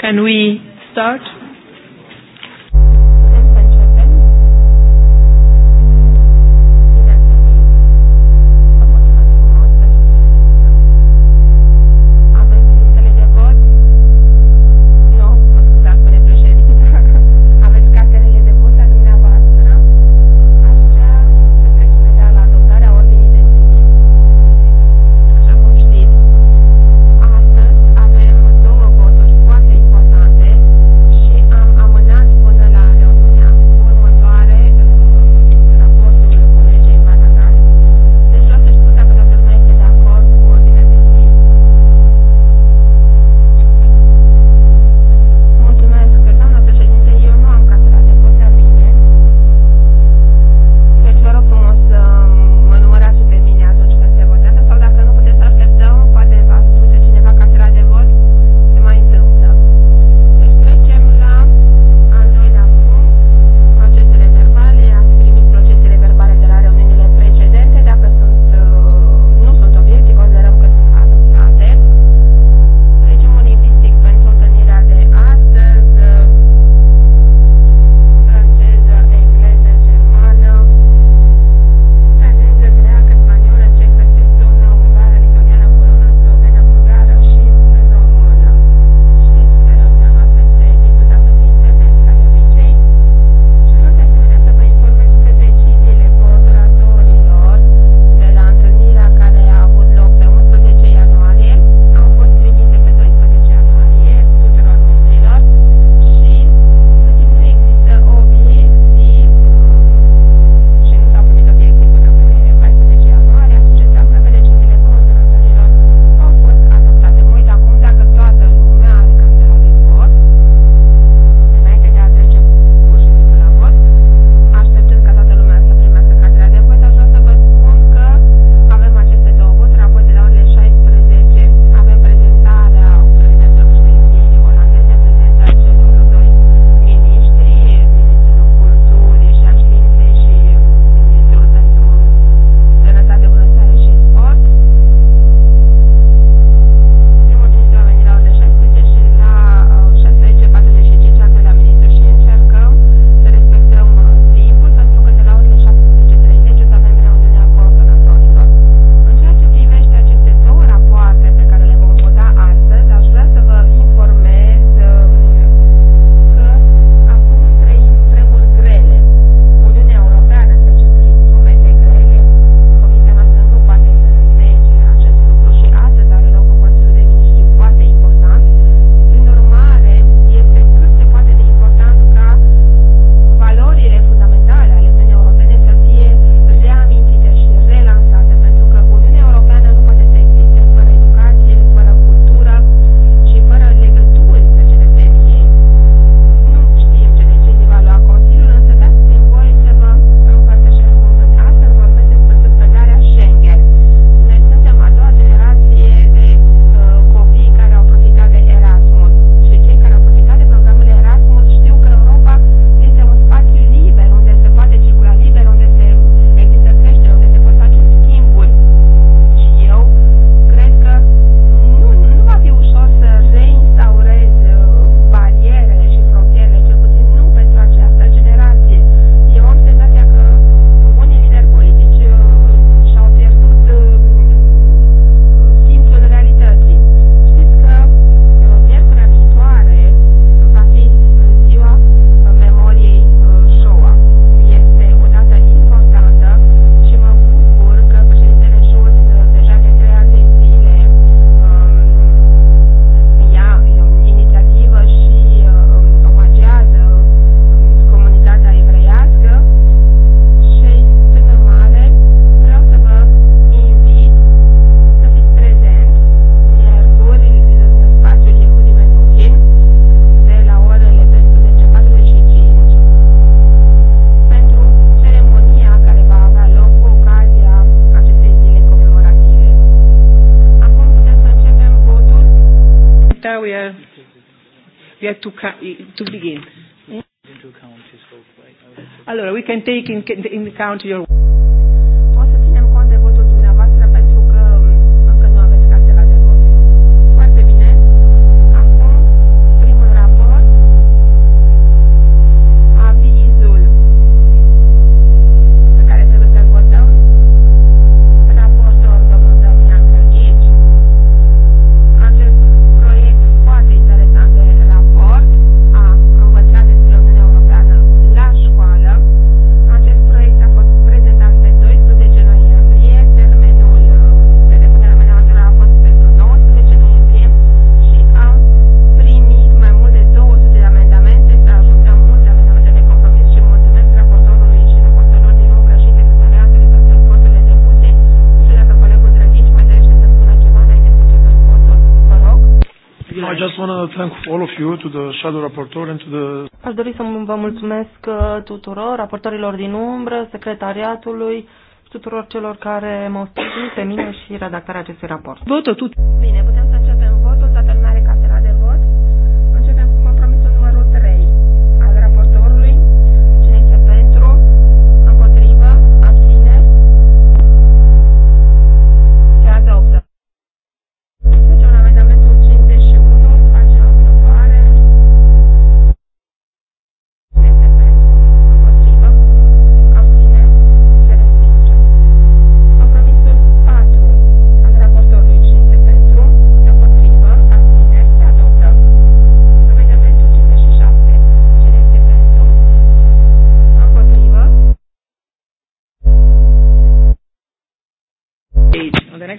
Can we start? you to, to begin. Allora, we can take in, in account your... just want to thank all of you, to the shadow rapporteur and to the... Aș dori să vă mulțumesc uh, tuturor, raportorilor din umbră, secretariatului și tuturor celor care m-au sprijinit pe mine și redactarea acestui raport. Votul Bine, putem să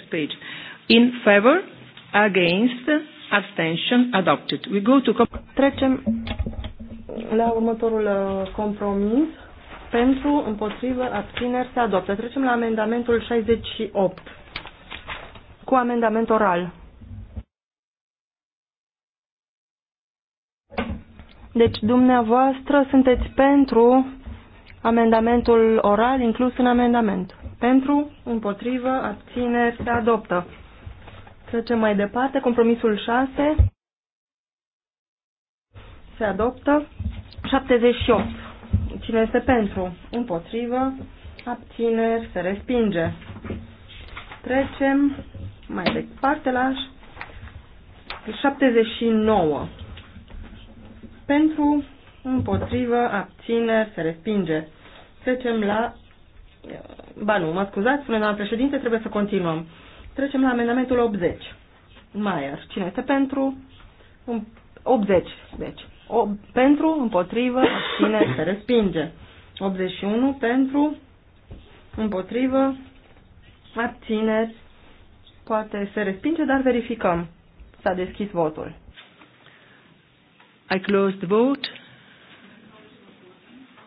next page. In favor, against, abstention, adopted. We go to... Trecem la următorul uh, compromis. Pentru, împotrivă, abțineri se adoptă. Trecem la amendamentul 68 cu amendament oral. Deci dumneavoastră sunteți pentru amendamentul oral inclus în amendament. Pentru, împotrivă, abțineri, se adoptă. Trecem mai departe. Compromisul 6 se adoptă. 78. Cine este pentru? Împotrivă, abțineri, se respinge. Trecem mai departe la 79. Pentru, împotrivă, abțineri, se respinge. Trecem la Ba nu, mă scuzați, spune doamna președinte, trebuie să continuăm. Trecem la amendamentul 80. Maier, cine este pentru? 80, deci. O, pentru, împotrivă, cine se respinge. 81 pentru, împotrivă, abțineri, poate se respinge, dar verificăm. S-a deschis votul. I closed the vote.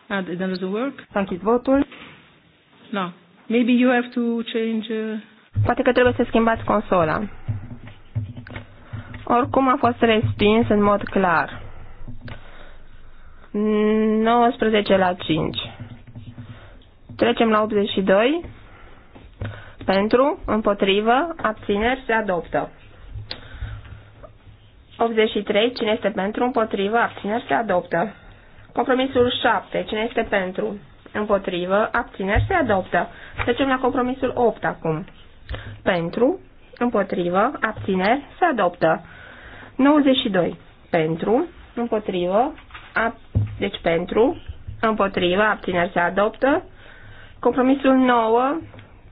And it doesn't work. S-a închis votul. No. Maybe you have to change... Uh... Poate că trebuie să schimbați consola. Oricum a fost respins în mod clar. 19 la 5. Trecem la 82. Pentru, împotrivă, abțineri, se adoptă. 83. Cine este pentru, împotrivă, abțineri, se adoptă. Compromisul 7. Cine este pentru? Împotrivă. Abțineri se adoptă. Trecem la compromisul 8 acum. Pentru. Împotrivă. Abțineri se adoptă. 92. Pentru. Împotrivă. Ab... Deci pentru. Împotrivă. Abțineri se adoptă. Compromisul 9.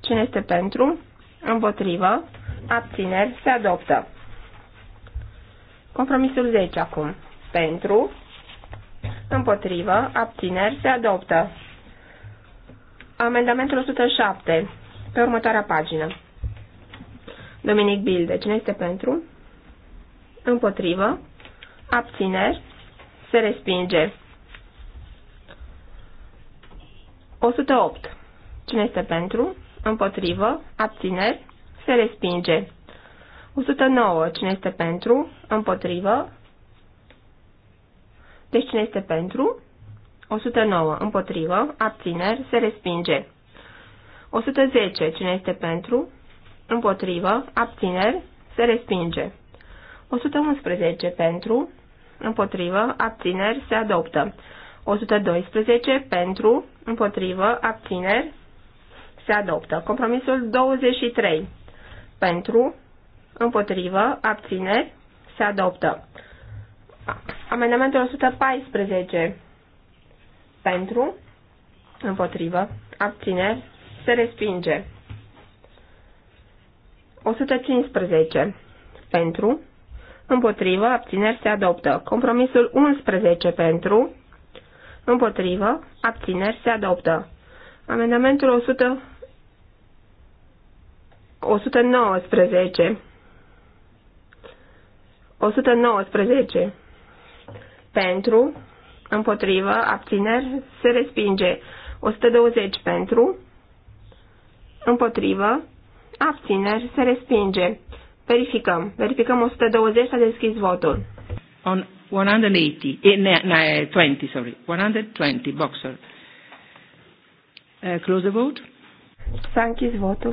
Cine este pentru? Împotrivă. Abțineri se adoptă. Compromisul 10 acum. Pentru. Împotrivă. Abțineri se adoptă. Amendamentul 107, pe următoarea pagină. Dominic Bilde, cine este pentru? Împotrivă. Abțineri. Se respinge. 108. Cine este pentru? Împotrivă. Abțineri. Se respinge. 109. Cine este pentru? Împotrivă. Deci cine este pentru? 109. Împotrivă. Abțineri. Se respinge. 110. Cine este pentru? Împotrivă. Abțineri. Se respinge. 111. Pentru. Împotrivă. Abțineri. Se adoptă. 112. Pentru. Împotrivă. Abțineri. Se adoptă. Compromisul 23. Pentru. Împotrivă. Abțineri. Se adoptă. Amendamentul 114 pentru, împotrivă, abțineri, se respinge. 115. Pentru, împotrivă, abțineri, se adoptă. Compromisul 11 pentru, împotrivă, abțineri, se adoptă. Amendamentul 100, 119. 119. Pentru, împotrivă, abțineri, se respinge. 120 pentru, împotrivă, abțineri, se respinge. Verificăm. Verificăm 120, s-a deschis votul. On 180, eh, 20, sorry, 120, boxer. Uh, close the vote. S-a închis votul.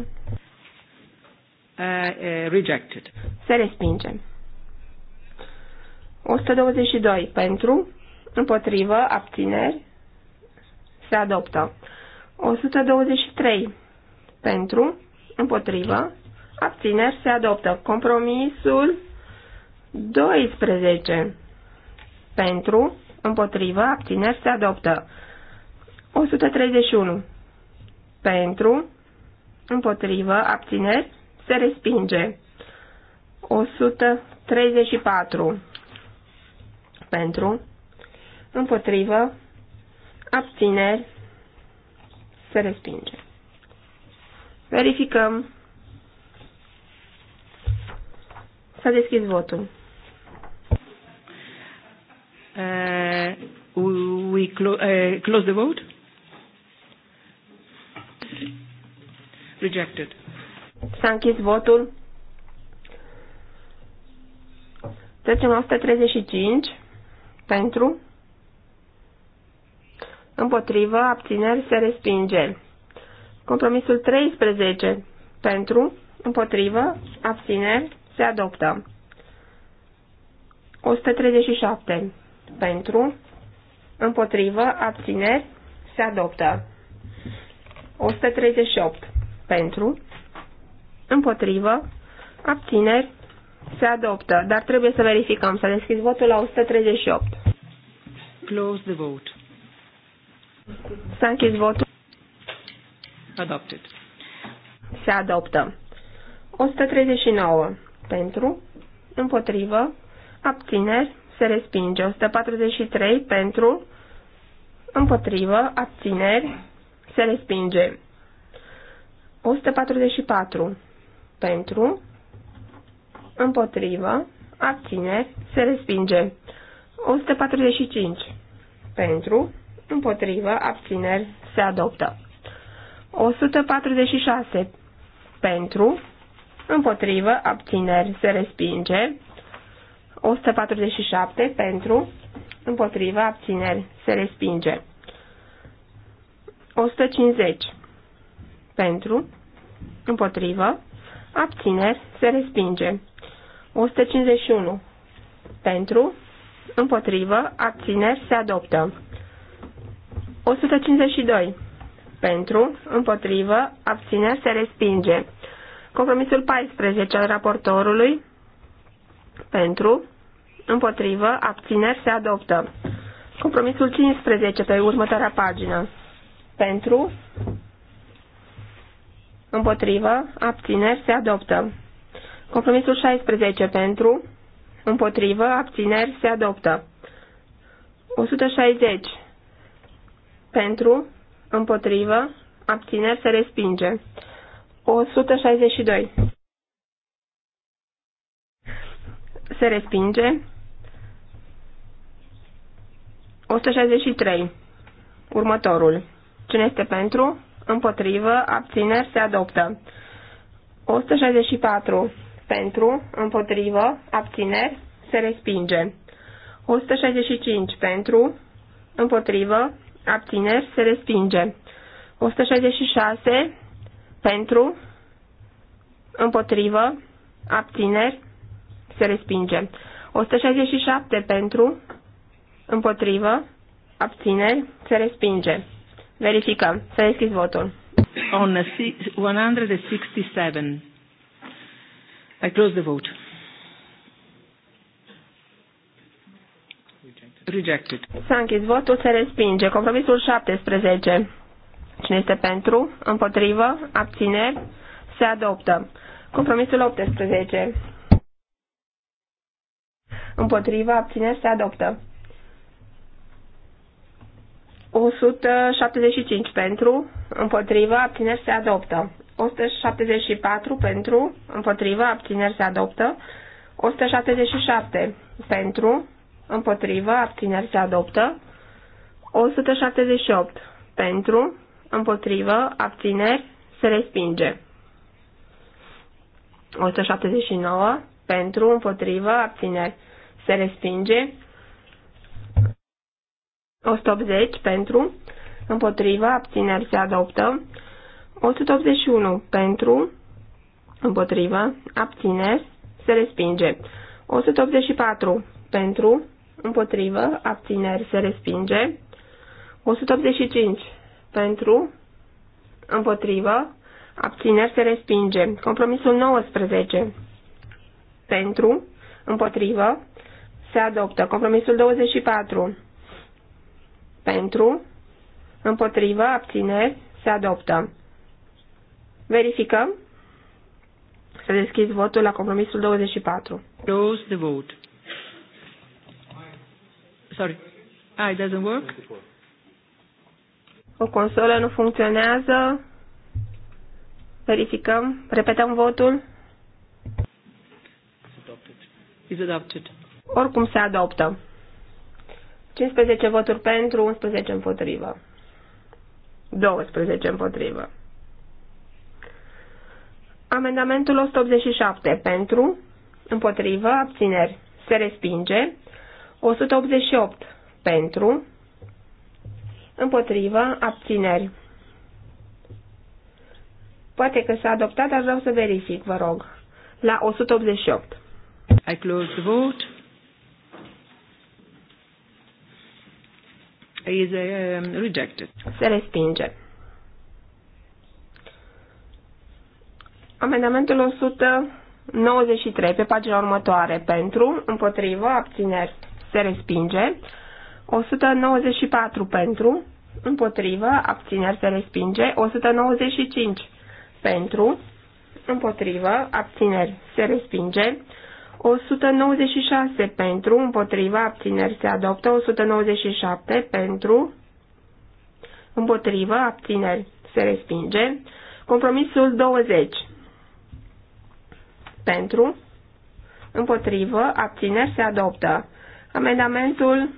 Uh, uh, rejected. Se respinge. 122 pentru, Împotrivă, abțineri, se adoptă. 123. Pentru, împotrivă, abțineri, se adoptă. Compromisul 12. Pentru, împotrivă, abțineri, se adoptă. 131. Pentru, împotrivă, abțineri, se respinge. 134. Pentru, împotrivă, abțineri, se respinge. Verificăm. S-a deschis votul. Uh, we clo uh, close the vote. Rejected. S-a închis votul. Trecem la 135 pentru împotrivă, abțineri, se respinge. Compromisul 13 pentru, împotrivă, abțineri, se adoptă. 137 pentru, împotrivă, abțineri, se adoptă. 138 pentru, împotrivă, abțineri, se adoptă, dar trebuie să verificăm, să deschid votul la 138. Close the vote. S-a închis votul. Adopted. Se adoptă. 139 pentru, împotrivă, abțineri, se respinge. 143 pentru, împotrivă, abțineri, se respinge. 144 pentru, împotrivă, abțineri, se respinge. 145 pentru, împotrivă, abțineri, se adoptă. 146 pentru, împotrivă, abțineri, se respinge. 147 pentru, împotrivă, abțineri, se respinge. 150 pentru, împotrivă, abțineri, se respinge. 151 pentru, împotrivă, abțineri, se adoptă. 152. Pentru, împotrivă, abținea se respinge. Compromisul 14 al raportorului. Pentru, împotrivă, abțineri se adoptă. Compromisul 15 pe următoarea pagină. Pentru, împotrivă, abțineri se adoptă. Compromisul 16 pentru, împotrivă, abțineri se adoptă. 160 pentru, împotrivă, abțineri se respinge. 162. Se respinge. 163. Următorul. Cine este pentru? Împotrivă. Abțineri se adoptă. 164. Pentru. Împotrivă. Abțineri se respinge. 165. Pentru. Împotrivă abțineri, se respinge. 166 pentru, împotrivă, abțineri, se respinge. 167 pentru, împotrivă, abțineri, se respinge. Verificăm. Să deschis votul. On 167. I close the vote. Rejected. S-a închis votul, se respinge. Compromisul 17. Cine este pentru? Împotrivă? abține, Se adoptă. Compromisul 18. Împotrivă? abține, Se adoptă. 175 pentru, împotrivă, abțineri se adoptă. 174 pentru, împotrivă, abțineri se adoptă. 177 pentru, împotrivă, abțineri se adoptă. 178 pentru, împotrivă, abțineri se respinge. 179 pentru, împotrivă, abțineri se respinge. 180 pentru, împotriva, abțineri se adoptă. 181 pentru, împotriva, abțineri se respinge. 184 pentru, Împotrivă. Abțineri. Se respinge. 185. Pentru. Împotrivă. Abțineri. Se respinge. Compromisul 19. Pentru. Împotrivă. Se adoptă. Compromisul 24. Pentru. Împotrivă. Abțineri. Se adoptă. Verificăm. Să deschizi votul la compromisul 24. Close the vote. Sorry. Ah, it doesn't work? O consolă nu funcționează. Verificăm. Repetăm votul. Is adopted. Oricum se adoptă. 15 voturi pentru, 11 împotrivă. 12 împotrivă. Amendamentul 187 pentru, împotrivă, abțineri. Se respinge. 188 pentru, împotrivă, abțineri. Poate că s-a adoptat, dar vreau să verific, vă rog. La 188. I close the vote. Is uh, rejected. Se respinge. Amendamentul 193 pe pagina următoare pentru, împotrivă, abțineri se respinge. 194 pentru, împotrivă, abțineri se respinge. 195 pentru, împotrivă, abțineri se respinge. 196 pentru, împotriva, abțineri se adoptă, 197 pentru, împotriva, abțineri se respinge, compromisul 20 pentru, împotrivă, abțineri se adoptă, Amendamentul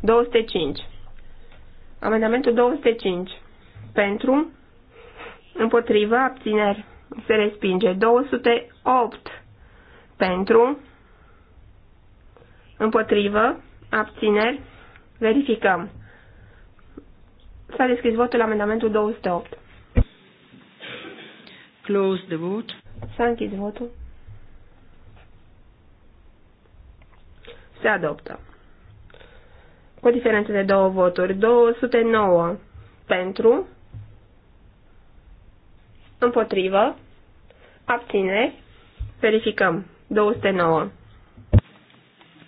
205. Amendamentul 205. Pentru, împotrivă, abțineri, se respinge. 208. Pentru, împotrivă, abțineri, verificăm. S-a deschis votul amendamentul 208. Close the vote. S-a închis votul. Se adoptă. Cu diferență de două voturi, 209 pentru, împotrivă, abține, verificăm, 209.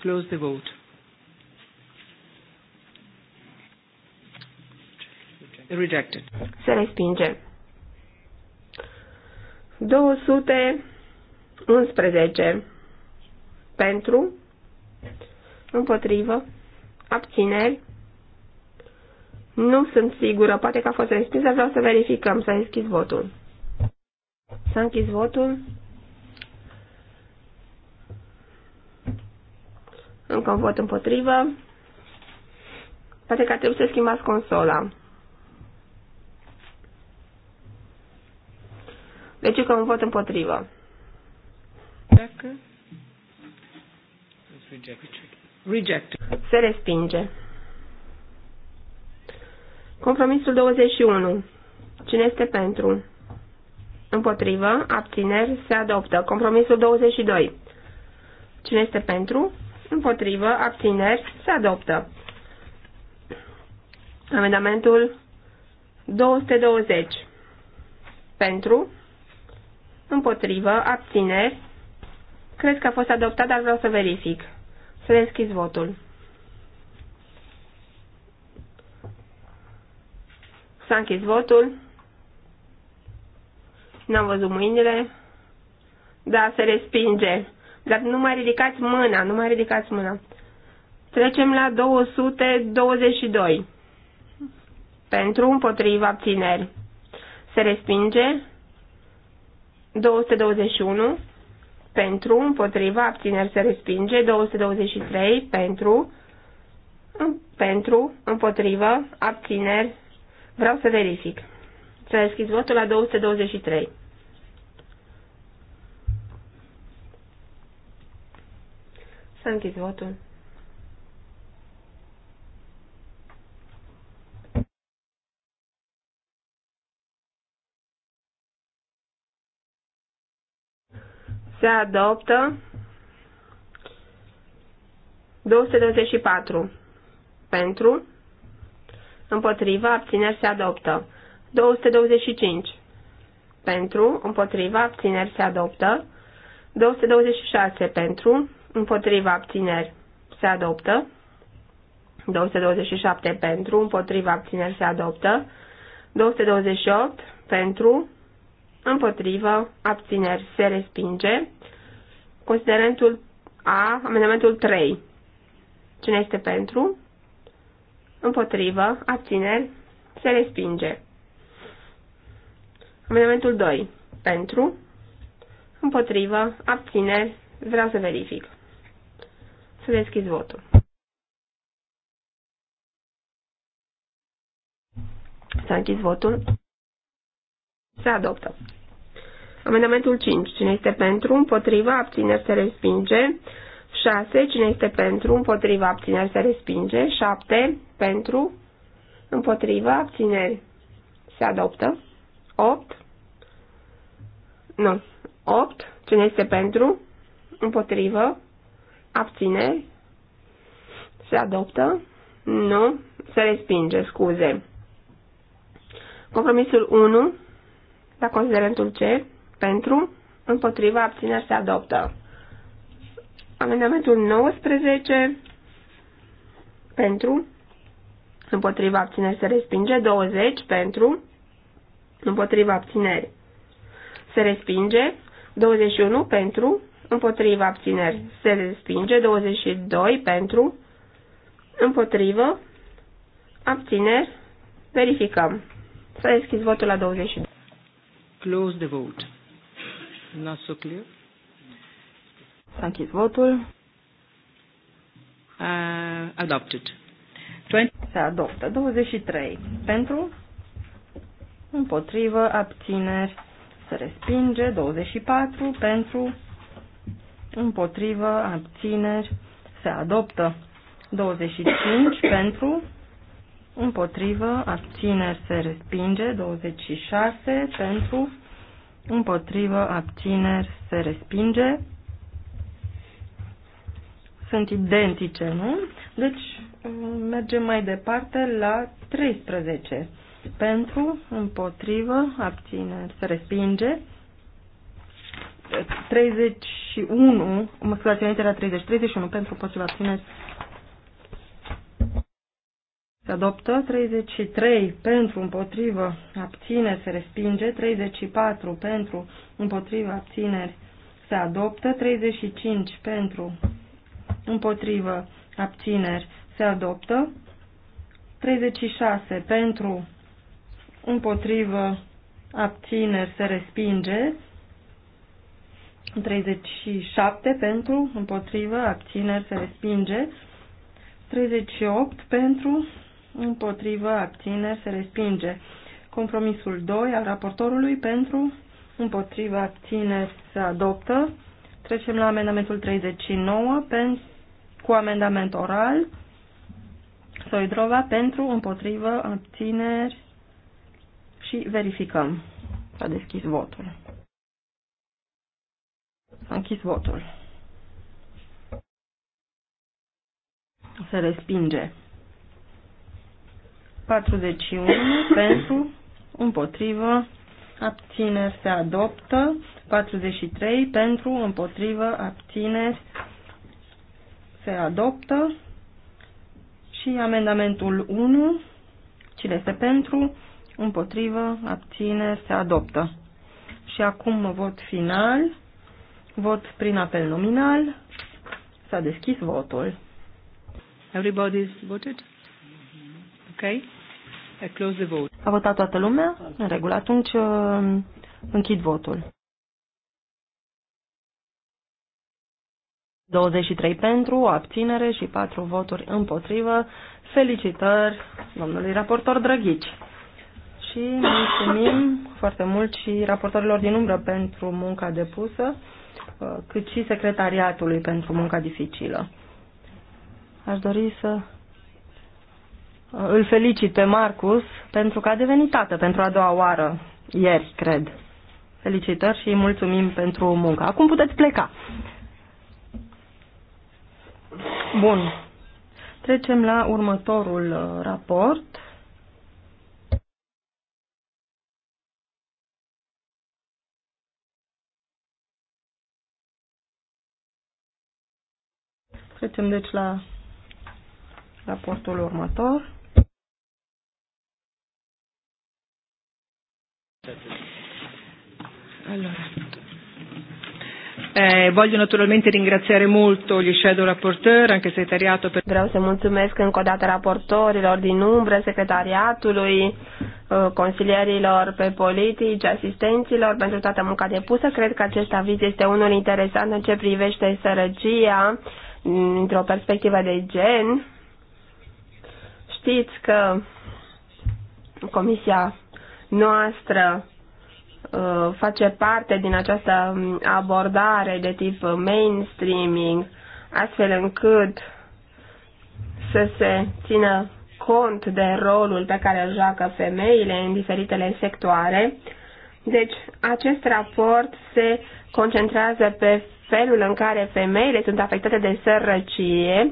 Close the vote. Rejected. Se respinge. 211 pentru, împotrivă, abțineri. Nu sunt sigură, poate că a fost respinsă, vreau să verificăm, s-a deschis votul. S-a închis votul. Încă un vot împotrivă. Poate că a trebuit să schimbați consola. Deci că un vot împotrivă. Dacă Reject. Se respinge. Compromisul 21. Cine este pentru? Împotrivă, abțineri, se adoptă. Compromisul 22. Cine este pentru? Împotrivă, abțineri, se adoptă. Amendamentul 220. Pentru, Împotrivă. Abțineri. Cred că a fost adoptat, dar vreau să verific. Să deschid votul. S-a închis votul. N-am văzut mâinile. Da, se respinge. Dar nu mai ridicați mâna, nu mai ridicați mâna. Trecem la 222. Pentru împotriva abțineri. Se respinge. 221 pentru, împotriva, abțineri se respinge, 223 pentru, pentru, împotrivă, abțineri, vreau să verific. Să a votul la 223. Să a votul. Se adoptă 224 pentru, împotriva, abțineri se adoptă. 225 pentru, împotriva, abțineri se adoptă. 226 pentru, împotriva, abțineri se adoptă. 227 pentru, împotriva, abțineri se adoptă. 228 pentru, împotrivă, abțineri, se respinge. Considerentul A, amendamentul 3. Cine este pentru? Împotrivă, abțineri, se respinge. Amendamentul 2. Pentru, împotrivă, abțineri, vreau să verific. Să deschid votul. S-a închis votul. Se adoptă. Amendamentul 5. Cine este pentru, împotriva, abțineri, se respinge. 6. Cine este pentru, împotriva, abțineri, se respinge. 7. Pentru, împotriva, abțineri, se adoptă. 8. Nu. 8. Cine este pentru, împotrivă, abțineri, se adoptă. Nu. Se respinge, scuze. Compromisul 1, la considerentul C, pentru, împotriva, abținerea se adoptă. Amendamentul 19 pentru, împotriva abțineri se respinge, 20 pentru, împotriva abțineri se respinge, 21 pentru, împotriva abțineri se respinge, 22 pentru, împotrivă, abțineri, verificăm. Să deschis votul la 22. Close the vote. Not so clear. S-a închis votul. Uh, adopted. 20... Se adoptă. 23. Pentru? Împotrivă. Abțineri. Se respinge. 24. Pentru? Împotrivă. Abțineri. Se adoptă. 25. Pentru? Împotrivă. Abțineri. Se respinge. 26. Pentru? împotrivă, abțineri, se respinge. Sunt identice, nu? Deci mergem mai departe la 13. Pentru, împotrivă, abțineri, se respinge. 31, mă scuzați, înainte la 30, 31 pentru împotriva abțineri se adoptă 33 pentru împotrivă abține, se respinge 34 pentru împotrivă abțineri, se adoptă 35 pentru împotrivă abțineri, se adoptă 36 pentru împotrivă abțineri, se respinge 37 pentru împotrivă abțineri, se respinge 38 pentru împotrivă, abțineri, se respinge. Compromisul 2 al raportorului pentru, împotrivă, abțineri, se adoptă. Trecem la amendamentul 39 cu amendament oral. Soidrova pentru, împotrivă, abțineri și verificăm. S-a deschis votul. S-a închis votul. Se respinge. 41 pentru, împotrivă, abțineri se adoptă, 43 pentru, împotrivă, abțineri se adoptă și amendamentul 1, cine este pentru, împotrivă, abțineri se adoptă. Și acum vot final, vot prin apel nominal, s-a deschis votul. Everybody's voted? Okay. A votat toată lumea? În regulă. Atunci uh, închid votul. 23 pentru, abținere și 4 voturi împotrivă. Felicitări domnului raportor Drăghici. Și mulțumim foarte mult și raportorilor din umbră pentru munca depusă, uh, cât și secretariatului pentru munca dificilă. Aș dori să îl felicit pe Marcus pentru că a devenit tată pentru a doua oară, ieri, cred. Felicitări și mulțumim pentru muncă. Acum puteți pleca. Bun. Trecem la următorul uh, raport. Trecem deci la raportul următor. Allora. Eh, voglio naturalmente ringraziare molto gli shadow rapporteur, anche segretariato. per... Vreau să mulțumesc încă o dată raportorilor din umbră, secretariatului, uh, consilierilor pe politici, asistenților pentru toată munca depusă. Cred că acest aviz este unul interesant în ce privește sărăcia dintr-o mm, perspectivă de gen. Știți că Comisia noastră uh, face parte din această um, abordare de tip uh, mainstreaming, astfel încât să se țină cont de rolul pe care îl joacă femeile în diferitele sectoare. Deci, acest raport se concentrează pe felul în care femeile sunt afectate de sărăcie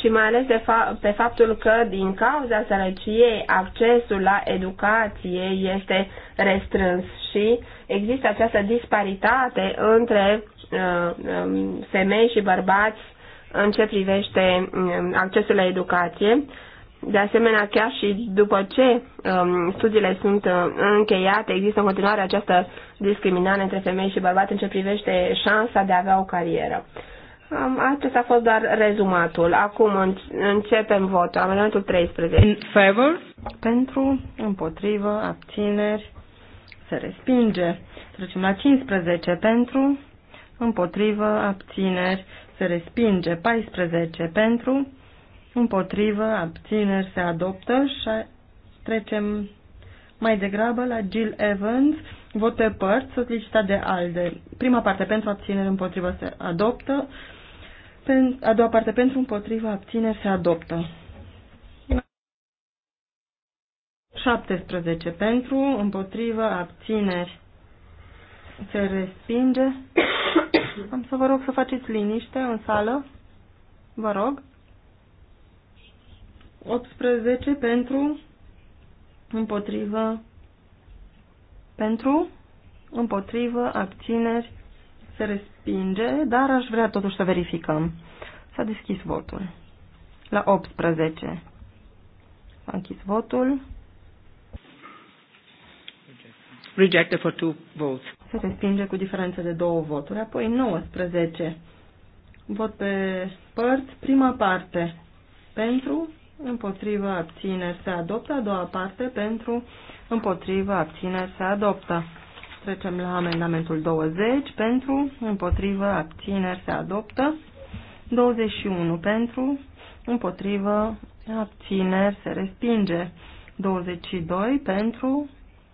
și mai ales de fa- pe faptul că din cauza sărăciei accesul la educație este restrâns și există această disparitate între uh, um, femei și bărbați în ce privește um, accesul la educație de asemenea, chiar și după ce um, studiile sunt uh, încheiate, există în continuare această discriminare între femei și bărbați în ce privește șansa de a avea o carieră. Um, acesta a fost doar rezumatul. Acum în, începem votul. Amendamentul 13. In favor? Pentru, împotrivă, abțineri, se respinge. Trecem la 15. Pentru, împotrivă, abțineri, se respinge. 14. Pentru, împotrivă, abțineri se adoptă și trecem mai degrabă la Jill Evans, vot pe părți, solicitat de ALDE. Prima parte pentru abțineri împotrivă se adoptă, a doua parte pentru împotrivă abțineri se adoptă. 17 pentru, împotrivă, abțineri se respinge. Am să vă rog să faceți liniște în sală. Vă rog. 18 pentru, împotrivă, pentru, împotrivă, abțineri, se respinge, dar aș vrea totuși să verificăm. S-a deschis votul. La 18. S-a închis votul. Rejected for two votes. Se respinge cu diferență de două voturi. Apoi 19. Vot pe părți. Prima parte. Pentru, împotrivă, abțineri, se adoptă. A doua parte, pentru, împotrivă, abțineri, se adoptă. Trecem la amendamentul 20, pentru, împotrivă, abțineri, se adoptă. 21 pentru, împotrivă, abțineri, se respinge. 22 pentru,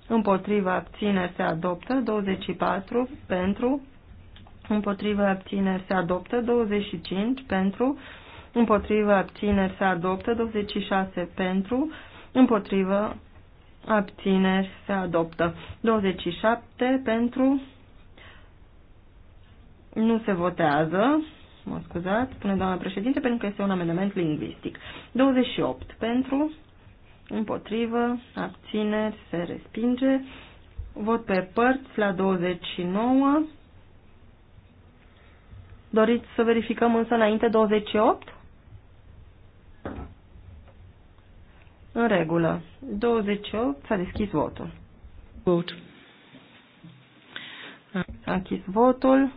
împotrivă abțineri se adoptă, 24 pentru, împotrivă abțineri se adoptă, 25 pentru, împotrivă, abțineri se adoptă, 26 pentru, împotrivă, abțineri se adoptă, 27 pentru, nu se votează, mă scuzați, spune doamna președinte, pentru că este un amendament lingvistic. 28 pentru, împotrivă, abțineri, se respinge, vot pe părți la 29. Doriți să verificăm însă înainte 28? În regulă. 28. S-a deschis votul. Vot. S-a închis votul.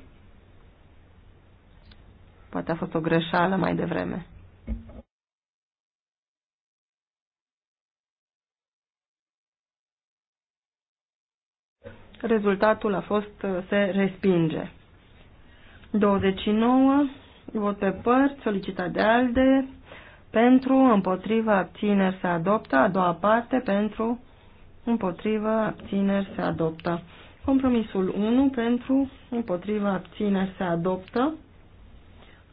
Poate a fost o greșeală mai devreme. Rezultatul a fost se respinge. 29. Vot pe părți, solicitat de ALDE, pentru, împotrivă, abțineri se adoptă, a doua parte pentru, împotrivă, abțineri se adoptă. Compromisul 1 pentru, împotrivă, abțineri se adoptă.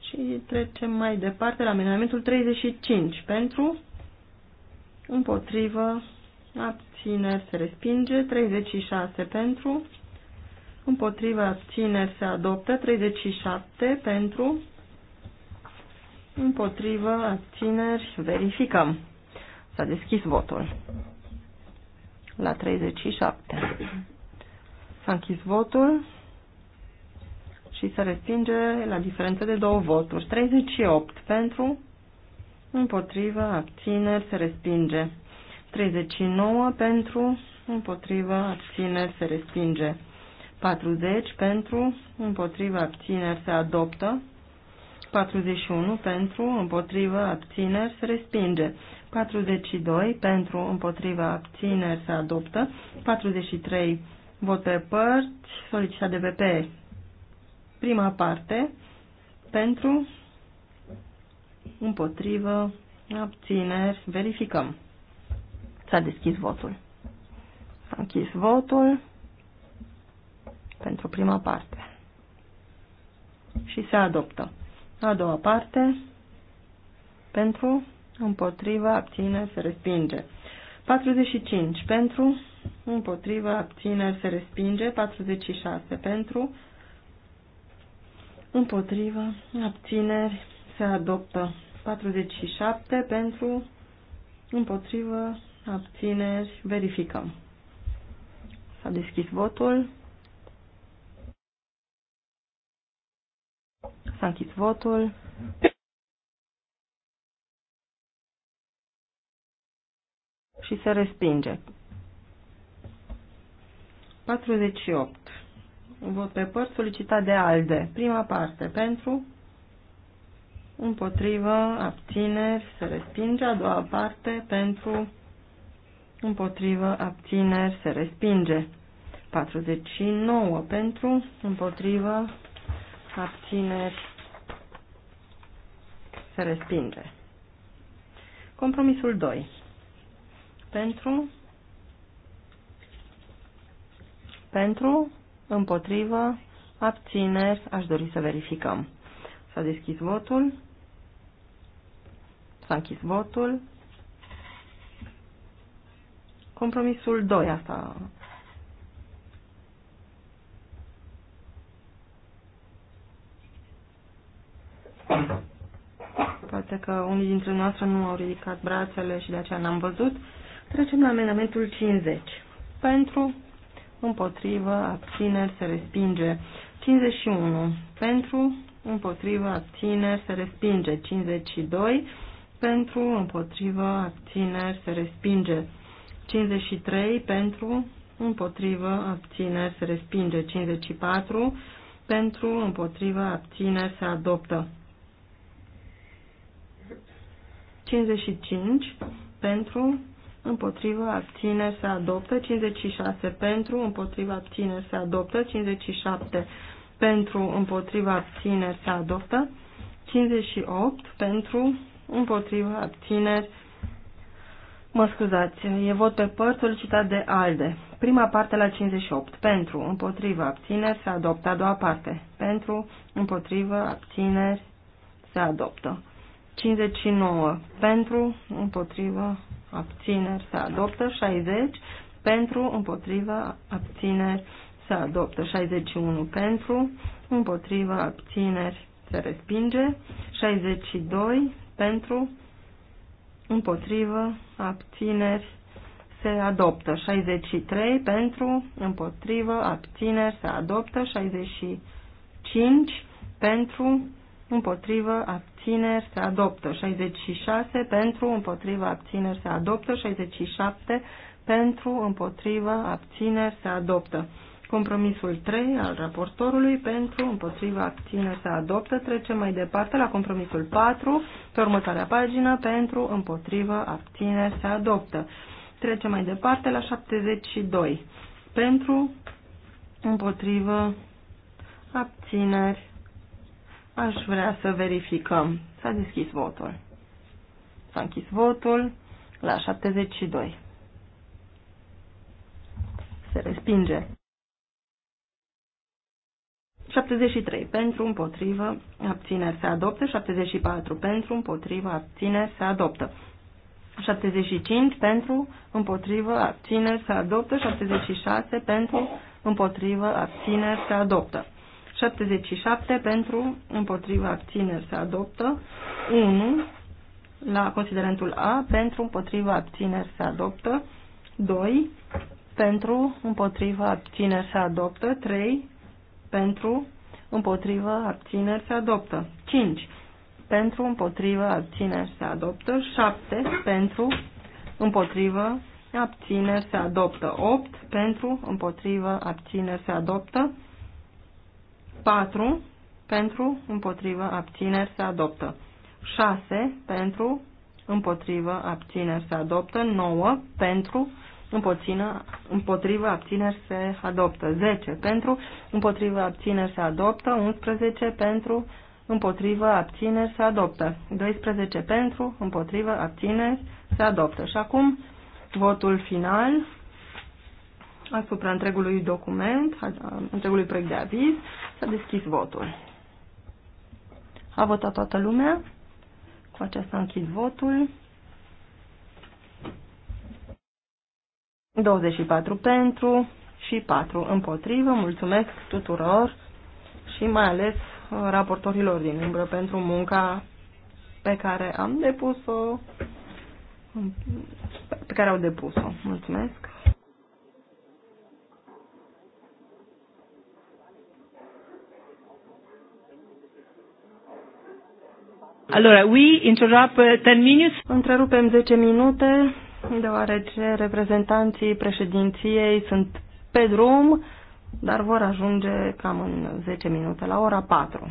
Și trecem mai departe la amendamentul 35 pentru, împotrivă, abțineri se respinge, 36 pentru, împotrivă, abțineri se adoptă, 37 pentru, Împotrivă, abțineri, verificăm. S-a deschis votul. La 37. S-a închis votul și se respinge la diferență de două voturi. 38 pentru, împotrivă, abțineri, se respinge. 39 pentru, împotrivă, abțineri, se respinge. 40 pentru, împotrivă, abțineri, se adoptă. 41 pentru, împotrivă, abțineri, se respinge. 42 pentru, împotrivă, abțineri, se adoptă. 43 vot pe părți, solicita de VP. Prima parte, pentru, împotrivă, abțineri, verificăm. S-a deschis votul. S-a închis votul pentru prima parte. Și se adoptă. A doua parte, pentru, împotriva, abține, se respinge. 45 pentru, împotriva, abține, se respinge. 46 pentru, împotriva, abțineri, se adoptă. 47 pentru, împotrivă, abțineri, verificăm. S-a deschis votul. S-a închis votul. Și se respinge. 48. Vot pe părți solicitat de ALDE. Prima parte pentru, împotrivă, abțineri, se respinge. A doua parte pentru, împotrivă, abțineri, se respinge. 49 pentru, împotrivă, abțineri, se respinge. Compromisul 2. Pentru, pentru, împotrivă, abțineri, aș dori să verificăm. S-a deschis votul. S-a închis votul. Compromisul 2, asta Thank you poate că unii dintre noastre nu au ridicat brațele și de aceea n-am văzut. Trecem la amendamentul 50. Pentru, împotrivă, abțineri, se respinge. 51. Pentru, împotrivă, abțineri, se respinge. 52. Pentru, împotrivă, abțineri, se respinge. 53. Pentru, împotrivă, abțineri, se respinge. 54. Pentru, împotrivă, abțineri, se adoptă. 55 pentru, împotrivă, abține se adoptă. 56 pentru, împotrivă, abține se adoptă. 57 pentru, împotrivă, abține se adoptă. 58 pentru, împotrivă, abține Mă scuzați, e vot pe părți solicitat de ALDE. Prima parte la 58. Pentru, împotrivă, abțineri, se adoptă. A doua parte. Pentru, împotrivă, abțineri, se adoptă. 59 pentru, împotrivă, abțineri se adoptă, 60 pentru, împotrivă, abțineri se adoptă, 61 pentru, împotrivă, abțineri se respinge, 62 pentru, împotrivă, abțineri se adoptă, 63 pentru, împotrivă, abțineri se adoptă, 65 pentru, împotrivă, abțineri, se adoptă. 66 pentru, împotrivă, abțineri, se adoptă. 67 pentru, împotrivă, abțineri, se adoptă. Compromisul 3 al raportorului pentru, împotriva, abține, se adoptă. Trecem mai departe la compromisul 4, pe următoarea pagină, pentru, împotriva, abține, se adoptă. Trecem mai departe la 72. Pentru, împotrivă, abțineri, Aș vrea să verificăm. S-a deschis votul. S-a închis votul la 72. Se respinge. 73 pentru, împotrivă, abțineri se adoptă, 74 pentru, împotrivă, abțineri se adoptă, 75 pentru, împotrivă, abțineri se adoptă, 76 pentru, împotrivă, abțineri se adoptă. 77 pentru, împotriva abțineri se adoptă. 1 la considerentul A pentru, împotriva abțineri se adoptă. 2 pentru, împotriva abțineri se adoptă. 3 pentru, împotriva abțineri se adoptă. 5 pentru, împotriva abțineri se adoptă. 7 pentru, împotriva abțineri se adoptă. 8 pentru, împotriva abțineri se adoptă. 4 pentru, împotrivă, abțineri se adoptă. 6 pentru, împotrivă, abțineri se adoptă. 9 pentru, împotrivă, împotrivă, abțineri se adoptă. 10 pentru, împotrivă, abțineri se adoptă. 11 pentru, împotrivă, abțineri se adoptă. 12 pentru, împotrivă, abțineri se adoptă. Și acum votul final asupra întregului document, întregului proiect de aviz. S-a deschis votul. A votat toată lumea. Cu aceasta închid votul. 24 pentru și 4 împotrivă. Mulțumesc tuturor și mai ales uh, raportorilor din umbră pentru munca pe care am depus-o, pe care au depus-o. Mulțumesc! Allora, we interrupt 10 uh, minutes. Întrerupem 10 minute, deoarece reprezentanții președinției sunt pe drum, dar vor ajunge cam în 10 minute, la ora 4.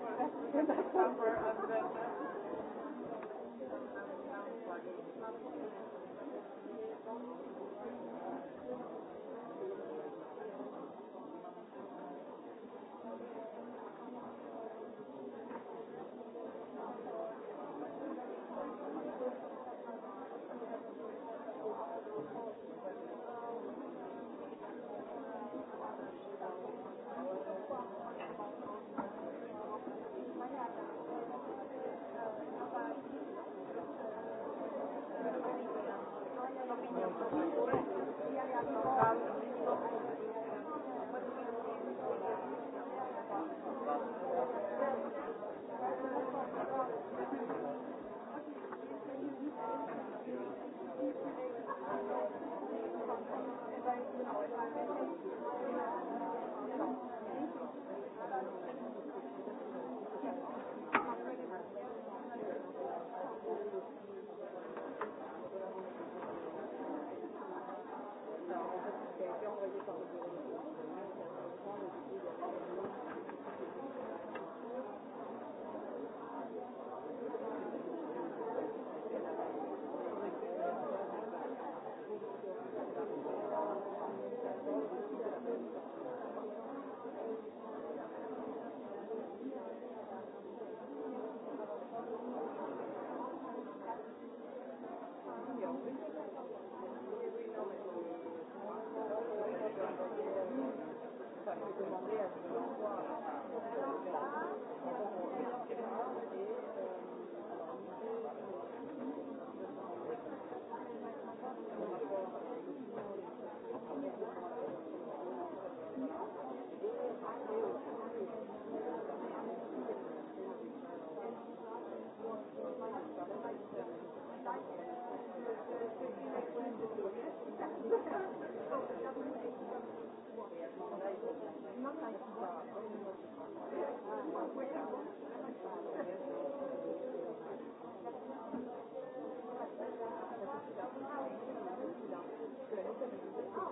Thank you.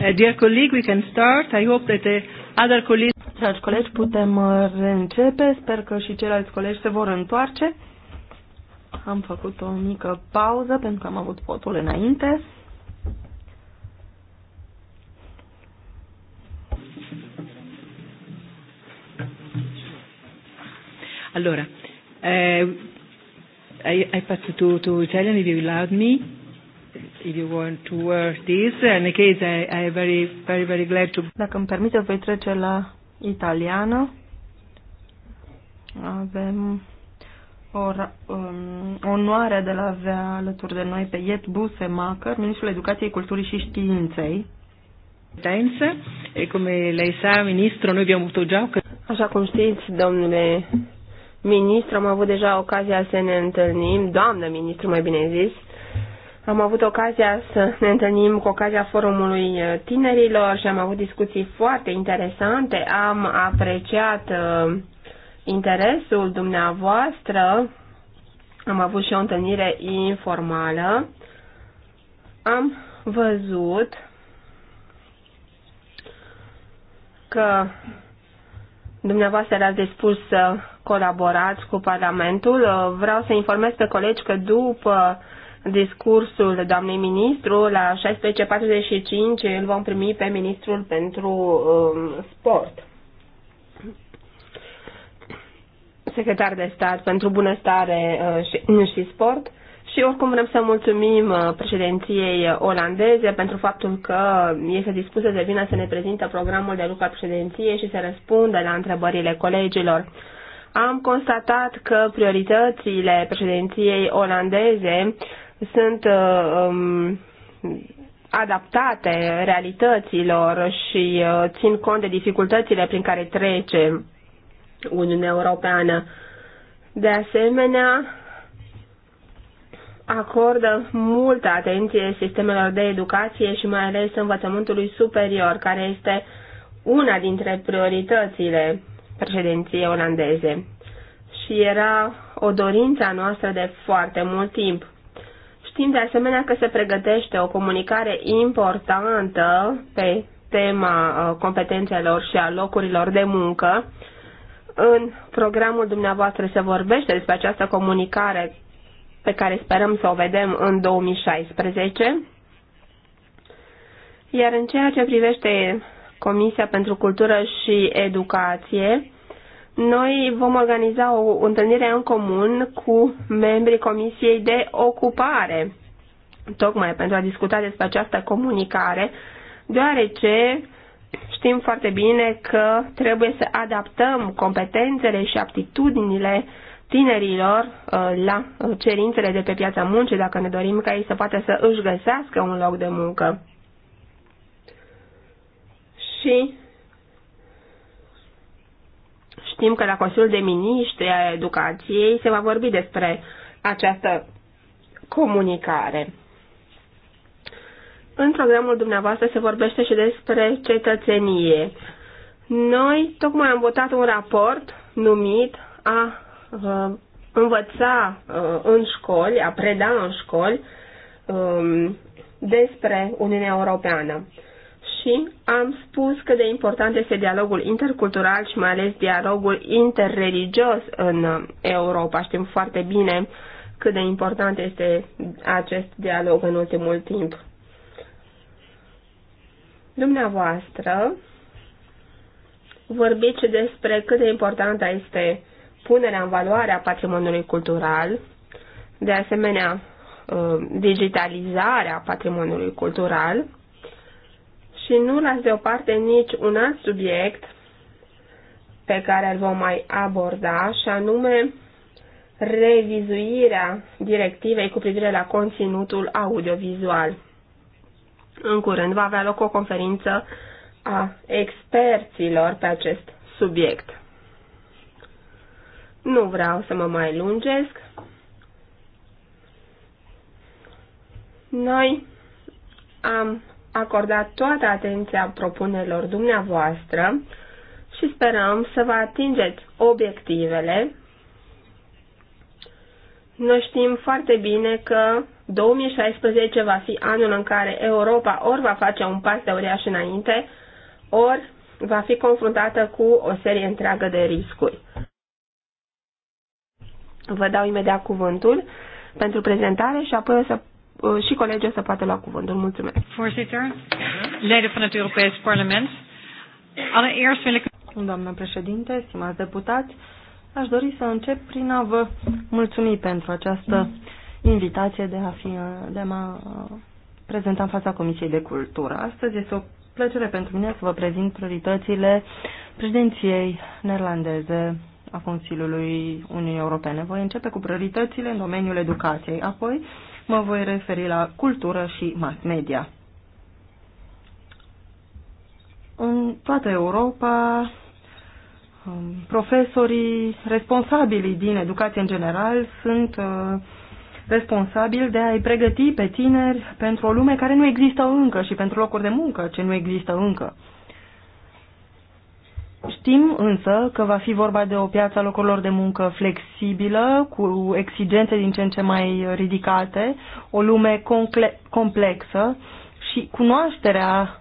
Uh, dear colleague, we can start. I hope that the uh, other colleagues... Dragi colegi, putem uh, reîncepe. Sper că și ceilalți colegi se vor întoarce. Am făcut o mică pauză pentru că am avut votul înainte. Allora, eh, I, I pass to, to Italian if you allowed me if you want to this. In any case, I, I am very, very, very glad to... Dacă îmi permite, voi trece la italiană. Avem um, o, um, onoarea de a avea alături de noi pe Iet Busemacher, Ministrul Educației, Culturii și Științei. Tense, e come lei sa, ministru, noi abbiamo avuto già... Așa cum știți, domnule ministru, am avut deja ocazia să ne întâlnim, doamnă ministru, mai bine zis, am avut ocazia să ne întâlnim cu ocazia forumului eh, tinerilor și am avut discuții foarte interesante. Am apreciat uh, interesul dumneavoastră. Am avut și o întâlnire informală. Am văzut că dumneavoastră ați dispus să colaborați cu Parlamentul. Eh, vreau să informez pe colegi că după uh, discursul doamnei ministru. La 16.45 îl vom primi pe ministrul pentru um, sport. Secretar de stat pentru bunăstare uh, și, și sport. Și oricum vrem să mulțumim uh, președinției olandeze pentru faptul că este dispusă să vină să ne prezintă programul de lucru al președinției și să răspundă la întrebările colegilor. Am constatat că prioritățile președinției olandeze sunt uh, um, adaptate realităților și uh, țin cont de dificultățile prin care trece Uniunea Europeană. De asemenea, acordă multă atenție sistemelor de educație și mai ales învățământului superior, care este una dintre prioritățile președinției olandeze. Și era o dorință a noastră de foarte mult timp. Știm de asemenea că se pregătește o comunicare importantă pe tema uh, competențelor și a locurilor de muncă. În programul dumneavoastră se vorbește despre această comunicare pe care sperăm să o vedem în 2016. Iar în ceea ce privește Comisia pentru Cultură și Educație, noi vom organiza o întâlnire în comun cu membrii Comisiei de Ocupare, tocmai pentru a discuta despre această comunicare, deoarece știm foarte bine că trebuie să adaptăm competențele și aptitudinile tinerilor uh, la uh, cerințele de pe piața muncii, dacă ne dorim ca ei să poată să își găsească un loc de muncă. Și Știm că la Consiliul de Miniștri a Educației se va vorbi despre această comunicare. În programul dumneavoastră se vorbește și despre cetățenie. Noi tocmai am votat un raport numit a uh, învăța uh, în școli, a preda în școli um, despre Uniunea Europeană și am spus cât de important este dialogul intercultural și mai ales dialogul interreligios în uh, Europa. Știm foarte bine cât de important este acest dialog în ultimul timp. Dumneavoastră vorbiți despre cât de importantă este punerea în valoare a patrimoniului cultural, de asemenea uh, digitalizarea patrimoniului cultural, și nu las deoparte nici un alt subiect pe care îl vom mai aborda, și anume revizuirea directivei cu privire la conținutul audiovizual. În curând va avea loc o conferință a experților pe acest subiect. Nu vreau să mă mai lungesc. Noi am acordat toată atenția propunerilor dumneavoastră și sperăm să vă atingeți obiectivele. Noi știm foarte bine că 2016 va fi anul în care Europa ori va face un pas de uriaș înainte, ori va fi confruntată cu o serie întreagă de riscuri. Vă dau imediat cuvântul pentru prezentare și apoi o să Uh, și colegii să poată lua cuvântul. Mulțumesc. Voorzitter, leden van het Europees Parlement. Allereerst președinte, stimați deputați, aș dori să încep prin a vă mulțumi pentru această invitație de a, fi, de a mă uh, prezenta în fața Comisiei de Cultură. Astăzi este o plăcere pentru mine să vă prezint prioritățile președinției neerlandeze a Consiliului Uniunii Europene. Voi începe cu prioritățile în domeniul educației, apoi mă voi referi la cultură și mass media. În toată Europa, um, profesorii responsabili din educație în general sunt uh, responsabili de a-i pregăti pe tineri pentru o lume care nu există încă și pentru locuri de muncă ce nu există încă. Știm însă că va fi vorba de o piață a locurilor de muncă flexibilă, cu exigențe din ce în ce mai ridicate, o lume complexă și cunoașterea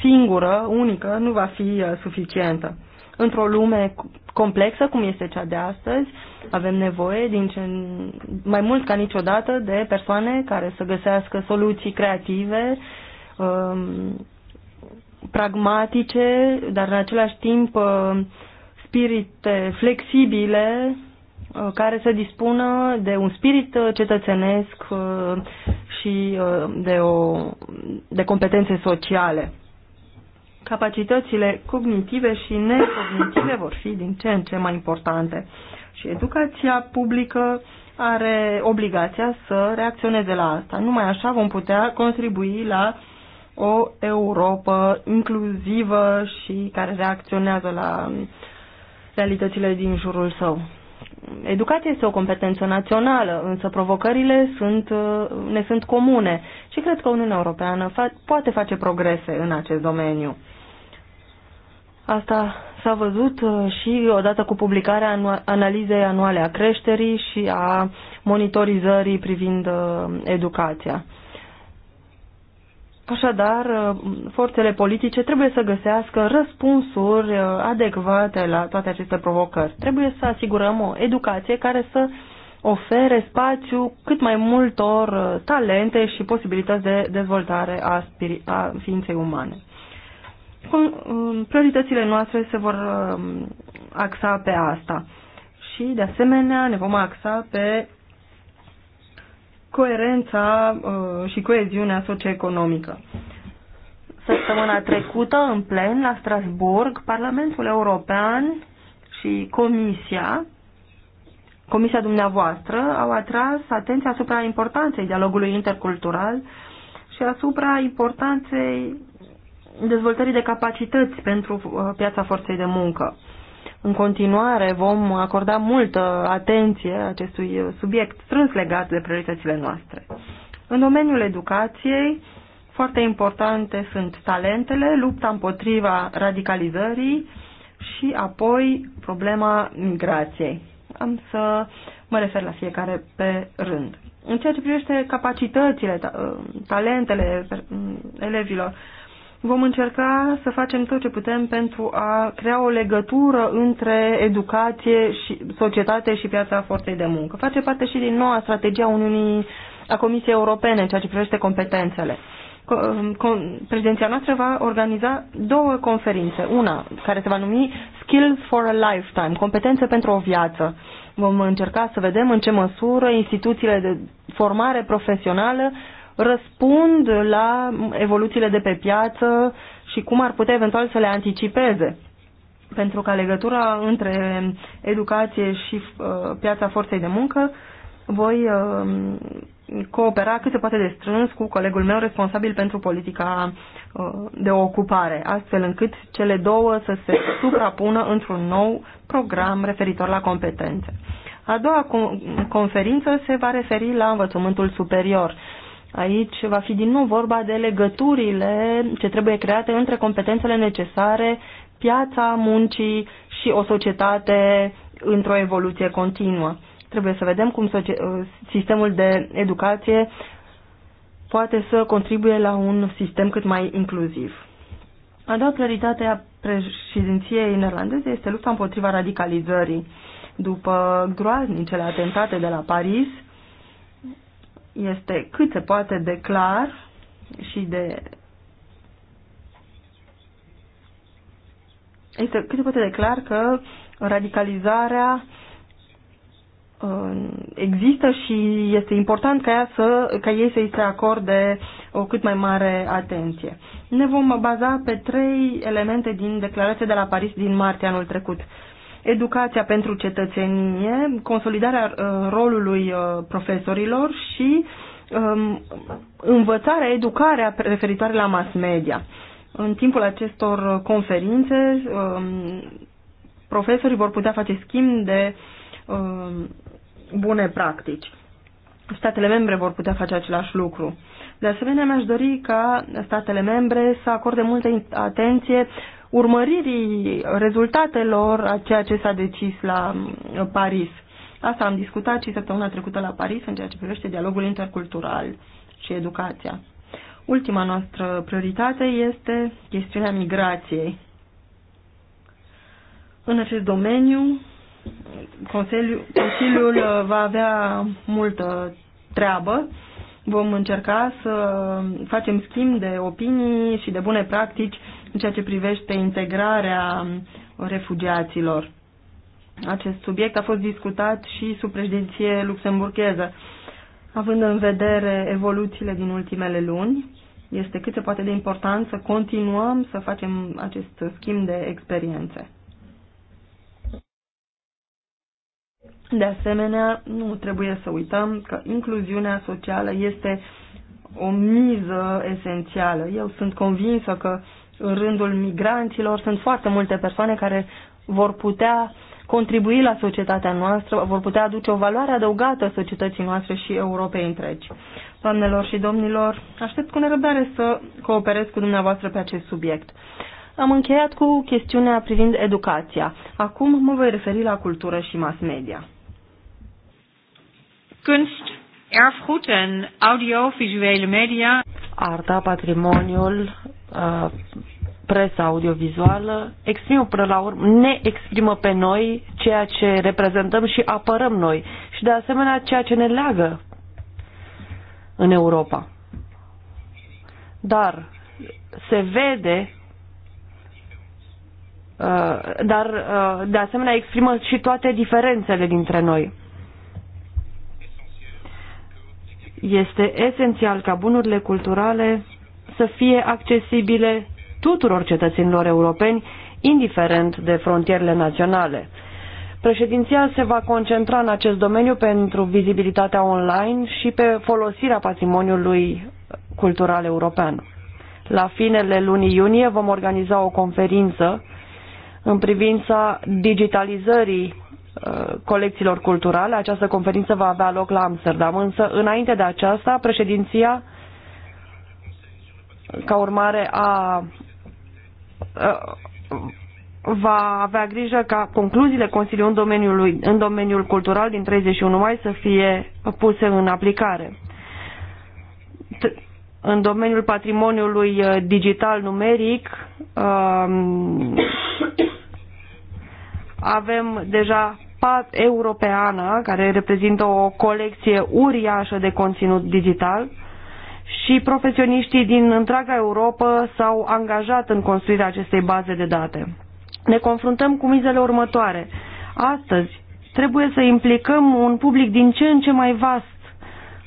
singură, unică, nu va fi uh, suficientă. Într-o lume complexă, cum este cea de astăzi, avem nevoie din ce mai mult ca niciodată de persoane care să găsească soluții creative, um, pragmatice, dar în același timp uh, spirite flexibile uh, care să dispună de un spirit uh, cetățenesc și de, o, de competențe sociale. Capacitățile cognitive și necognitive vor fi din ce în ce mai importante și educația publică are obligația să reacționeze la asta. Numai așa vom putea contribui la uh, o Europa inclusivă și care reacționează la realitățile din jurul său. Educația este o competență națională, însă provocările sunt, uh, ne sunt comune și cred că Uniunea Europeană fa poate face progrese în acest domeniu. Asta s-a văzut uh, și odată cu publicarea anu analizei anuale a creșterii și a monitorizării privind uh, educația. Așadar, uh, forțele politice trebuie să găsească răspunsuri uh, adecvate la toate aceste provocări. Trebuie să asigurăm o educație care să ofere spațiu cât mai multor uh, talente și posibilități de dezvoltare a, a ființei umane. Um, prioritățile noastre se vor um, axa pe asta și, de asemenea, ne vom axa pe coerența uh, și coeziunea socioeconomică. Săptămâna trecută, în plen, la Strasburg, Parlamentul European și Comisia, Comisia dumneavoastră, au atras atenția asupra importanței dialogului intercultural și asupra importanței dezvoltării de capacități pentru uh, piața forței de muncă. În continuare vom acorda multă atenție acestui subiect strâns legat de prioritățile noastre. În domeniul educației, foarte importante sunt talentele, lupta împotriva radicalizării și apoi problema migrației. Am să mă refer la fiecare pe rând. În ceea ce privește capacitățile, uh, talentele mm, elevilor, Vom încerca să facem tot ce putem pentru a crea o legătură între educație și societate și piața forței de muncă. Face parte și din noua strategie a Uniunii a Comisiei Europene în ceea ce privește competențele. Um, președinția noastră va organiza două conferințe. Una care se va numi Skills for a Lifetime, competențe pentru o viață. Vom încerca să vedem în ce măsură instituțiile de formare profesională răspund la evoluțiile de pe piață și cum ar putea eventual să le anticipeze. Pentru că legătura între educație și uh, piața forței de muncă voi uh, coopera cât se poate de strâns cu colegul meu responsabil pentru politica uh, de ocupare, astfel încât cele două să se suprapună într-un nou program referitor la competențe. A doua conferință se va referi la învățământul superior Aici va fi din nou vorba de legăturile ce trebuie create între competențele necesare, piața muncii și o societate într-o evoluție continuă. Trebuie să vedem cum sistemul de educație poate să contribuie la un sistem cât mai inclusiv. A doua prioritate a președinției neerlandeze este lupta împotriva radicalizării. După groaznicele atentate de la Paris, este cât se poate de clar și de este cât se poate de clar că radicalizarea uh, există și este important ca, ea să, ca ei să îi se acorde o cât mai mare atenție. Ne vom baza pe trei elemente din declarația de la Paris din martie anul trecut educația pentru cetățenie, consolidarea uh, rolului uh, profesorilor și um, învățarea, educarea referitoare la mass media. În timpul acestor conferințe, um, profesorii vor putea face schimb de um, bune practici. Statele membre vor putea face același lucru. De asemenea, mi-aș dori ca statele membre să acorde multă atenție urmăririi rezultatelor a ceea ce s-a decis la mm, Paris. Asta am discutat și săptămâna trecută la Paris în ceea ce privește dialogul intercultural și educația. Ultima noastră prioritate este chestiunea migrației. În acest domeniu, Consiliul, Consiliul uh, va avea multă treabă. Vom încerca să facem schimb de opinii și de bune practici în ceea ce privește integrarea refugiaților. Acest subiect a fost discutat și sub președinție luxemburgheză. Având în vedere evoluțiile din ultimele luni, este cât se poate de important să continuăm să facem acest schimb de experiențe. De asemenea, nu trebuie să uităm că incluziunea socială este o miză esențială. Eu sunt convinsă că în rândul migranților. Sunt foarte multe persoane care vor putea contribui la societatea noastră, vor putea aduce o valoare adăugată societății noastre și Europei întregi. Doamnelor și domnilor, aștept cu nerăbdare să cooperez cu dumneavoastră pe acest subiect. Am încheiat cu chestiunea privind educația. Acum mă voi referi la cultură și mass media. Kunst, erfgoed en audiovisuele media. Arta, patrimoniul, Uh, presa audiovizuală exprimă până la urmă, ne exprimă pe noi ceea ce reprezentăm și apărăm noi și de asemenea ceea ce ne leagă în Europa. Dar se vede uh, dar uh, de asemenea exprimă și toate diferențele dintre noi. Este esențial ca bunurile culturale să fie accesibile tuturor cetățenilor europeni, indiferent de frontierele naționale. Președinția se va concentra în acest domeniu pentru vizibilitatea online și pe folosirea patrimoniului cultural european. La finele lunii iunie vom organiza o conferință în privința digitalizării uh, colecțiilor culturale. Această conferință va avea loc la Amsterdam, însă înainte de aceasta președinția ca urmare a, a va avea grijă ca concluziile Consiliului în domeniul, în domeniul cultural din 31 mai să fie puse în aplicare. T în domeniul patrimoniului uh, digital numeric um, avem deja pat europeană care reprezintă o colecție uriașă de conținut digital și profesioniștii din întreaga Europa s-au angajat în construirea acestei baze de date. Ne confruntăm cu mizele următoare. Astăzi trebuie să implicăm un public din ce în ce mai vast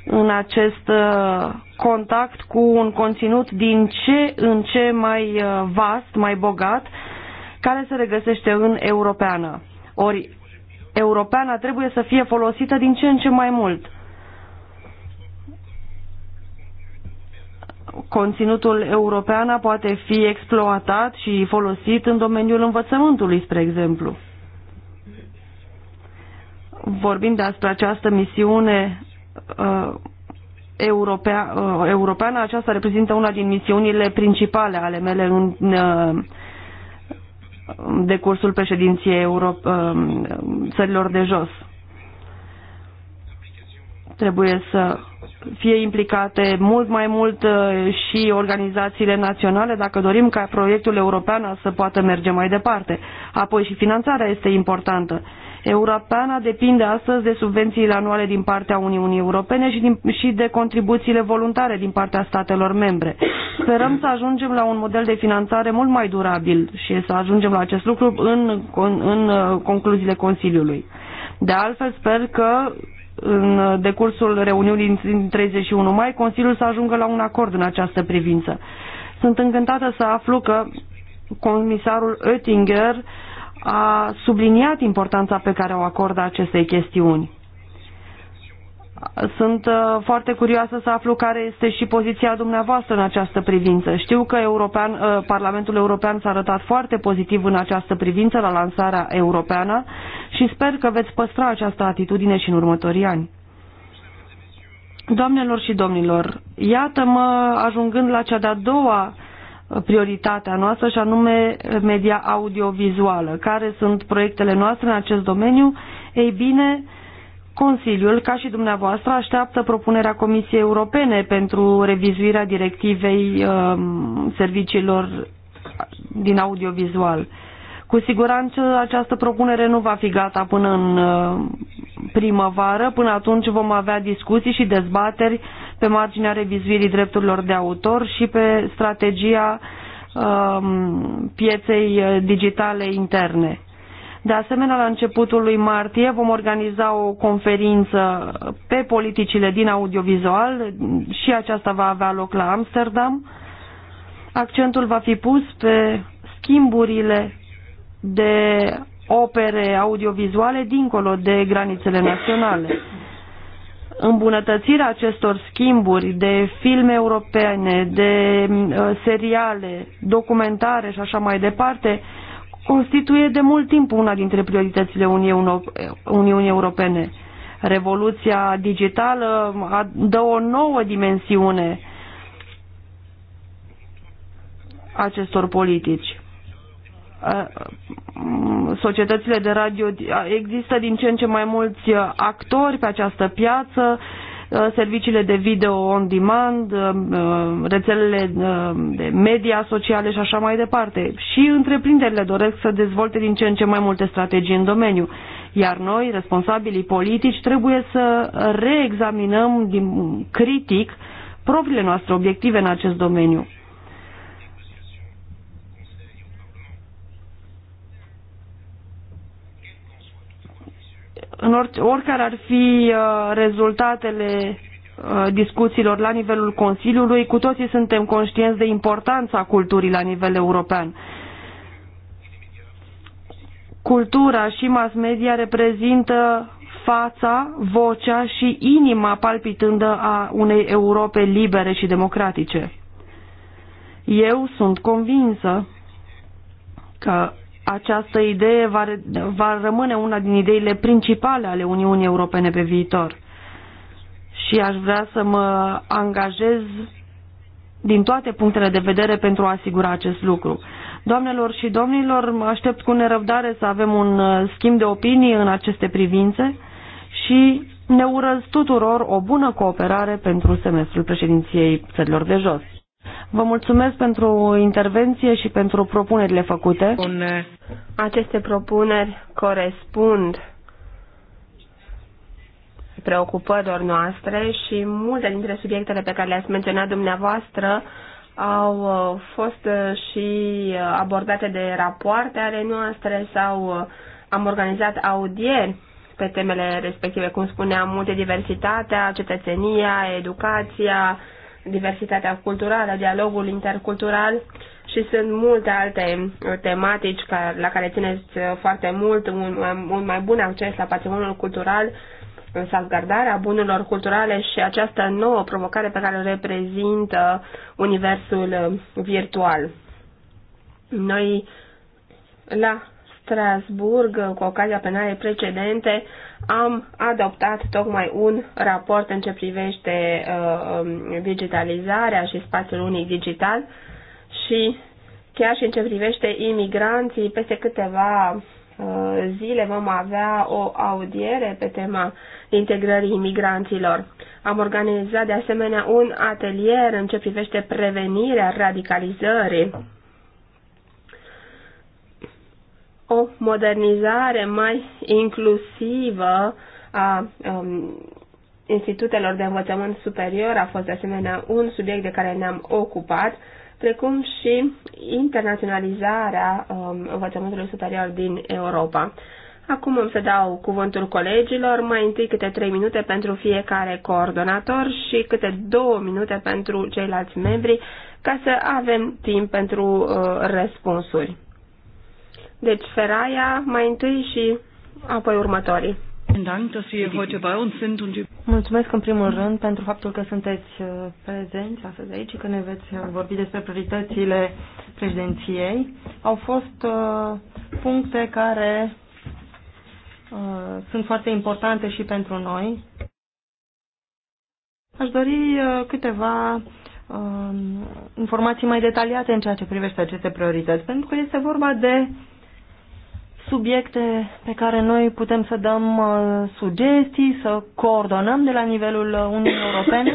în acest uh, contact cu un conținut din ce în ce mai uh, vast, mai bogat, care se regăsește în europeană. Ori europeana trebuie să fie folosită din ce în ce mai mult. conținutul european poate fi exploatat și folosit în domeniul învățământului, spre exemplu. Vorbim despre această misiune uh, europea, uh, europeană, aceasta reprezintă una din misiunile principale ale mele în uh, decursul președinției Euro, uh, țărilor de jos. Trebuie să fie implicate mult mai mult uh, și organizațiile naționale dacă dorim ca proiectul european să poată merge mai departe. Apoi și finanțarea este importantă. Europeana depinde astăzi de subvențiile anuale din partea Uniunii Europene și, din, și de contribuțiile voluntare din partea statelor membre. Sperăm să ajungem la un model de finanțare mult mai durabil și să ajungem la acest lucru în, în, în uh, concluziile Consiliului. De altfel, sper că în decursul reuniunii din 31 mai Consiliul să ajungă la un acord în această privință. Sunt încântată să aflu că comisarul Oettinger a subliniat importanța pe care o acordă acestei chestiuni. Sunt uh, foarte curioasă să aflu care este și poziția dumneavoastră în această privință. Știu că European, uh, Parlamentul European s-a arătat foarte pozitiv în această privință la lansarea europeană și sper că veți păstra această atitudine și în următorii ani. Doamnelor și domnilor, iată-mă ajungând la cea de-a doua prioritatea noastră și anume media audiovizuală. Care sunt proiectele noastre în acest domeniu? Ei bine, Consiliul, ca și dumneavoastră, așteaptă propunerea Comisiei Europene pentru revizuirea directivei um, serviciilor din audiovizual. Cu siguranță această propunere nu va fi gata până în uh, primăvară. Până atunci vom avea discuții și dezbateri pe marginea revizuirii drepturilor de autor și pe strategia um, pieței uh, digitale interne. De asemenea, la începutul lui martie vom organiza o conferință pe politicile din audiovizual și aceasta va avea loc la Amsterdam. Accentul va fi pus pe schimburile de opere audiovizuale dincolo de granițele naționale. Îmbunătățirea acestor schimburi de filme europene, de uh, seriale, documentare și așa mai departe, constituie de mult timp una dintre prioritățile Uniunii Europene. Revoluția digitală dă o nouă dimensiune acestor politici. Societățile de radio există din ce în ce mai mulți actori pe această piață, Uh, serviciile de video on demand, uh, uh, rețelele de media sociale și așa mai departe. Și întreprinderile doresc să dezvolte din ce în ce mai multe strategii în domeniu. Iar noi, responsabilii politici, trebuie să reexaminăm din critic propriile noastre obiective în acest domeniu. în orice, oricare ar fi uh, rezultatele uh, discuțiilor la nivelul Consiliului, cu toții suntem conștienți de importanța culturii la nivel european. Cultura și mass media reprezintă fața, vocea și inima palpitândă a unei Europe libere și democratice. Eu sunt convinsă că această idee va, va rămâne una din ideile principale ale Uniunii Europene pe viitor. Și aș vrea să mă angajez din toate punctele de vedere pentru a asigura acest lucru. Doamnelor și domnilor, mă aștept cu nerăbdare să avem un uh, schimb de opinii în aceste privințe și ne urăz tuturor o bună cooperare pentru semestrul președinției țărilor de jos. Vă mulțumesc pentru intervenție și pentru propunerile făcute. Aceste propuneri corespund preocupărilor noastre și multe dintre subiectele pe care le-ați menționat dumneavoastră au uh, fost uh, și uh, abordate de rapoarte ale noastre sau am organizat audieri pe temele respective, cum spuneam, multe diversitatea, cetățenia, educația, diversitatea culturală, dialogul intercultural și sunt multe alte uh, tematici la care țineți uh, foarte mult, un, un mai bun acces la patrimoniul cultural, uh, salvgardarea bunurilor culturale și această nouă provocare pe care o reprezintă universul virtual. Noi la Strasburg, cu ocazia penalei precedente, am adoptat tocmai un raport în ce privește uh, um, digitalizarea și spațiul unic digital și chiar și în ce privește imigranții, peste câteva uh, zile vom avea o audiere pe tema integrării imigranților. Am organizat de asemenea un atelier în ce privește prevenirea radicalizării o modernizare mai inclusivă a um, institutelor de învățământ superior a fost de asemenea un subiect de care ne-am ocupat, precum și internaționalizarea um, învățământului superior din Europa. Acum am să dau cuvântul colegilor, mai întâi câte trei minute pentru fiecare coordonator și câte două minute pentru ceilalți membri, ca să avem timp pentru uh, răspunsuri. Deci Seraia, mai întâi și apoi următorii. Mulțumesc în primul rând pentru faptul că sunteți uh, prezenți astăzi aici și că ne veți uh, vorbi despre prioritățile președinției. Au fost uh, puncte care uh, sunt foarte importante și pentru noi. Aș dori uh, câteva uh, informații mai detaliate în ceea ce privește aceste priorități, pentru că este vorba de uh, subiecte pe care noi putem să dăm uh, sugestii, să coordonăm de la nivelul uh, Uniunii Europene,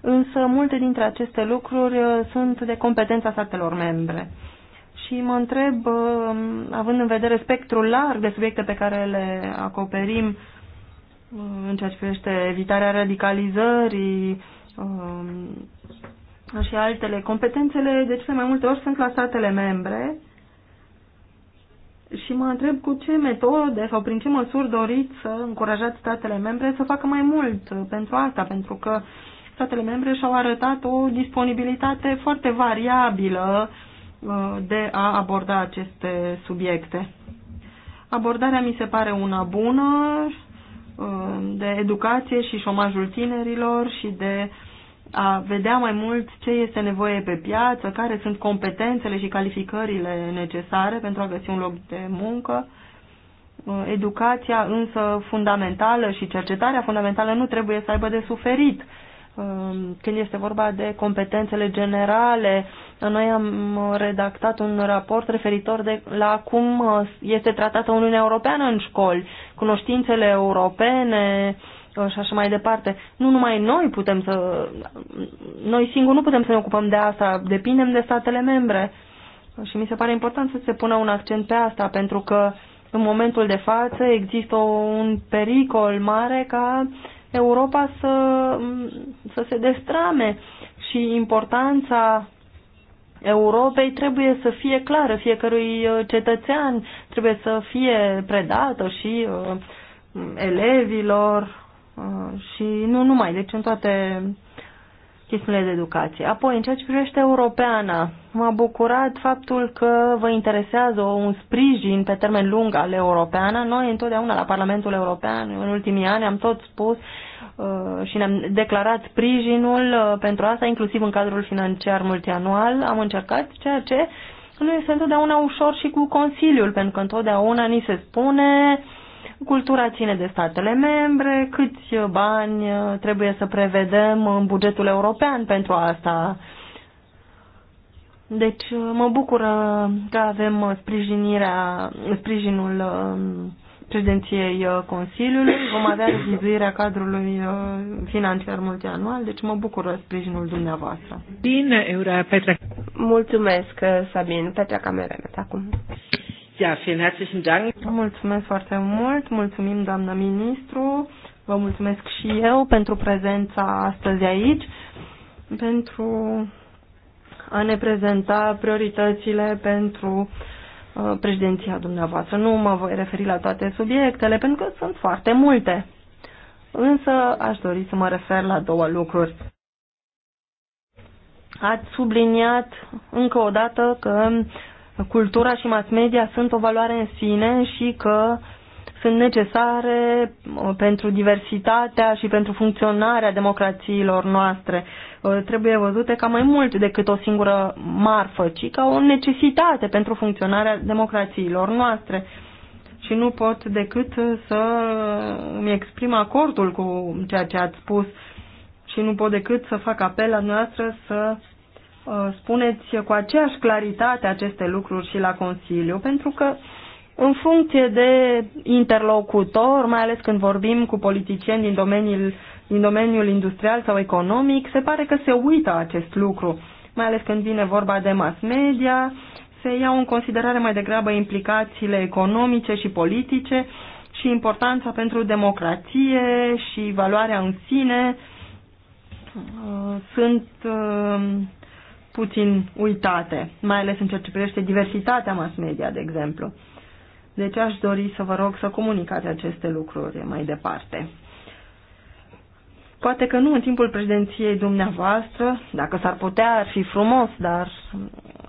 însă multe dintre aceste lucruri uh, sunt de competența statelor membre. Și mă întreb, având în vedere spectrul larg de subiecte pe care le acoperim în ceea ce privește evitarea radicalizării și altele, competențele de cele mai multe ori sunt la statele membre și mă întreb cu ce metode sau prin ce măsuri doriți să încurajați statele membre să facă mai mult uh, pentru asta, pentru că statele membre și-au arătat o disponibilitate foarte variabilă uh, de a aborda aceste subiecte. Abordarea mi se pare una bună uh, de educație și șomajul tinerilor și de uh, a vedea mai mult ce este nevoie pe piață, care sunt competențele și calificările necesare pentru a găsi un loc de muncă. Uh, educația însă fundamentală și cercetarea fundamentală nu trebuie să aibă de suferit uh, când este vorba de competențele generale. Noi am redactat un raport referitor de la cum uh, este tratată Uniunea Europeană în școli, cunoștințele europene, și așa mai departe. Nu numai noi putem să... Noi singuri nu putem să ne ocupăm de asta, depindem de statele membre. Și mi se pare important să se pună un accent pe asta, pentru că în momentul de față există un pericol mare ca Europa să, să se destrame și importanța Europei trebuie să fie clară fiecărui uh, cetățean, trebuie să fie predată și uh, elevilor Uh, și nu numai, deci în toate chestiunile de educație. Apoi, în ceea ce privește europeana, m-a bucurat faptul că vă interesează un sprijin pe termen lung al europeana. Noi întotdeauna la Parlamentul European, în ultimii ani, am tot spus uh, și ne-am declarat sprijinul uh, pentru asta, inclusiv în cadrul financiar multianual. Am încercat ceea ce nu este întotdeauna ușor și cu Consiliul, pentru că întotdeauna ni se spune uh, Cultura ține de statele membre, câți bani trebuie să prevedem în bugetul european pentru asta. Deci mă bucură că avem sprijinirea, sprijinul um, președinției uh, Consiliului, vom avea revizuirea cadrului uh, financiar multianual, deci mă bucură sprijinul dumneavoastră. Bine, Eura Petra. Mulțumesc, uh, Sabin. Petra Cameremet acum. Ja, vielen herzlichen Dank. Mulțumesc foarte mult, mulțumim doamna ministru, vă mulțumesc și eu pentru prezența astăzi aici, pentru a ne prezenta prioritățile pentru uh, președinția dumneavoastră. Nu mă voi referi la toate subiectele, pentru că sunt foarte multe. Însă aș dori să mă refer la două lucruri. Ați subliniat încă o dată că cultura și mass media sunt o valoare în sine și că sunt necesare uh, pentru diversitatea și pentru funcționarea democrațiilor noastre. Uh, trebuie văzute ca mai mult decât o singură marfă, ci ca o necesitate pentru funcționarea democrațiilor noastre. Și nu pot decât să îmi exprim acordul cu ceea ce ați spus și nu pot decât să fac apel la noastră să Uh, spuneți cu aceeași claritate aceste lucruri și la Consiliu, pentru că în funcție de interlocutor, mai ales când vorbim cu politicieni din domeniul, din domeniul industrial sau economic, se pare că se uită acest lucru, mai ales când vine vorba de mass media, se iau în considerare mai degrabă implicațiile economice și politice și importanța pentru democrație și valoarea în sine uh, sunt uh, puțin uitate, mai ales în ceea ce privește diversitatea mass media, de exemplu. Deci aș dori să vă rog să comunicați aceste lucruri mai departe. Poate că nu în timpul președinției dumneavoastră, dacă s-ar putea, ar fi frumos, dar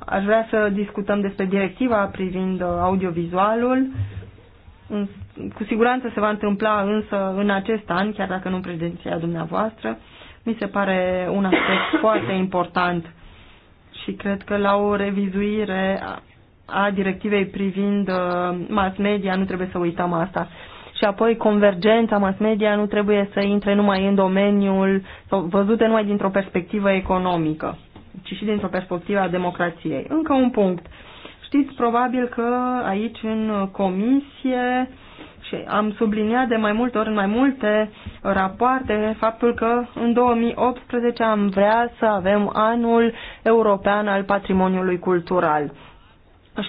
aș vrea să discutăm despre directiva privind audiovizualul. Cu siguranță se va întâmpla însă în acest an, chiar dacă nu în președinția dumneavoastră. Mi se pare un aspect foarte important și cred că la o revizuire a directivei privind uh, mass media nu trebuie să uităm asta. Și apoi convergența mass media nu trebuie să intre numai în domeniul sau văzute numai dintr-o perspectivă economică, ci și dintr-o perspectivă a democrației. Încă un punct. Știți probabil că aici în comisie și am subliniat de mai multe ori în mai multe rapoarte faptul că în 2018 am vrea să avem anul european al patrimoniului cultural.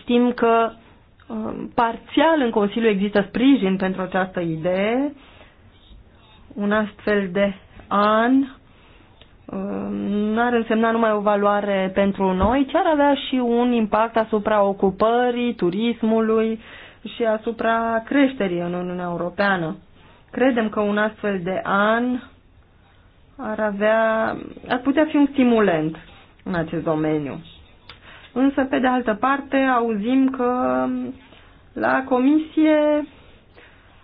Știm că um, parțial în Consiliu există sprijin pentru această idee. Un astfel de an um, n ar însemna numai o valoare pentru noi, ci ar avea și un impact asupra ocupării, turismului, și asupra creșterii în Uniunea Europeană. Credem că un astfel de an ar, avea, ar putea fi un stimulent în acest domeniu. Însă, pe de altă parte, auzim că la comisie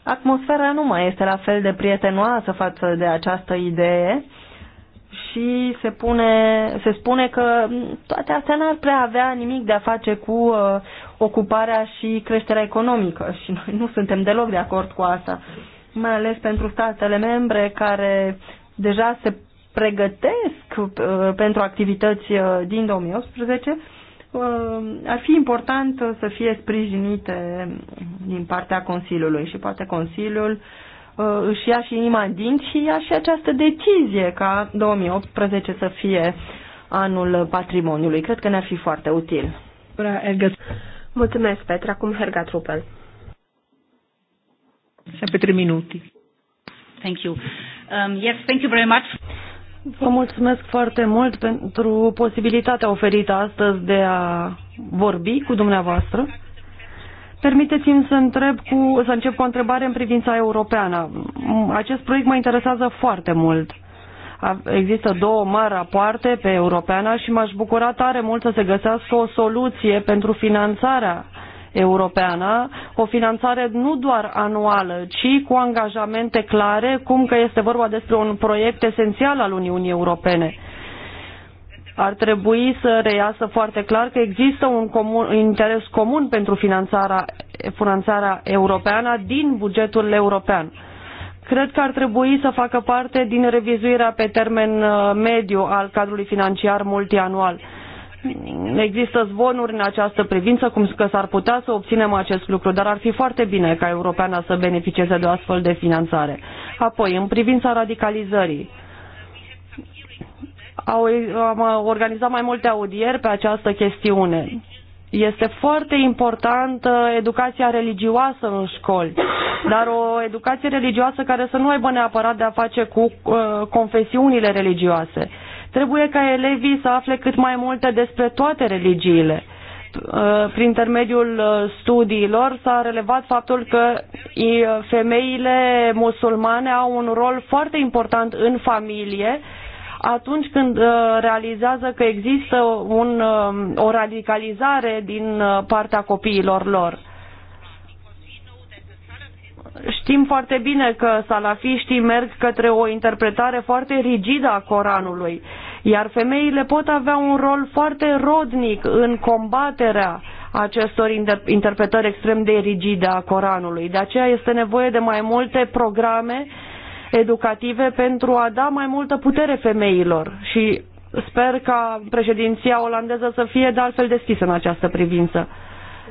atmosfera nu mai este la fel de prietenoasă față de această idee și se, pune, se spune că toate astea n-ar prea avea nimic de a face cu uh, ocuparea și creșterea economică și noi nu suntem deloc de acord cu asta, mai ales pentru statele membre care deja se pregătesc uh, pentru activități uh, din 2018, uh, ar fi important să fie sprijinite din partea Consiliului și poate Consiliul își ia și inima din și ia și această decizie ca 2018 să fie anul patrimoniului. Cred că ne-ar fi foarte util. Mulțumesc, Petra. Acum Herga Trupel. Pe trei minute. Thank you. Um, yes, thank you very much. Vă mulțumesc foarte mult pentru posibilitatea oferită astăzi de a vorbi cu dumneavoastră. Permiteți-mi să, întreb cu, să încep cu o întrebare în privința europeană. Acest proiect mă interesează foarte mult. Uh, Există două mari rapoarte pe europeană și m-aș bucura tare mult să se găsească o soluție pentru finanțarea europeană, o finanțare nu doar anuală, ci cu angajamente clare, cum că este vorba despre un proiect esențial al Uniunii Europene. Ar trebui să reiasă foarte clar că există un, comun, interes comun pentru finanțarea, finanțarea europeană din bugetul european cred că ar trebui să facă parte din revizuirea pe termen uh, mediu al cadrului financiar multianual. Există zvonuri în această privință, cum că s-ar putea să obținem acest lucru, dar ar fi foarte bine ca europeana să beneficieze de o astfel de finanțare. Apoi, în privința radicalizării, au, am organizat mai multe audieri pe această chestiune este foarte importantă educația religioasă în școli, dar o educație religioasă care să nu aibă neapărat de a face cu uh, confesiunile religioase. Trebuie ca elevii să afle cât mai multe despre toate religiile uh, prin intermediul uh, studiilor s-a relevat faptul că femeile musulmane au un rol foarte important în familie atunci când uh, realizează că există un, uh, o radicalizare din uh, partea copiilor lor. Știm foarte bine că salafiștii merg către o interpretare foarte rigidă a Coranului, iar femeile pot avea un rol foarte rodnic în combaterea acestor interpretări extrem de rigide a Coranului. De aceea este nevoie de mai multe programe uh, educative pentru a da mai multă putere femeilor și sper ca președinția olandeză să fie de altfel deschisă în această privință.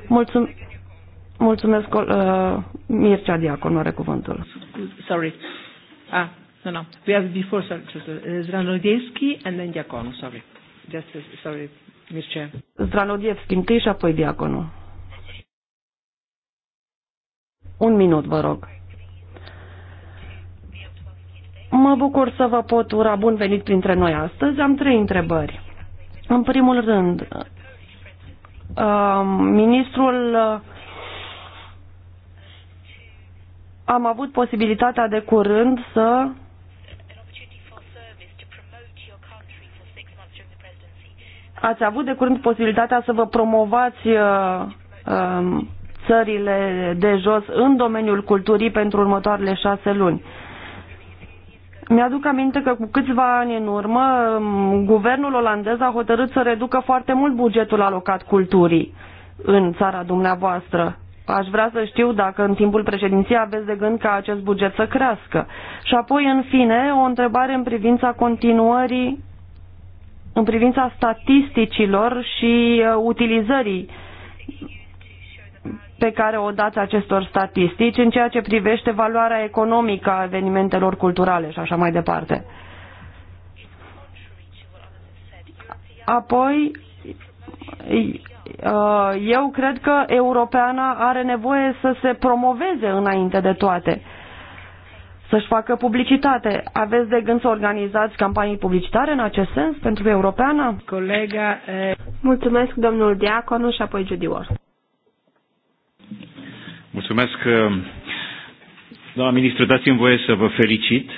Mulțum Mulțumesc, uh, Mircea Diacon, are cuvântul. Sorry. Ah, no, no. We have before, sorry, uh, Zranodievski and then Diacon, sorry. Just, uh, sorry, Mircea. Zranodievski întâi și apoi Diaconul. Un minut, vă rog. Mă bucur să vă pot ura bun venit printre noi astăzi. Am trei întrebări. În primul rând, uh, ministrul uh, am avut posibilitatea de curând să ați avut de curând posibilitatea să vă promovați uh, um, țările de jos în domeniul culturii pentru următoarele șase luni. Mi-aduc aminte că cu câțiva ani în urmă, guvernul olandez a hotărât să reducă foarte mult bugetul alocat culturii în țara dumneavoastră. Aș vrea să știu dacă în timpul președinției aveți de gând ca acest buget să crească. Și apoi, în fine, o întrebare în privința continuării, în privința statisticilor și uh, utilizării pe care o dați acestor statistici în ceea ce privește valoarea economică a evenimentelor culturale și așa mai departe. Apoi, uh, eu cred că europeana are nevoie să se promoveze înainte de toate, să-și facă publicitate. Aveți de gând să organizați campanii publicitare în acest sens pentru europeana? Colega, eh, Mulțumesc, domnul Diaconu și apoi Judy Ward. Mulțumesc. Uh, doamna ministru, dați-mi voie să vă felicit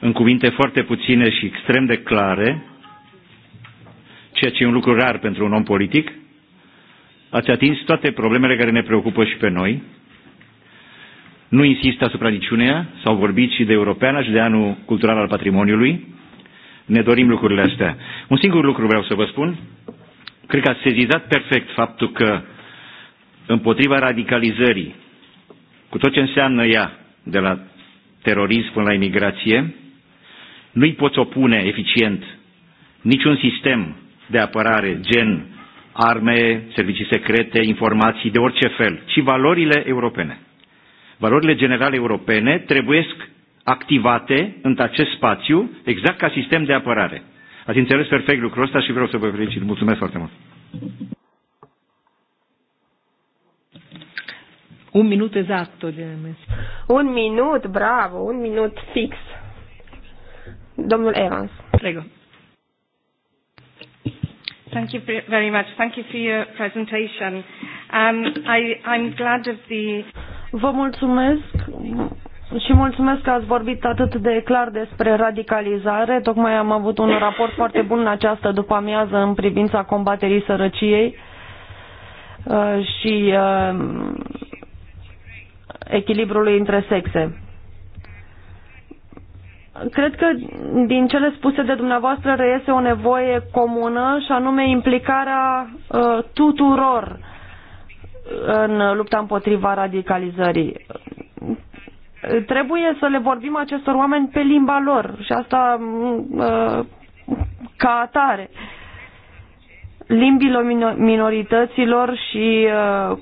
în cuvinte foarte puține și extrem de clare, ceea ce e un lucru rar pentru un om politic. Ați atins toate problemele care ne preocupă și pe noi. Nu insist asupra niciunea, s-au vorbit și de Europeana și de Anul Cultural al Patrimoniului. Ne dorim lucrurile astea. Un singur lucru vreau să vă spun. Cred că ați sezizat perfect faptul că împotriva radicalizării, cu tot ce înseamnă ea, de la terorism până la imigrație, nu-i poți opune eficient niciun sistem de apărare, gen arme, servicii secrete, informații de orice fel, ci valorile europene. Valorile generale europene trebuie activate în acest spațiu, exact ca sistem de apărare. Ați înțeles perfect lucrul ăsta și vreau să vă felicit. Mulțumesc foarte mult! Un minut esatto. Un minut, bravo, un minut fix. Domnul Evans. Prego. Thank you very much. Thank you for your presentation. Um, I, I'm glad of the... Vă mulțumesc și mulțumesc că ați vorbit atât de clar despre radicalizare. Tocmai am avut un raport foarte bun în această după amiază în privința combaterii sărăciei uh, și uh, echilibrului între sexe. Cred că din cele spuse de dumneavoastră reiese o nevoie comună și anume implicarea uh, tuturor în lupta împotriva radicalizării. Trebuie să le vorbim acestor oameni pe limba lor și asta mm, uh, ca atare. Limbile minorităților și uh,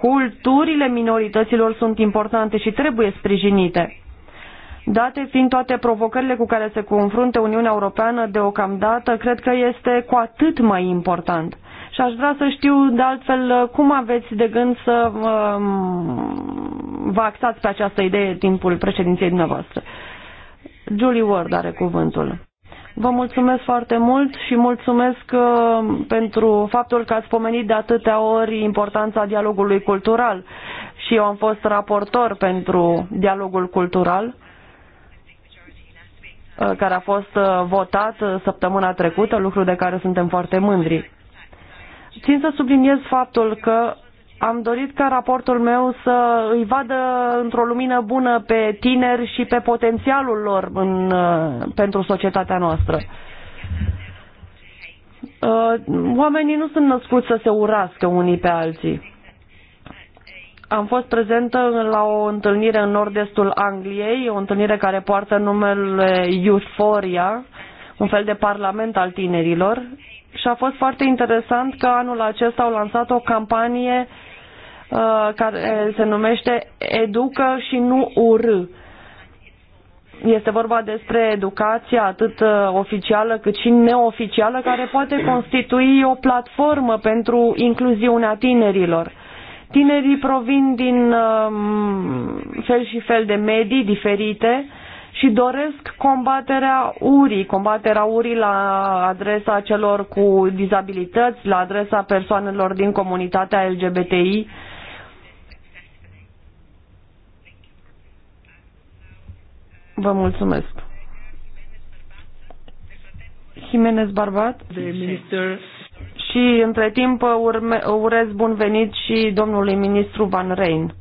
Culturile minorităților sunt importante și trebuie sprijinite. Date fiind toate provocările cu care se confruntă Uniunea Europeană deocamdată, cred că este cu atât mai important. Și aș vrea să știu, de altfel, cum aveți de gând să um, vă axați pe această idee timpul președinției dumneavoastră. Julie Ward are cuvântul. Vă mulțumesc foarte mult și mulțumesc uh, pentru faptul că ați pomenit de atâtea ori importanța dialogului cultural. Și eu am fost raportor pentru dialogul cultural uh, care a fost uh, votat săptămâna trecută, lucru de care suntem foarte mândri. Țin să subliniez faptul că am dorit ca raportul meu să îi vadă într-o lumină bună pe tineri și pe potențialul lor în, uh, pentru societatea noastră. Uh, oamenii nu sunt născuți să se urască unii pe alții. Am fost prezentă la o întâlnire în nord-estul Angliei, o întâlnire care poartă numele Euphoria, un fel de parlament al tinerilor, și a fost foarte interesant că anul acesta au lansat o campanie Uh, care se numește Educă și nu ur. Este vorba despre educația atât uh, oficială cât și neoficială care poate constitui o platformă pentru incluziunea tinerilor. Tinerii provin din um, fel și fel de medii diferite și doresc combaterea urii, combaterea urii la adresa celor cu dizabilități, la adresa persoanelor din comunitatea LGBTI Vă mulțumesc. Jimenez Barbat. Minister. Și între timp urme, urez bun venit și domnului ministru Van Rein,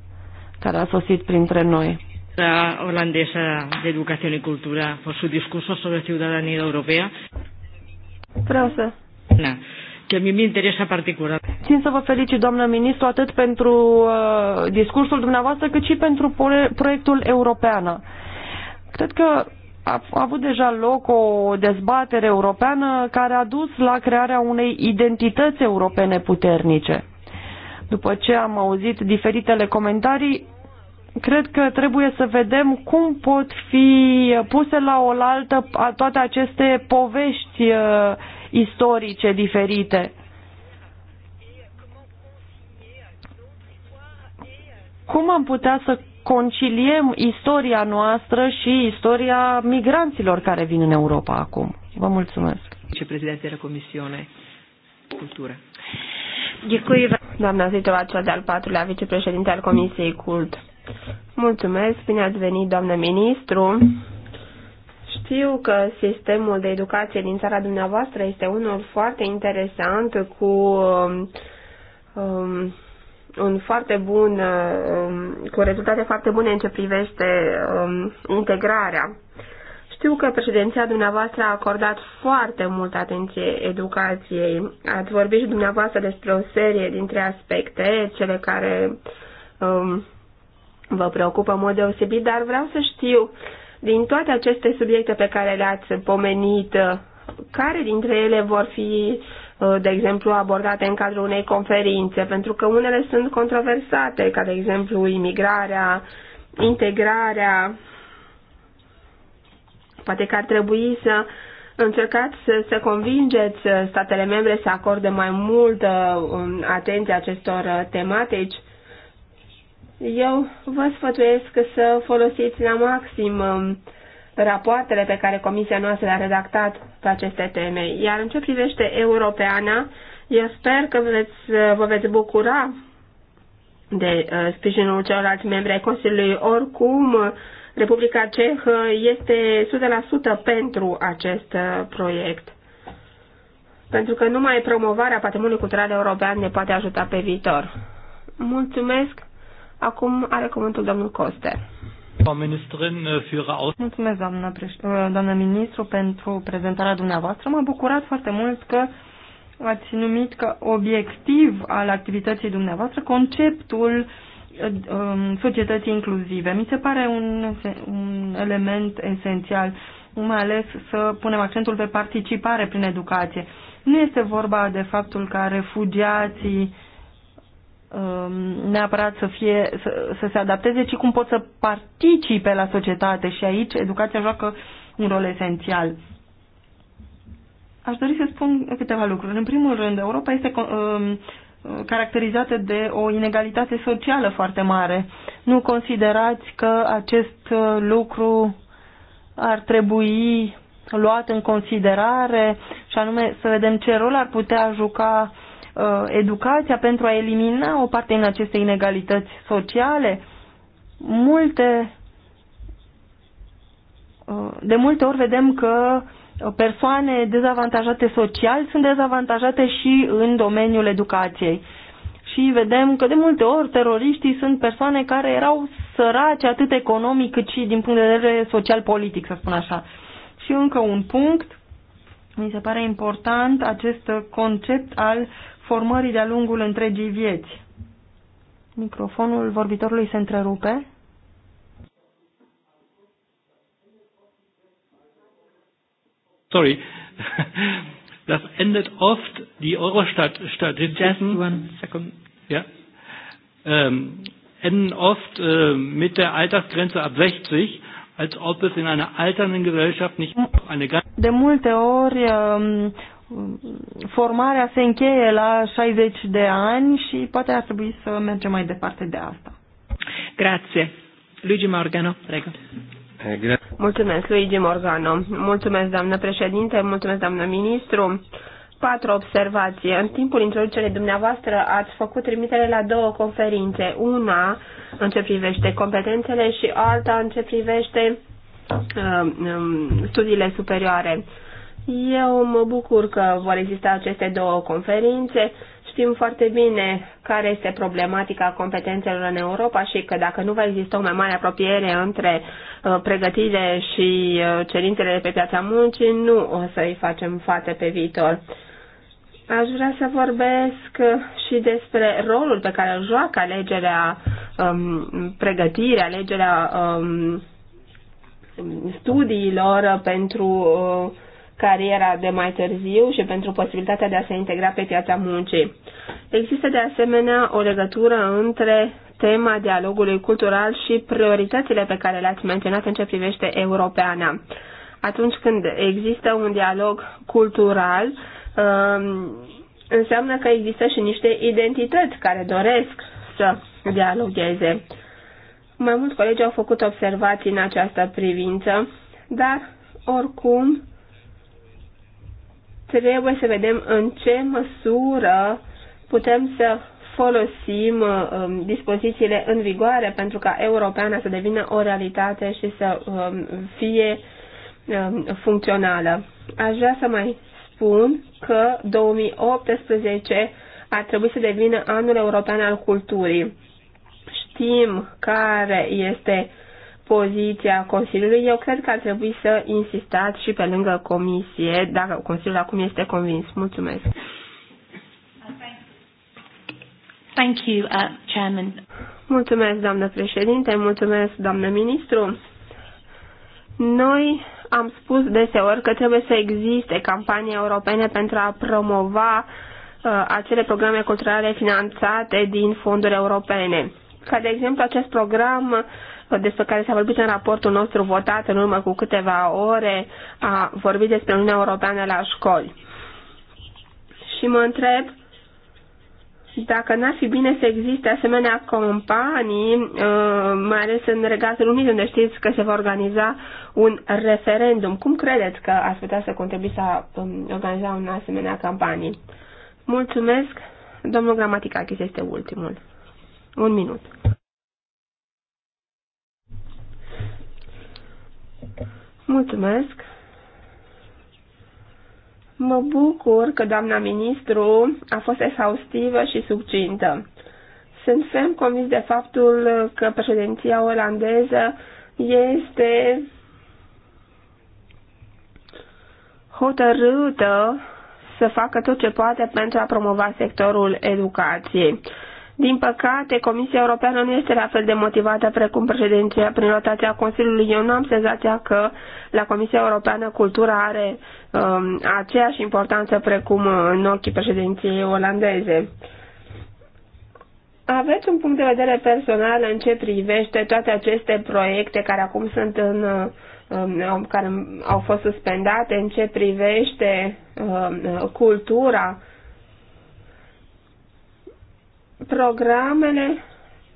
care a sosit printre noi. La olandesa de educație și cultură, por su discurso sobre ciudadanía europea. Vreau să... Na. Da. că a interesa particular. Țin să vă felicit, doamnă ministru, atât pentru uh, discursul dumneavoastră, cât și pentru proiectul european Cred că a avut deja loc o dezbatere europeană care a dus la crearea unei identități europene puternice. După ce am auzit diferitele comentarii, cred că trebuie să vedem cum pot fi puse la oaltă toate aceste povești uh, istorice diferite. Cum am putea să conciliem istoria noastră și istoria migranților care vin în Europa acum. Vă mulțumesc. Vicepreședinte la Comisiune Cultură. Doamna Zitova, cea de-al patrulea vicepreședinte al Comisiei Cult. Mulțumesc, bine ați venit, doamnă ministru. Știu că sistemul de educație din țara dumneavoastră este unul foarte interesant cu um, um un foarte bun, um, cu rezultate foarte bune în ce privește um, integrarea. Știu că președinția dumneavoastră a acordat foarte multă atenție educației. Ați vorbit și dumneavoastră despre o serie dintre aspecte, cele care um, vă preocupă în mod deosebit, dar vreau să știu, din toate aceste subiecte pe care le-ați pomenit, care dintre ele vor fi uh, Uh, de exemplu, abordate în cadrul unei conferințe, pentru că unele sunt controversate, ca de exemplu imigrarea, integrarea. Poate că ar trebui să încercați să, să convingeți statele membre să acorde mai multă uh, atenție acestor uh, tematici. Eu vă sfătuiesc să folosiți la maxim um, rapoartele pe care comisia noastră le-a redactat pe aceste teme. Iar în ce privește europeana, eu sper că veți, vă veți bucura de uh, sprijinul celorlalți membri ai Consiliului. Oricum, Republica Cehă este 100% pentru acest uh, proiect. Pentru că numai promovarea patrimoniului cultural european ne poate ajuta pe viitor. Mulțumesc! Acum are cuvântul domnul Coster. Äh, Mulțumesc, doamna, uh, doamna ministru, pentru prezentarea dumneavoastră. M-a bucurat foarte mult că ați numit ca obiectiv al activității dumneavoastră conceptul um, societății inclusive. Mi se pare un, un element esențial, mai ales să punem accentul pe participare prin educație. Nu este vorba de faptul ca refugiații Um, neapărat să, fie, să, să se adapteze, ci cum pot să participe la societate și aici educația joacă un rol esențial. Aș dori să spun câteva lucruri. În primul rând, Europa este um, caracterizată de o inegalitate socială foarte mare. Nu considerați că acest uh, lucru ar trebui luat în considerare și anume să vedem ce rol ar putea juca uh, Uh, educația pentru a elimina o parte din aceste inegalități sociale. Multe, uh, de multe ori vedem că persoane dezavantajate social sunt dezavantajate și în domeniul educației. Și vedem că de multe ori teroriștii sunt persoane care erau sărace atât economic cât și din punct de vedere social-politic, să spun așa. Și încă un punct, mi se pare important acest concept al formării de-a lungul întregii vieți. Microfonul vorbitorului se întrerupe. Sorry. Das endet oft die Eurostat-Statistiken. Just one second. Ja. Ähm, enden oft äh, mit der Altersgrenze ab 60, als ob es in einer alternden Gesellschaft nicht eine ganz. De multe ori ähm, formarea se încheie la 60 de ani și poate ar trebui să mergem mai departe de asta. Grazie. Luigi Morgano, prego. Eh, mulțumesc, Luigi Morgano. Mulțumesc, doamnă președinte, mulțumesc, doamnă ministru. Patru observații. În timpul introducerii dumneavoastră ați făcut trimitere la două conferințe. Una în ce privește competențele și alta în ce privește uh, um, studiile superioare. Uh, eu mă bucur că vor exista aceste două conferințe. Știm foarte bine care este problematica competențelor în Europa și că dacă nu va exista o mai mare apropiere între uh, pregătire și uh, cerințele de pe piața muncii, nu o să-i facem față pe viitor. Aș vrea să vorbesc și despre rolul pe care îl joacă alegerea, um, pregătirea, alegerea um, studiilor pentru uh, cariera de mai târziu și pentru posibilitatea de a se integra pe piața muncii. Există de asemenea o legătură între tema dialogului cultural și prioritățile pe care le-ați menționat în ce privește europeana. Atunci când există un dialog cultural, um, înseamnă că există și niște identități care doresc să dialogueze. Mai mulți colegi au făcut observații în această privință, dar oricum trebuie să vedem în ce măsură putem să folosim uh, um, dispozițiile în vigoare pentru ca europeana să devină o realitate și să uh, fie uh, funcțională. Aș vrea să mai spun că 2018 ar trebui să devină anul european al culturii. Știm care este uh, poziția Consiliului, eu cred că ar trebui să insistați și pe lângă Comisie, dacă Consiliul acum este convins. Mulțumesc. Thank you, uh, Chairman. Mulțumesc, doamnă președinte, mulțumesc, doamnă ministru. Noi am spus deseori că trebuie să existe campanii europene pentru a promova uh, acele programe culturale finanțate din fonduri europene. Ca de exemplu acest program despre care s-a vorbit în raportul nostru votat în urmă cu câteva ore, a vorbit despre Uniunea Europeană la școli. Și mă întreb dacă n-ar fi bine să existe asemenea companii, uh, mai ales în Regatul Unit, unde știți că se va organiza un referendum. Cum credeți că ar putea să contribui să um, organiza un asemenea campanie? Mulțumesc. Domnul Gramaticakis este ultimul. Un minut. Mulțumesc! Mă bucur că doamna ministru a fost exhaustivă și succintă. Sunt ferm convins de faptul că președinția olandeză este hotărâtă să facă tot ce poate pentru a promova sectorul educației. Din păcate, Comisia Europeană nu este la fel de motivată precum președinția prin rotația Consiliului. Eu nu am senzația că la Comisia Europeană cultura are um, aceeași importanță precum uh, în ochii președinției olandeze. Aveți un punct de vedere personal în ce privește toate aceste proiecte care acum sunt în uh, um, care au fost suspendate în ce privește uh, um, cultura programele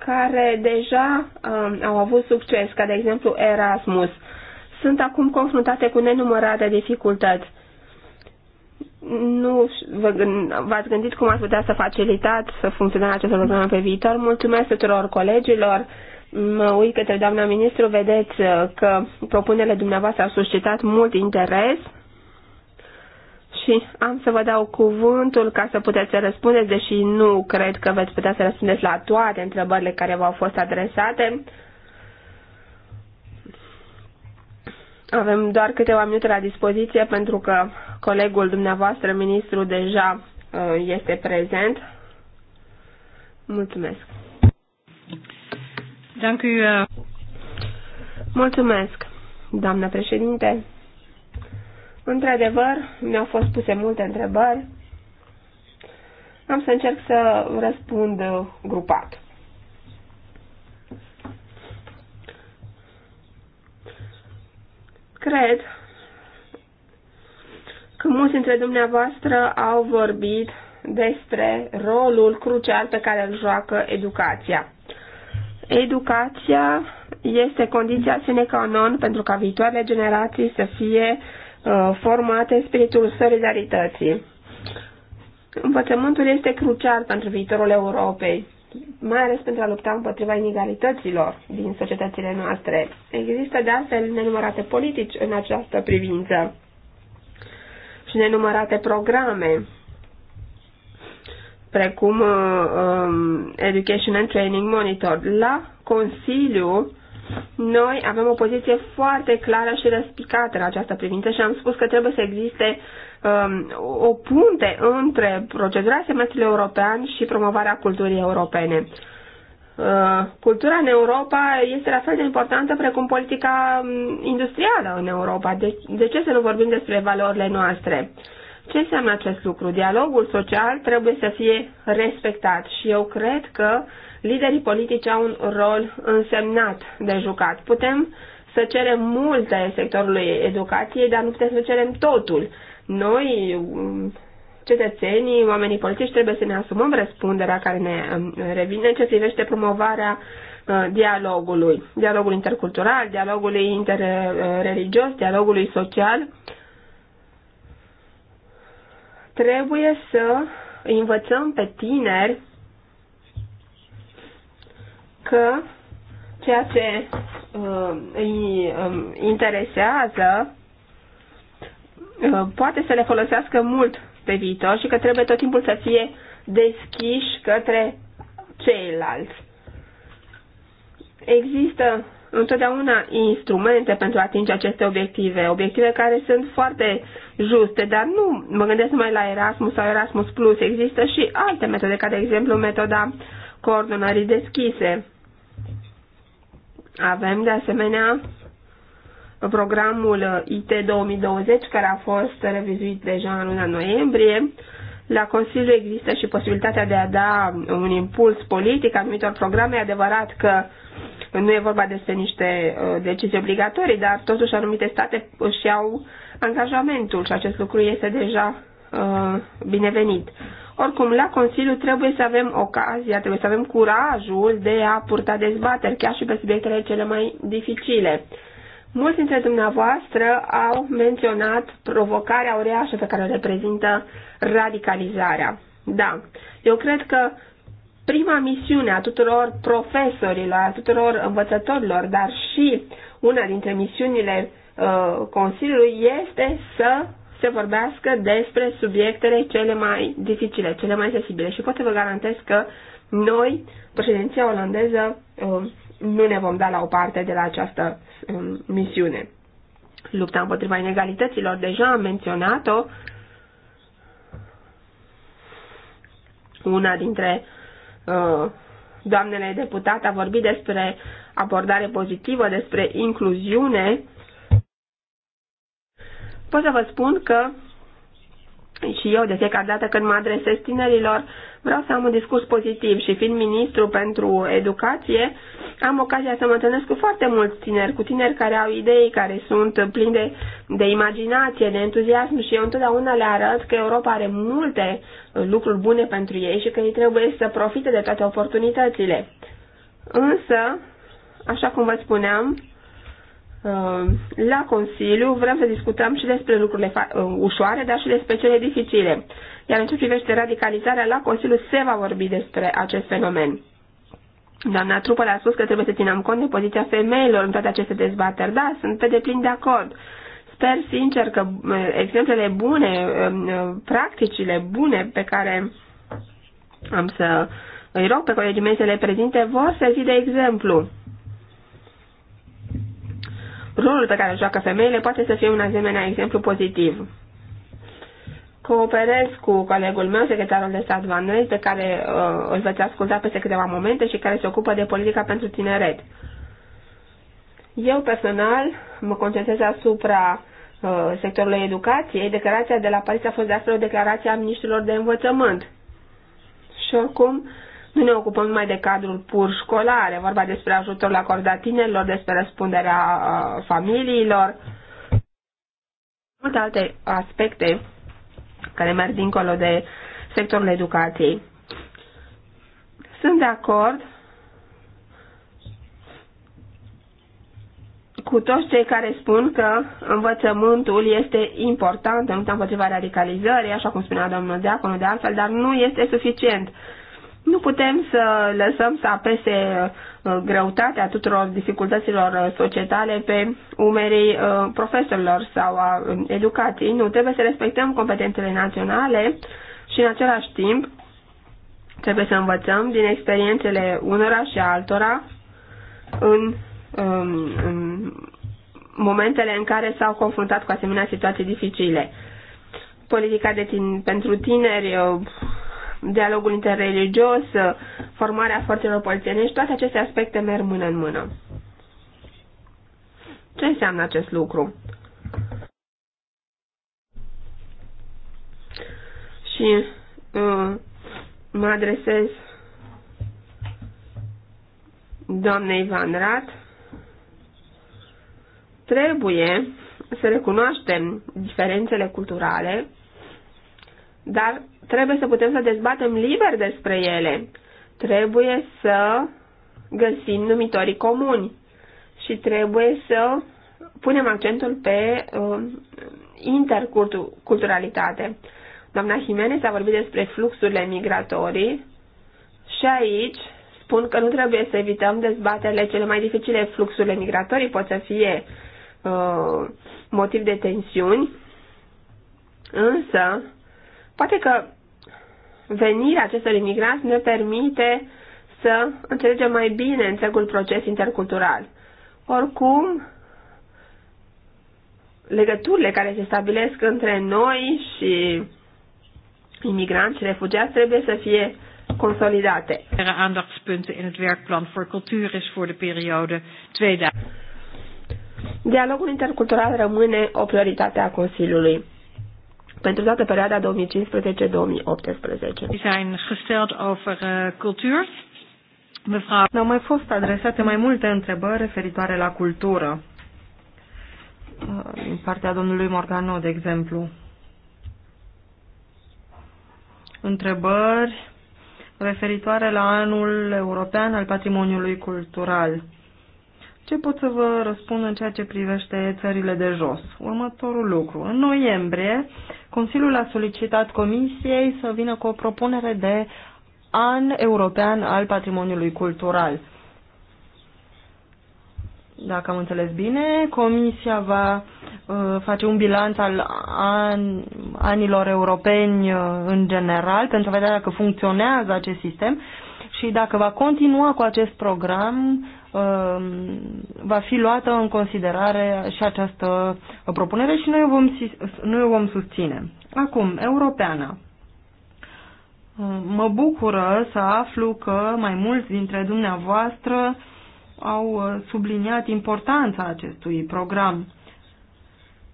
care deja um, au avut succes, ca de exemplu Erasmus, sunt acum confruntate cu nenumărate dificultăți. Nu v-ați gândit cum ați putea să facilitați să funcționeze aceste programe pe viitor? Mulțumesc tuturor colegilor. Mă uit către doamna ministru, vedeți uh, că propunerile dumneavoastră au suscitat mult interes și am să vă dau cuvântul ca să puteți să răspundeți, deși nu cred că veți putea să răspundeți la toate întrebările care v-au fost adresate. Avem doar câteva minute la dispoziție pentru că colegul dumneavoastră, ministru, deja uh, este prezent. Mulțumesc. Uh. Mulțumesc, doamnă președinte. Într-adevăr, mi-au fost puse multe întrebări. Am să încerc să răspund uh, grupat. Cred că mulți dintre dumneavoastră au vorbit despre rolul crucial pe care îl joacă educația. Educația este condiția sine qua non pentru ca viitoarele generații să fie Uh, formate în spiritul solidarității. Învățământul este crucial pentru viitorul Europei, mai ales pentru a lupta împotriva inegalităților din societățile noastre. Există de altfel nenumărate politici în această privință și nenumărate programe, precum uh, um, Education and Training Monitor. La Consiliu noi avem o poziție foarte clară și răspicată în această privință și am spus că trebuie să existe um, o punte între procedura semestrului european și promovarea culturii europene. Uh, cultura în Europa este la fel de importantă precum politica um, industrială în Europa. De, de ce să nu vorbim despre valorile noastre? Ce înseamnă acest lucru? Dialogul social trebuie să fie respectat și eu cred că uh, liderii politici au un rol însemnat de jucat. Putem să cerem multe sectorului educației, dar nu putem să cerem totul. Noi, cetățenii, oamenii politici, trebuie să ne asumăm răspunderea care ne um, revine în ce privește promovarea uh, dialogului, dialogul intercultural, dialogului interreligios, dialogului social. Trebuie să învățăm pe tineri că ceea ce uh, îi uh, interesează uh, poate să le folosească mult pe viitor și că trebuie tot timpul să fie deschiși către ceilalți. Există întotdeauna instrumente pentru a atinge aceste obiective, obiective care sunt foarte juste, dar nu mă gândesc numai la Erasmus sau Erasmus Plus, există și alte metode, ca de exemplu metoda coordonării deschise avem de asemenea programul IT 2020 care a fost revizuit deja în luna noiembrie. La Consiliu există și posibilitatea de a da un impuls politic anumitor programe. E adevărat că nu e vorba despre niște uh, decizii obligatorii, dar totuși anumite state își iau angajamentul și acest lucru este deja uh, binevenit. Oricum, la Consiliu trebuie să avem ocazia, trebuie să avem curajul de a purta dezbateri, chiar și pe subiectele cele mai dificile. Mulți dintre dumneavoastră au menționat provocarea ureașă pe care o reprezintă radicalizarea. Da, eu cred că prima misiune a tuturor profesorilor, a tuturor învățătorilor, dar și una dintre misiunile uh, Consiliului este să se vorbească despre subiectele cele mai dificile, cele mai sensibile și pot să vă garantez că noi, președinția olandeză, um, nu ne vom da la o parte de la această um, misiune. Lupta împotriva inegalităților, deja am menționat-o, una dintre uh, doamnele deputate a vorbit despre abordare pozitivă, despre incluziune Pot să vă spun că și eu de fiecare dată când mă adresez tinerilor, vreau să am un discurs pozitiv și fiind ministru pentru educație, am ocazia să mă întâlnesc cu foarte mulți tineri, cu tineri care au idei, care sunt plini de, de imaginație, de entuziasm și eu întotdeauna le arăt că Europa are multe uh, lucruri bune pentru ei și că ei trebuie să profite de toate oportunitățile. Însă, așa cum vă spuneam, Uh, la Consiliu vrem să discutăm și despre lucrurile uh, ușoare, dar și despre cele dificile. Iar în ce privește radicalizarea, la Consiliu se va vorbi despre acest fenomen. Doamna Trupă a spus că trebuie să ținem cont de poziția femeilor în toate aceste dezbateri. Da, sunt pe deplin de acord. Sper sincer că uh, exemplele bune, um, practicile bune pe care am să îi rog pe colegii mei să le prezinte vor servi de exemplu rolul pe care îl joacă femeile poate să fie un asemenea exemplu pozitiv. Cooperez cu colegul meu, secretarul de stat Van Rey, pe care uh, îl veți asculta peste câteva momente și care se ocupă de politica pentru tineret. Eu personal mă concentrez asupra uh, sectorului educației. Declarația de la Paris a fost de astfel o declarație a ministrilor de învățământ. Și oricum, nu ne ocupăm numai de cadrul pur școlar, e vorba despre ajutorul acordat tinerilor, despre răspunderea familiilor, multe alte aspecte care merg dincolo de sectorul educației. Sunt de acord cu toți cei care spun că învățământul este important în lupta împotriva radicalizării, așa cum spunea domnul Deaconu de altfel, dar nu este suficient. Nu putem să lăsăm să apese uh, greutatea tuturor dificultăților uh, societale pe umerii uh, profesorilor sau a um, educației. Nu, trebuie să respectăm competențele naționale și în același timp trebuie să învățăm din experiențele unora și altora în, um, în momentele în care s-au confruntat cu asemenea situații dificile. Politica de tine, pentru tineri dialogul interreligios, formarea forțelor polițienești, toate aceste aspecte merg mână în mână. Ce înseamnă acest lucru? Și uh, mă adresez doamnei Van Rat. Trebuie să recunoaștem diferențele culturale, dar Trebuie să putem să dezbatem liber despre ele. Trebuie să găsim numitorii comuni și trebuie să punem accentul pe uh, interculturalitate. Doamna Jimenez a vorbit despre fluxurile migratorii și aici spun că nu trebuie să evităm dezbaterile cele mai dificile. Fluxurile migratorii pot să fie uh, motiv de tensiuni, însă poate că venirea acestor imigranți ne permite să înțelegem mai bine întregul proces intercultural. Oricum, legăturile care se stabilesc între noi și imigranți și refugiați trebuie să fie consolidate. de Dialogul intercultural rămâne o prioritate a Consiliului pentru toată perioada 2015-2018. Zijn eh, Au mai fost adresate mai multe întrebări referitoare la cultură eh, din partea domnului Morgano, de exemplu. Întrebări referitoare la anul european al patrimoniului cultural. Ce pot să vă răspund în ceea ce privește țările de jos? Următorul lucru. În noiembrie, Consiliul a solicitat Comisiei să vină cu o propunere de an european al patrimoniului cultural. Dacă am înțeles bine, Comisia va uh, face un bilanț al an, anilor europeni uh, în general pentru a vedea dacă funcționează acest sistem și dacă va continua cu acest program uh, Um, va fi luată în considerare și această propunere și noi o vom, noi o vom susține. Acum, europeană. Um, mă bucură să aflu că mai mulți dintre dumneavoastră au uh, subliniat importanța acestui program.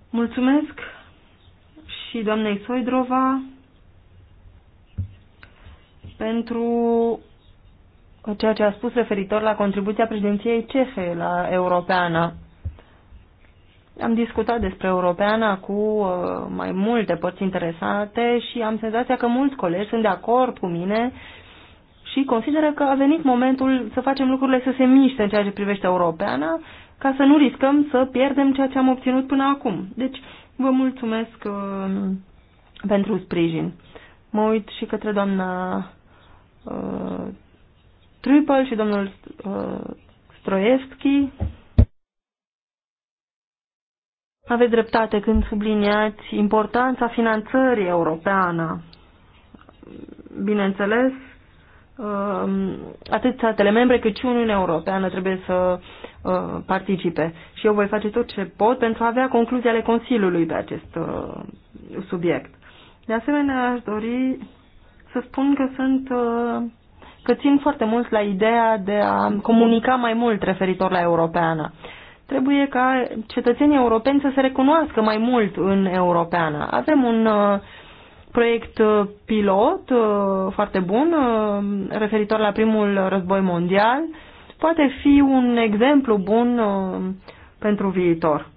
Mulțumesc și doamnei Soidrova pentru ceea ce a spus referitor la contribuția președinției cehe la europeană. Am discutat despre europeana cu uh, mai multe părți interesate și am senzația că mulți colegi sunt de acord cu mine și consideră că a venit momentul să facem lucrurile să se miște în ceea ce privește europeana, ca să nu riscăm să pierdem ceea ce am obținut până acum. Deci, vă mulțumesc uh, pentru sprijin. Mă uit și către doamna uh, Trupel și domnul uh, Stroievski. Aveți dreptate când subliniați importanța finanțării europeană. Bineînțeles, um, atât statele membre cât și Uniunea Europeană trebuie să uh, participe. Și eu voi face tot ce pot pentru a avea concluzii ale Consiliului pe acest uh, subiect. De asemenea, aș dori să spun că sunt uh, că țin foarte mult la ideea de a comunica mai mult referitor la europeană. Trebuie ca cetățenii europeni să se recunoască mai mult în europeană. Avem un uh, proiect uh, pilot uh, foarte bun referitor la primul război mondial. Poate fi un exemplu bun pentru viitor.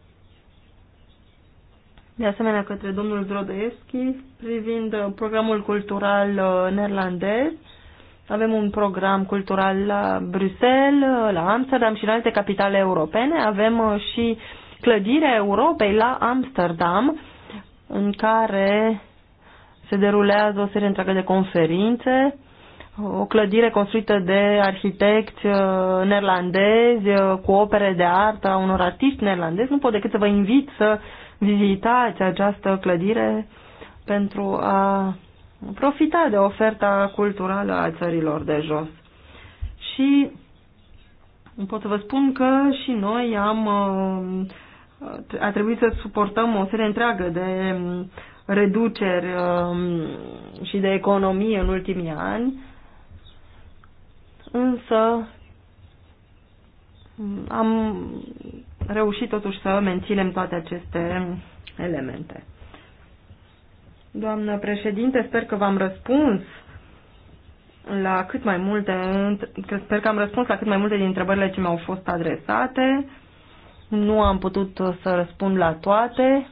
De asemenea către domnul Zdrodoevski privind programul cultural neerlandez avem un program cultural la Bruxelles, la Amsterdam și în alte capitale europene. Avem uh, și clădirea Europei la Amsterdam, în care se derulează o serie întreagă de conferințe, o clădire construită de arhitecți uh, neerlandezi uh, cu opere de artă a unor artiști neerlandezi. Nu pot decât să vă invit să vizitați această clădire pentru a profita de oferta culturală a țărilor de jos. Și pot să vă spun că și noi am uh, a trebuit să suportăm o serie întreagă de um, reduceri um, și de economie în ultimii ani, însă am reușit totuși să menținem toate aceste elemente. Doamnă președinte, sper că v-am răspuns la cât mai multe, că sper că am răspuns la cât mai multe din întrebările ce mi-au fost adresate. Nu am putut să răspund la toate.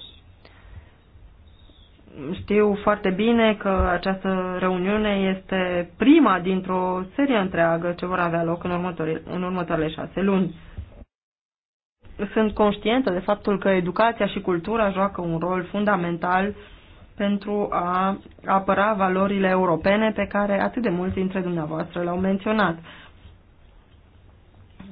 Știu foarte bine că această reuniune este prima dintr-o serie întreagă ce vor avea loc în, în următoarele șase luni. Sunt conștientă de faptul că educația și cultura joacă un rol fundamental uh, pentru a apăra valorile europene pe care atât de mulți dintre dumneavoastră le-au menționat.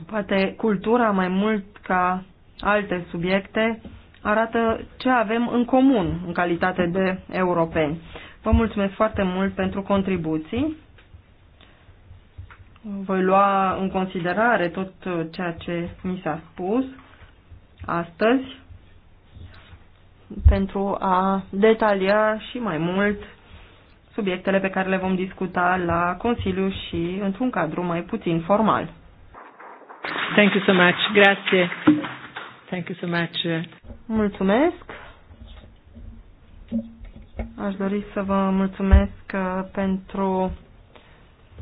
Poate cultura, mai mult ca alte subiecte, arată ce avem în comun în calitate de europeni. Vă mulțumesc foarte mult pentru contribuții. Voi lua în considerare tot ceea ce mi s-a spus astăzi pentru a detalia și mai mult subiectele pe care le vom discuta la Consiliu și într-un cadru mai puțin formal. Thank you so much. Grazie. Thank you so much. Mulțumesc. Aș dori să vă mulțumesc uh, pentru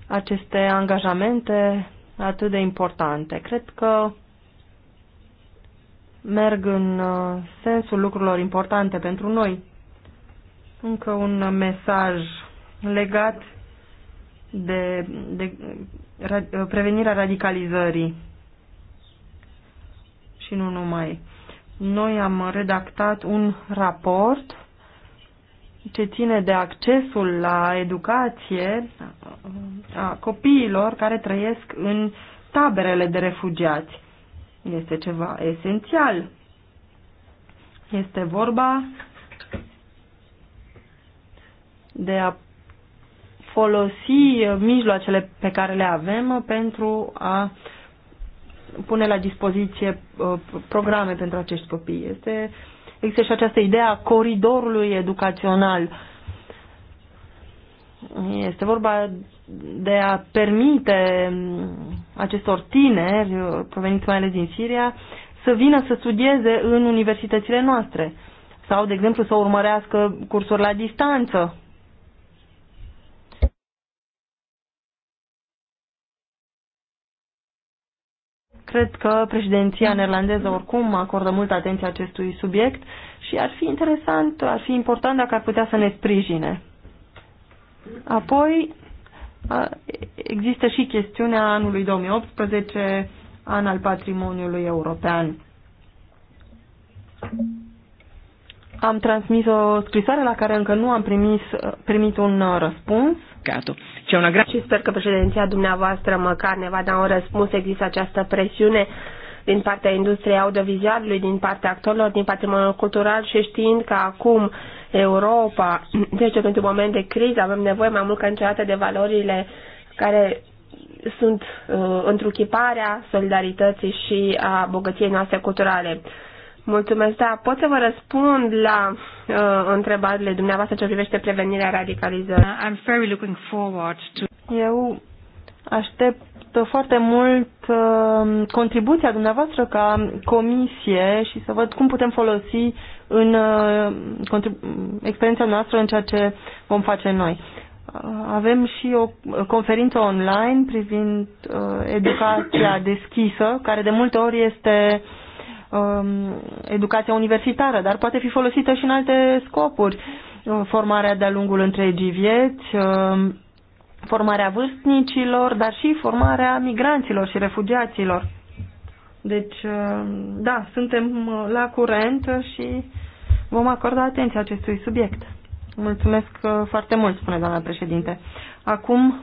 aceste angajamente atât de importante. Cred că merg în uh, sensul lucrurilor importante pentru noi. Încă un mesaj legat de, de prevenirea radicalizării și nu numai. Noi am redactat un raport ce ține de accesul la educație a copiilor care trăiesc în taberele de refugiați este ceva esențial. Este vorba de a folosi mijloacele pe care le avem pentru a pune la dispoziție uh, programe pentru acești copii. Este, există și această idee a coridorului educațional. Este vorba de a permite mm, acestor tineri, uh, proveniți mai ales din Siria, să vină să studieze în universitățile noastre sau, de exemplu, să urmărească cursuri la distanță. Cred că președinția neerlandeză oricum acordă multă atenție acestui subiect și ar fi interesant, ar fi important dacă ar putea să ne sprijine. Apoi, există și chestiunea anului 2018, an al patrimoniului european. Am transmis o scrisoare la care încă nu am primis, primit un uh, răspuns. Gato. Ce una și sper că președinția dumneavoastră măcar ne va da un răspuns. Există această presiune din partea industriei audiovizualului, din partea actorilor, din patrimoniul cultural și știind că acum uh, Europa trece deci, pentru un moment de criză, avem nevoie mai mult ca niciodată de valorile care sunt uh, întruchiparea solidarității și a bogăției noastre culturale. Mulțumesc, da, pot să vă răspund la uh, întrebările dumneavoastră ce privește prevenirea radicalizării. Uh, I'm very looking forward to... Eu aștept foarte mult uh, contribuția dumneavoastră ca comisie și să văd cum putem folosi în uh, experiența noastră în ceea ce vom face noi. Uh, avem și o uh, conferință online privind educația deschisă, care de multe ori este um, educația universitară, dar poate fi folosită și în alte scopuri. Formarea de-a lungul întregii vieți, formarea vârstnicilor, dar și formarea migranților și refugiaților. Deci, uh, da, suntem uh, la curent și vom acorda atenție acestui subiect. Mulțumesc uh, foarte mult, spune doamna președinte. Acum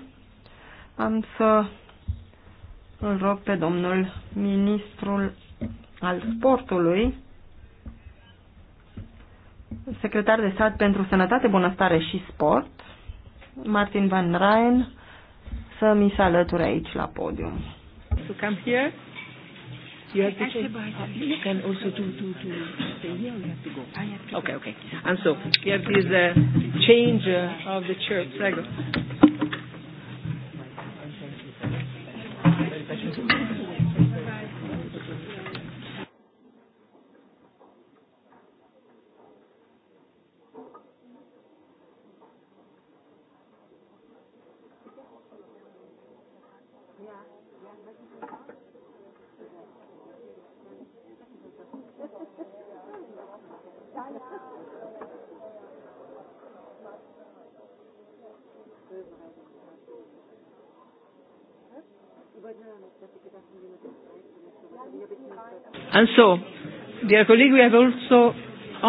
am să îl rog pe domnul ministrul al sportului, secretar de stat pentru sănătate, bunăstare și sport, Martin Van Rijn, să mi se alăture aici la podium. To come here. You have to change. You can also do to to stay here. You have to go. I have to. Okay, okay. And so we have this uh, change uh, of the church. Prego. Thank you. And so, dear colleague, we have also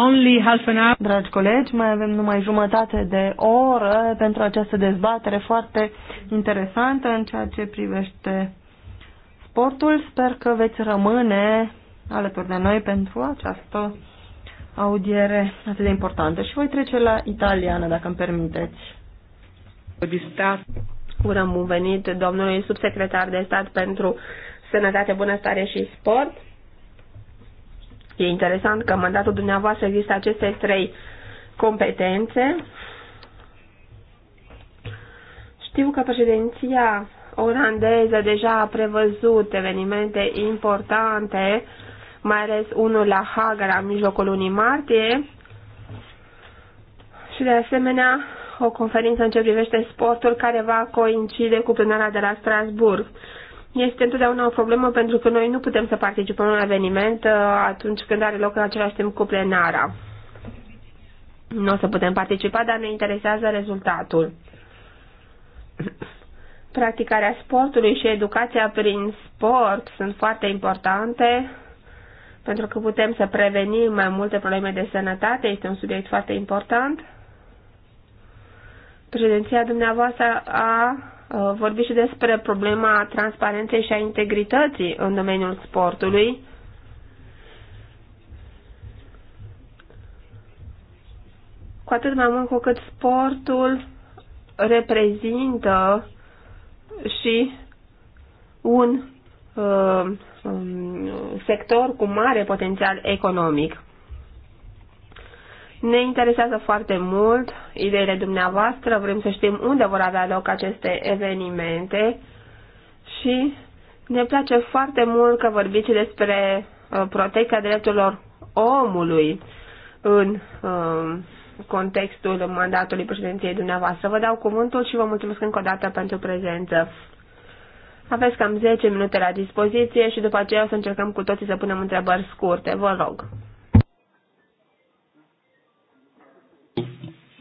only half an hour. Dragi colegi, mai avem numai jumătate de oră pentru această dezbatere foarte interesantă în ceea ce privește sportul. Sper că veți rămâne alături de noi pentru această audiere atât de importantă. Și voi trece la italiană, dacă îmi permiteți. Urăm bun venit domnului subsecretar de stat pentru sănătate, bunăstare și sport E interesant că în mandatul dumneavoastră există aceste trei competențe. Știu că președinția olandeză deja a prevăzut evenimente importante, mai ales unul la Haga la mijlocul lunii martie și de asemenea o conferință în ce privește sportul care va coincide cu plenarea de la Strasburg este întotdeauna o problemă pentru că noi nu putem să participăm la eveniment uh, atunci când are loc în același timp cu plenara. Nu o să putem participa, dar ne interesează rezultatul. Practicarea sportului și educația prin sport sunt foarte importante pentru că putem să prevenim mai multe probleme de sănătate, este un subiect foarte important. Președinția dumneavoastră a Uh, vorbi și despre problema transparenței și a integrității în domeniul sportului. Cu atât mai mult cu cât sportul reprezintă și un uh, sector cu mare potențial economic. Ne interesează foarte mult ideile dumneavoastră, vrem să știm unde vor avea loc aceste evenimente și ne place foarte mult că vorbiți despre uh, protecția drepturilor omului în um, contextul mandatului președinției dumneavoastră. Vă dau cuvântul și vă mulțumesc încă o dată pentru prezență. Aveți cam 10 minute la dispoziție și după aceea o să încercăm cu toții să punem întrebări scurte. Vă rog.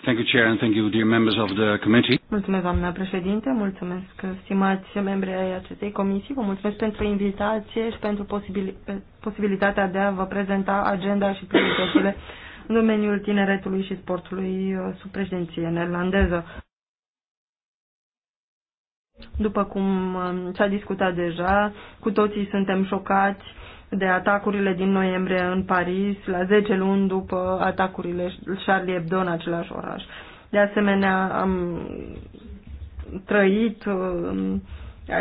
Thank you, Chair, and thank you, dear members of the committee. Mulțumesc, doamna președinte, mulțumesc, stimați membri ai acestei comisii, vă mulțumesc pentru invitație și pentru posibil, posibilitatea de a vă prezenta agenda și prioritățile în domeniul tineretului și sportului uh, sub președinție neerlandeză. După cum um, s-a discutat deja, cu toții suntem șocați de atacurile din noiembrie în Paris, la 10 luni după atacurile Charlie Hebdo în același oraș. De asemenea, am trăit um,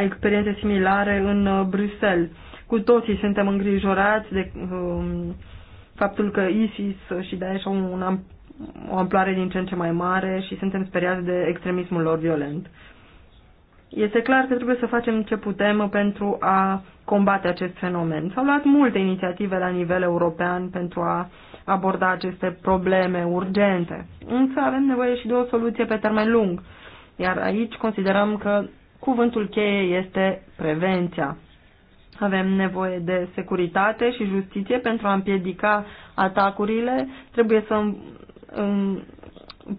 experiențe similare în uh, Bruxelles. Cu toții suntem îngrijorați de um, faptul că ISIS și Daesh au un, o amploare din ce în ce mai mare și suntem speriați de extremismul lor violent. Este clar că trebuie să facem ce putem pentru a combate acest fenomen. S-au luat multe inițiative la nivel european pentru a aborda aceste probleme urgente, însă avem nevoie și de o soluție pe termen lung. Iar aici considerăm că cuvântul cheie este prevenția. Avem nevoie de securitate și justiție pentru a împiedica atacurile. Trebuie să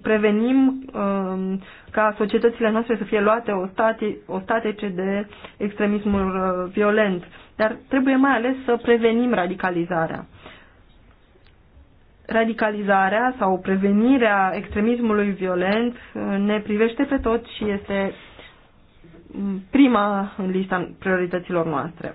prevenim um, ca societățile noastre să fie luate ostate, ostatece de extremismul uh, violent, dar trebuie mai ales să prevenim radicalizarea. Radicalizarea sau prevenirea extremismului violent uh, ne privește pe toți și este mm, prima în lista priorităților noastre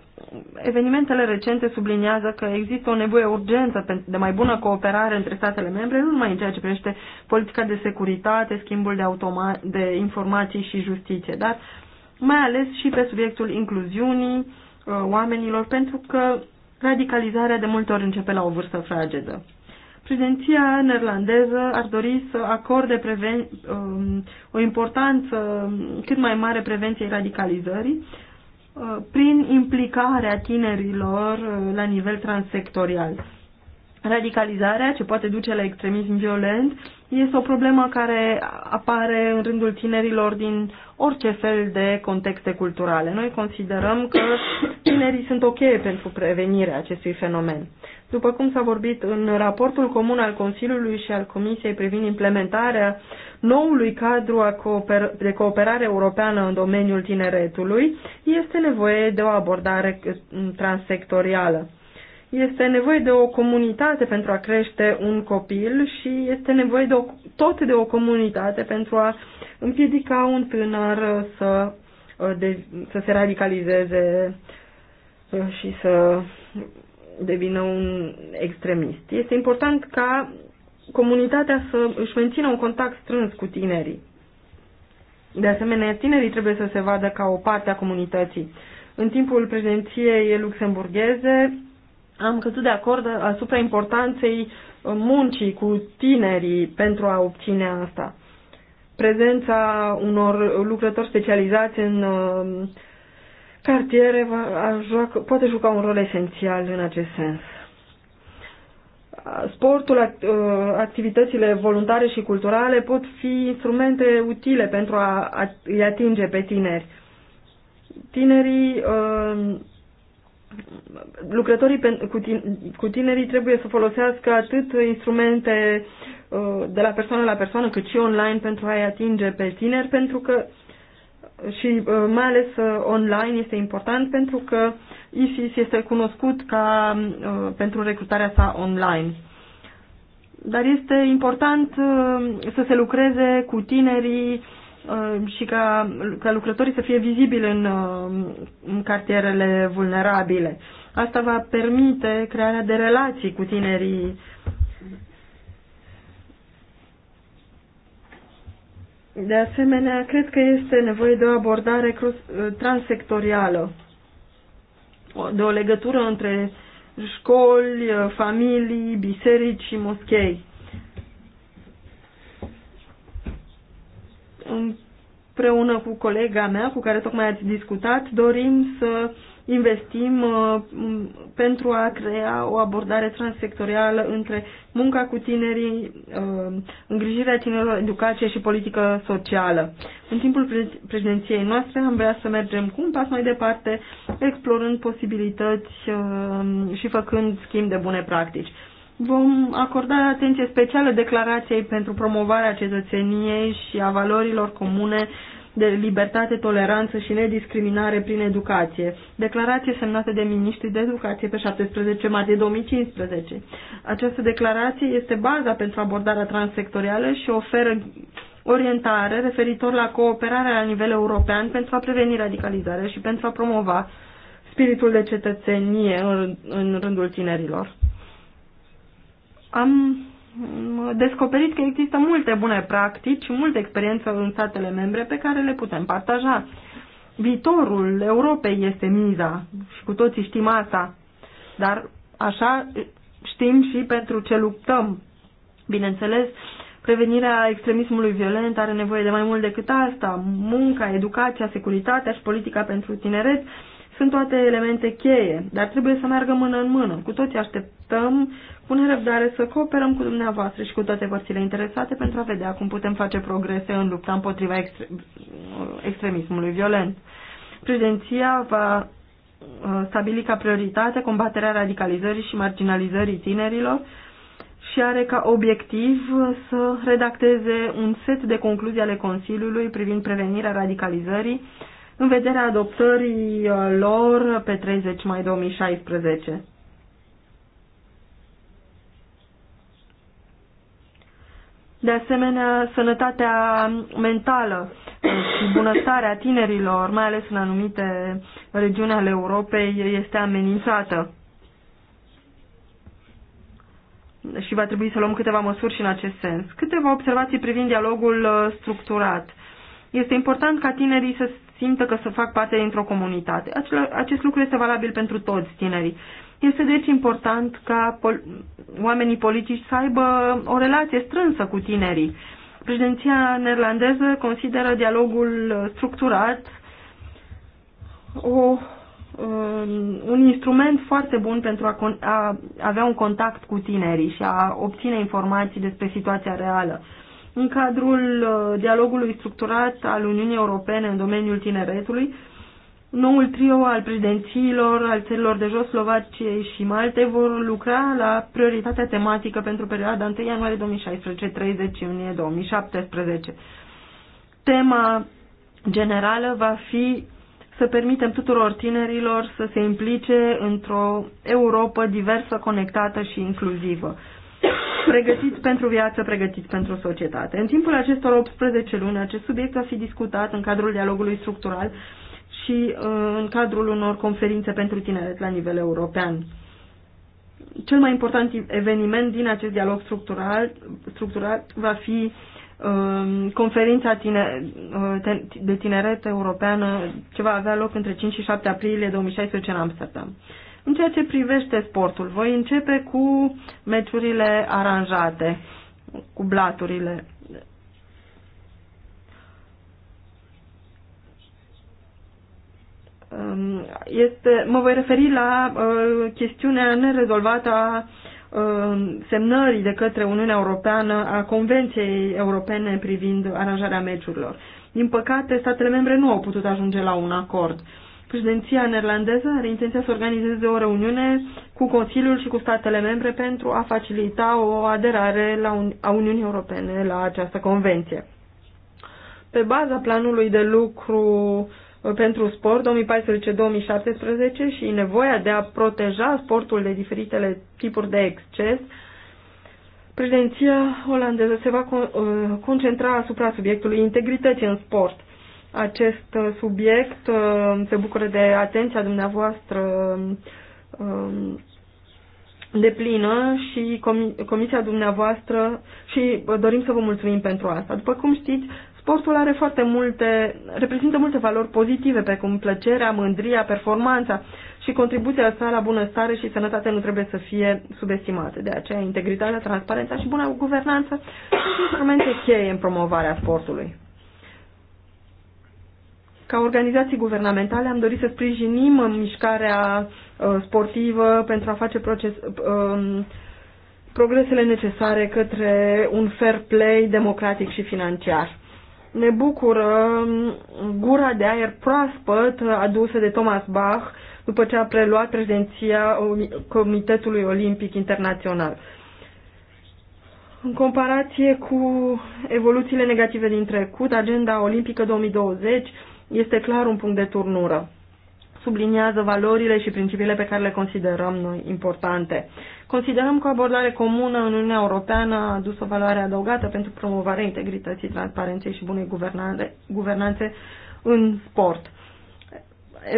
evenimentele recente subliniază că există o nevoie urgentă de mai bună cooperare între statele membre, nu numai în ceea ce privește politica de securitate, schimbul de, de informații și justiție, dar mai ales și pe subiectul incluziunii uh, oamenilor, pentru că radicalizarea de multe ori începe la o vârstă fragedă. Prezenția neerlandeză ar dori să acorde preven... Um, o importanță cât mai mare prevenției radicalizării, Uh, prin implicarea tinerilor uh, la nivel transsectorial. Radicalizarea, ce poate duce la extremism violent, este o problemă care apare în rândul tinerilor din orice fel de contexte culturale. Noi considerăm că tinerii sunt ok pentru prevenirea acestui fenomen. După cum s-a vorbit în raportul comun al Consiliului și al Comisiei privind implementarea noului cadru de cooperare europeană în domeniul tineretului, este nevoie de o abordare transsectorială este nevoie de o comunitate pentru a crește un copil și este nevoie de o, tot de o comunitate pentru a împiedica un tânăr să, uh, de, să se radicalizeze uh, și să devină un extremist. Este important ca comunitatea să își mențină un contact strâns cu tinerii. De asemenea, tinerii trebuie să se vadă ca o parte a comunității. În timpul președinției luxemburgheze, am căzut de acord asupra importanței muncii cu tinerii pentru a obține asta. Prezența unor lucrători specializați în uh, cartiere va, joacă, poate juca un rol esențial în acest sens. Sportul, uh, activitățile voluntare și culturale pot fi instrumente utile pentru a îi atinge pe tineri. Tinerii uh, lucrătorii cu tinerii trebuie să folosească atât instrumente uh, de la persoană la persoană, cât și online pentru a-i atinge pe tineri, pentru că și uh, mai ales uh, online este important pentru că ISIS este cunoscut ca pentru recrutarea sa online. Dar este important să se lucreze cu tinerii Uh, și ca, ca lucrătorii să fie vizibili în, uh, în cartierele vulnerabile. Asta va permite crearea de relații cu tinerii De asemenea, cred că este nevoie de o abordare uh, transsectorială, de o legătură între școli, familii, biserici și moschei. împreună cu colega mea cu care tocmai ați discutat, dorim să investim uh, pentru a crea o abordare transsectorială între munca cu tinerii, uh, îngrijirea tinerilor, educație și politică socială. În timpul președinției noastre am vrea să mergem cu un pas mai departe, explorând posibilități uh, și făcând schimb de bune practici. Vom acorda atenție specială declarației pentru promovarea cetățeniei și a valorilor comune de libertate, toleranță și nediscriminare prin educație. Declarație semnată de ministrii de educație pe 17 martie 2015. Această declarație este baza pentru abordarea transsectorială și oferă orientare referitor la cooperarea la nivel european pentru a preveni radicalizarea și pentru a promova spiritul de cetățenie în, în rândul tinerilor am descoperit că există multe bune practici și multă experiență în statele membre pe care le putem partaja. Viitorul Europei este miza și cu toții știm asta, dar așa știm și pentru ce luptăm. Bineînțeles, prevenirea extremismului violent are nevoie de mai mult decât asta. Munca, educația, securitatea și politica pentru tineret sunt toate elemente cheie, dar trebuie să meargă mână în mână. Cu toții așteptăm Spune răbdare să cooperăm cu dumneavoastră și cu toate părțile interesate pentru a vedea cum putem face progrese în lupta împotriva extre extremismului violent. Prezenția va uh, stabili ca prioritate combaterea radicalizării și marginalizării tinerilor și are ca obiectiv să redacteze un set de concluzii ale Consiliului privind prevenirea radicalizării în vederea adoptării uh, lor pe 30 mai 2016. De asemenea, sănătatea mentală și bunăstarea tinerilor, mai ales în anumite regiuni ale Europei, este amenințată. Și va trebui să luăm câteva măsuri și în acest sens. Câteva observații privind dialogul uh, structurat. Este important ca tinerii să simtă că să fac parte dintr-o comunitate. Acest lucru este valabil pentru toți tinerii. Este deci important ca pol oamenii politici să aibă o relație strânsă cu tinerii. Președinția neerlandeză consideră dialogul structurat o, um, un instrument foarte bun pentru a, a avea un contact cu tinerii și a obține informații despre situația reală. În cadrul uh, dialogului structurat al Uniunii Europene în domeniul tineretului, Noul trio al prezidențiilor al țărilor de jos, Slovaciei și Malte vor lucra la prioritatea tematică pentru perioada 1 ianuarie 2016-30 iunie 2017. Tema generală va fi să permitem tuturor tinerilor să se implice într-o Europa diversă, conectată și inclusivă. Pregătiți pentru viață, pregătiți pentru societate. În timpul acestor 18 luni, acest subiect va fi discutat în cadrul dialogului structural și uh, în cadrul unor conferințe pentru tineret la nivel european. Cel mai important eveniment din acest dialog structural, structural va fi uh, conferința uh, de tineret europeană ce va avea loc între 5 și 7 aprilie 2016 în Amsterdam. În ceea ce privește sportul, voi începe cu meciurile aranjate, cu blaturile. Um, este, mă voi referi la uh, chestiunea nerezolvată a um, semnării de către Uniunea Europeană a Convenției Europene privind aranjarea meciurilor. Din păcate, statele membre nu au putut ajunge la un acord. Președinția neerlandeză are intenția să organizeze o reuniune cu Consiliul și cu statele membre pentru a facilita o aderare la un, a Uniunii Europene la această convenție. Pe baza planului de lucru uh, pentru sport 2014-2017 și nevoia de a proteja sportul de diferitele tipuri de exces, președinția olandeză se va uh, concentra asupra subiectului integrității în sport. Acest uh, subiect uh, se bucură de atenția dumneavoastră um, de plină și comisia dumneavoastră și dorim să vă mulțumim pentru asta. După cum știți, sportul are foarte multe, reprezintă multe valori pozitive, precum plăcerea, mândria, performanța și contribuția sa la bunăstare și sănătate nu trebuie să fie subestimate. De aceea, integritatea, transparența și buna guvernanță sunt instrumente cheie în promovarea sportului. Ca organizații guvernamentale am dorit să sprijinim mișcarea Uh, sportivă pentru a face proces, um, progresele necesare către un fair play democratic și financiar. Ne bucură um, gura de aer proaspăt adusă de Thomas Bach după ce a preluat președinția Comitetului Olimpic Internațional. În comparație cu evoluțiile negative din trecut, agenda olimpică 2020 este clar un punct de turnură subliniază valorile și principiile pe care le considerăm noi importante. Considerăm că o abordare comună în Uniunea Europeană a adus o valoare adăugată pentru promovarea integrității, transparenței și bunei guvernanțe în sport.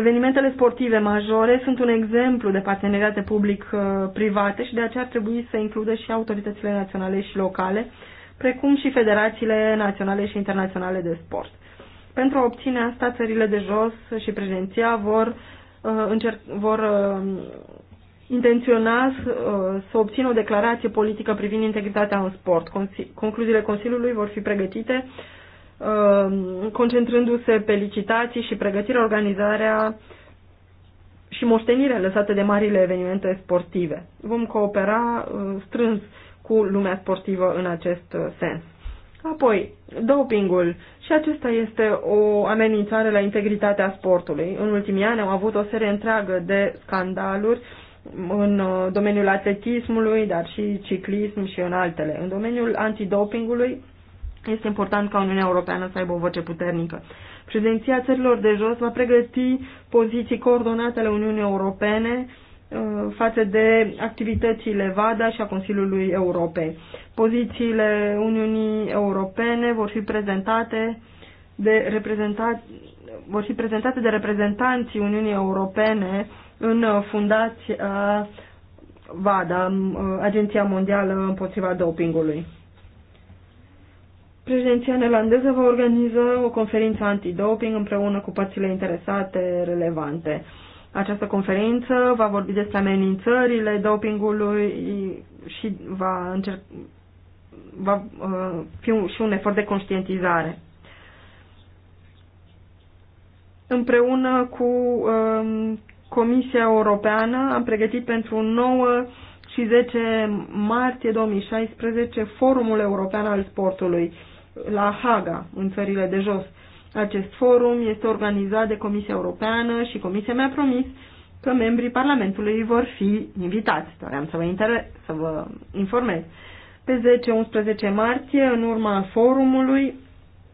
Evenimentele sportive majore sunt un exemplu de parteneriate public-private și de aceea ar trebui să includă și autoritățile naționale și locale, precum și federațiile naționale și internaționale de sport. Pentru a obține asta, țările de jos și președinția vor, uh, încerc, vor uh, intenționa uh, să obțină o declarație politică privind integritatea în sport. Concluziile Consiliului vor fi pregătite concentrându-se pe licitații și pregătirea, organizarea și moștenirea lăsată de marile evenimente sportive. Vom coopera strâns cu lumea sportivă în acest sens. Apoi, dopingul. Și acesta este o amenințare la integritatea sportului. În ultimii ani au avut o serie întreagă de scandaluri în uh, domeniul atletismului, dar și ciclism și în altele. În domeniul antidopingului este important ca Uniunea Europeană să aibă o voce puternică. Președinția țărilor de jos va pregăti poziții coordonate ale Uniunii Europene uh, Uh, față de activitățile VADA și a Consiliului Europei. Pozițiile Uniunii Europene vor fi prezentate de reprezentat, vor fi prezentate de reprezentanții Uniunii Europene în fundația VADA, uh, Agenția Mondială împotriva dopingului. Președinția neerlandeză va organiza o conferință antidoping împreună cu părțile interesate relevante. Această conferință va vorbi despre amenințările dopingului și va, încerc, va uh, fi un, și un efort de conștientizare. Împreună cu uh, Comisia Europeană am pregătit pentru 9 și 10 martie 2016 Forumul European al Sportului la Haga, în țările de jos acest forum este organizat de Comisia Europeană și Comisia mi-a promis că membrii Parlamentului vor fi invitați. Doream să vă, inter- să vă informez. Pe 10-11 martie, în urma forumului,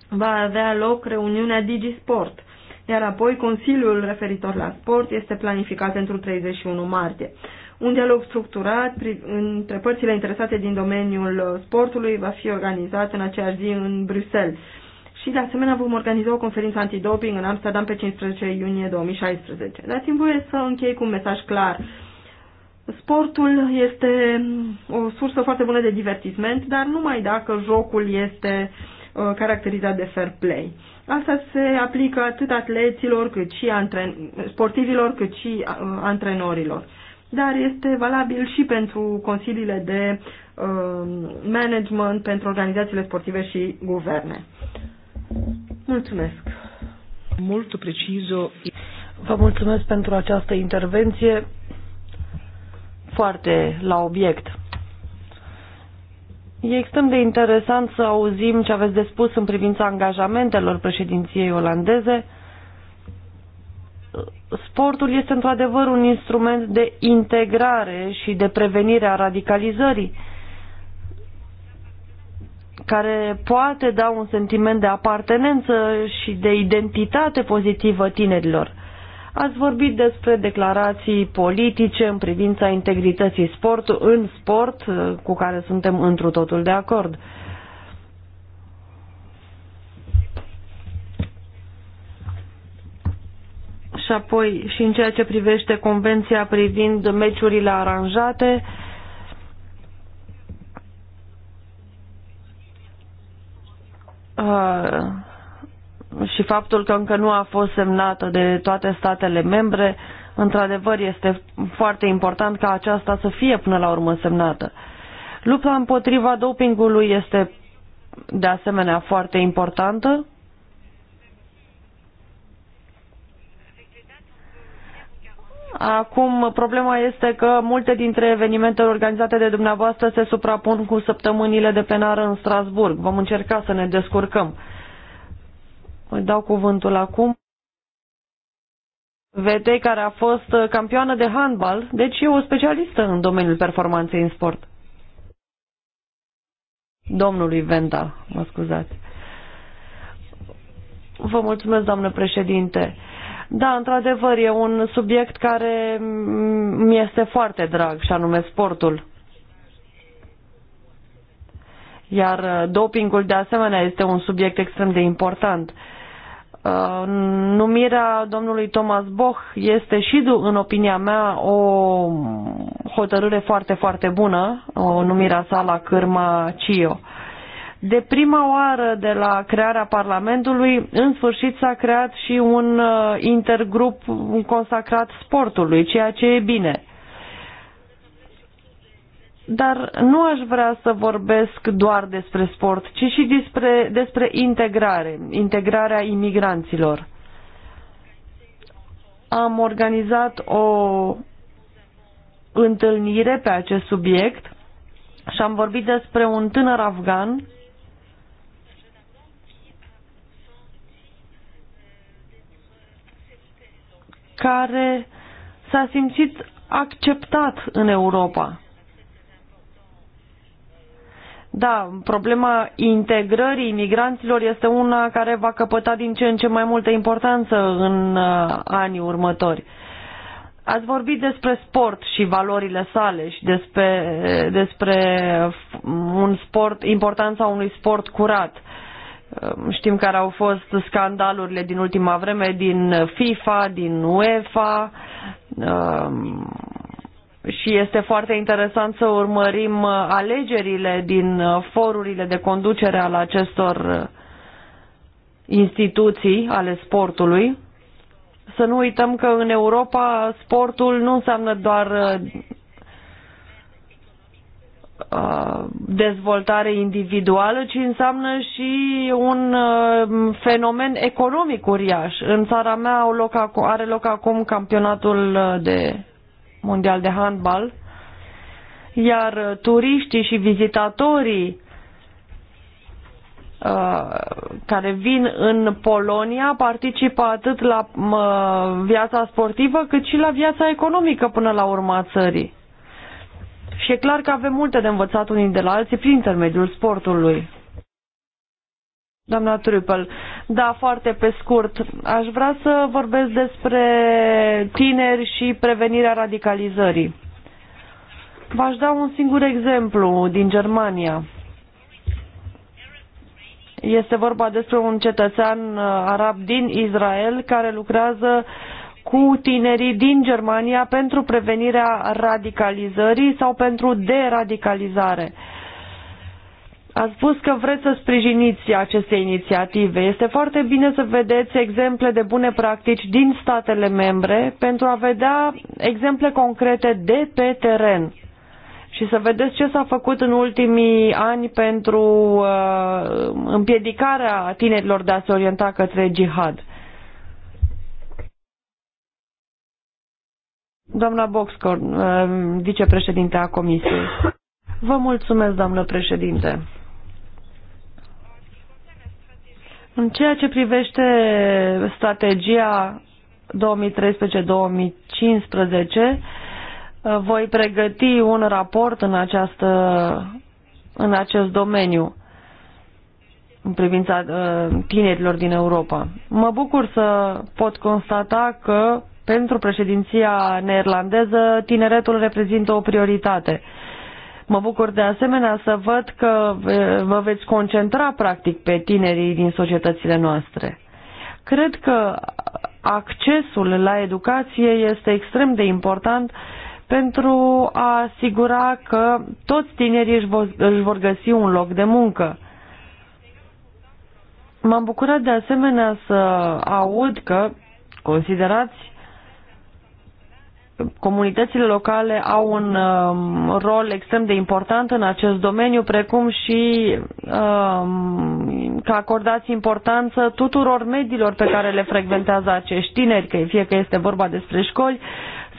va avea loc reuniunea DigiSport, iar apoi Consiliul referitor la sport este planificat pentru 31 martie. Un dialog structurat între părțile interesate din domeniul sportului va fi organizat în aceeași zi în Bruxelles. Și de asemenea vom organiza o conferință antidoping în Amsterdam pe 15 iunie 2016. Dați-mi voie să închei cu un mesaj clar. Sportul este o sursă foarte bună de divertisment, dar numai dacă jocul este uh, caracterizat de fair play. Asta se aplică atât atleților, cât și antren- sportivilor, cât și uh, antrenorilor. Dar este valabil și pentru consiliile de uh, management, pentru organizațiile sportive și guverne. Mulțumesc. Mult preciso. Vă mulțumesc pentru această intervenție foarte la obiect. E extrem de interesant să auzim ce aveți de spus în privința angajamentelor președinției olandeze. Sportul este într-adevăr un instrument de integrare și de prevenire a radicalizării care poate da un sentiment de apartenență și de identitate pozitivă tinerilor. Ați vorbit despre declarații politice în privința integrității sport, în sport, cu care suntem întru totul de acord. Și apoi și în ceea ce privește convenția privind meciurile aranjate, uh, Uh, și faptul că încă nu a fost semnată de toate statele membre, într-adevăr este foarte important ca aceasta să fie până la urmă semnată. Lupta împotriva dopingului este de asemenea foarte importantă. Acum, problema este că multe dintre evenimentele organizate de dumneavoastră se suprapun cu săptămânile de plenară în Strasburg. Vom încerca să ne descurcăm. Îi dau cuvântul acum. Vetei care a fost campioană de handbal, deci e o specialistă în domeniul performanței în sport. Domnului Venta, mă scuzați. Vă mulțumesc, doamnă președinte. Da, într-adevăr, e un subiect care mi este foarte drag, și anume sportul. Iar uh, dopingul, de asemenea, este un subiect extrem de important. Uh, numirea domnului Thomas Boch este și, în opinia mea, o hotărâre foarte, foarte bună, o numire a sa la cârma CIO. Uh, de prima oară de la crearea Parlamentului, în sfârșit s-a creat și un uh, intergrup consacrat sportului, ceea ce e bine. Dar nu aș vrea să vorbesc doar despre sport, ci și despre, despre integrare, integrarea imigranților. Am organizat o întâlnire pe acest subiect și am vorbit despre un tânăr afgan care s-a simțit acceptat în Europa. Da, problema integrării imigranților este una care va căpăta din ce în ce mai multă importanță în uh, anii următori. Ați vorbit despre sport și valorile sale și despre, despre un sport, importanța unui sport curat. Ehm, știm care au fost scandalurile din ultima vreme din FIFA, din UEFA ehm, și este foarte interesant să urmărim uh, alegerile din uh, forurile de conducere al acestor uh, instituții ale sportului. Să nu uităm că în Europa sportul nu înseamnă doar Uh, dezvoltare individuală, ci înseamnă și un uh, fenomen economic uriaș. În țara mea au loc, are loc acum campionatul uh, de mondial de handbal, iar turiștii și vizitatorii care vin în Polonia participă atât la viața sportivă cât și la viața economică până la urma țării. Și e clar că avem multe de învățat unii de la alții prin intermediul sportului. Doamna Trupel, da, foarte pe scurt, aș vrea să vorbesc despre tineri și prevenirea radicalizării. V-aș da un singur exemplu din Germania. Este vorba despre un cetățean uh, arab din Israel care lucrează uh, cu tinerii din Germania pentru prevenirea radicalizării sau pentru deradicalizare. A spus că vreți să sprijiniți aceste inițiative. Este foarte bine să vedeți exemple de bune practici din statele membre pentru a vedea exemple concrete de pe teren și să vedeți ce s-a făcut în ultimii ani pentru uh, împiedicarea tinerilor de a se orienta către jihad. Doamna Boxcorn, uh, vicepreședinte a Comisiei. Vă mulțumesc, doamnă președinte. În ceea ce privește strategia 2013-2015, uh, voi pregăti un raport în, această, în acest domeniu în privința uh, tinerilor din Europa. Mă bucur să pot constata că pentru președinția neerlandeză, tineretul reprezintă o prioritate. Mă bucur de asemenea să văd că vă veți concentra practic pe tinerii din societățile noastre. Cred că accesul la educație este extrem de important pentru a asigura că toți tinerii își vor, își vor găsi un loc de muncă. M-am bucurat de asemenea să aud că considerați comunitățile locale au un um, rol extrem de important în acest domeniu, precum și um, că acordați importanță tuturor mediilor pe care le frecventează acești tineri, că fie că este vorba despre școli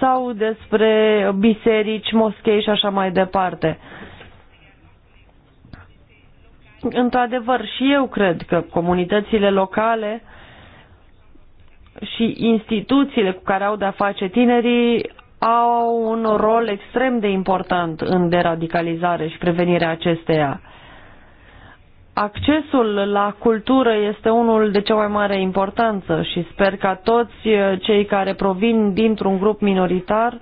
sau despre biserici, moschei și așa mai departe. Într-adevăr, și eu cred că comunitățile locale uh, și instituțiile cu care au de-a face tinerii au un rol extrem de important în deradicalizare și prevenirea acesteia. Accesul la cultură este unul de cea mai mare importanță și sper ca toți cei care provin dintr-un grup minoritar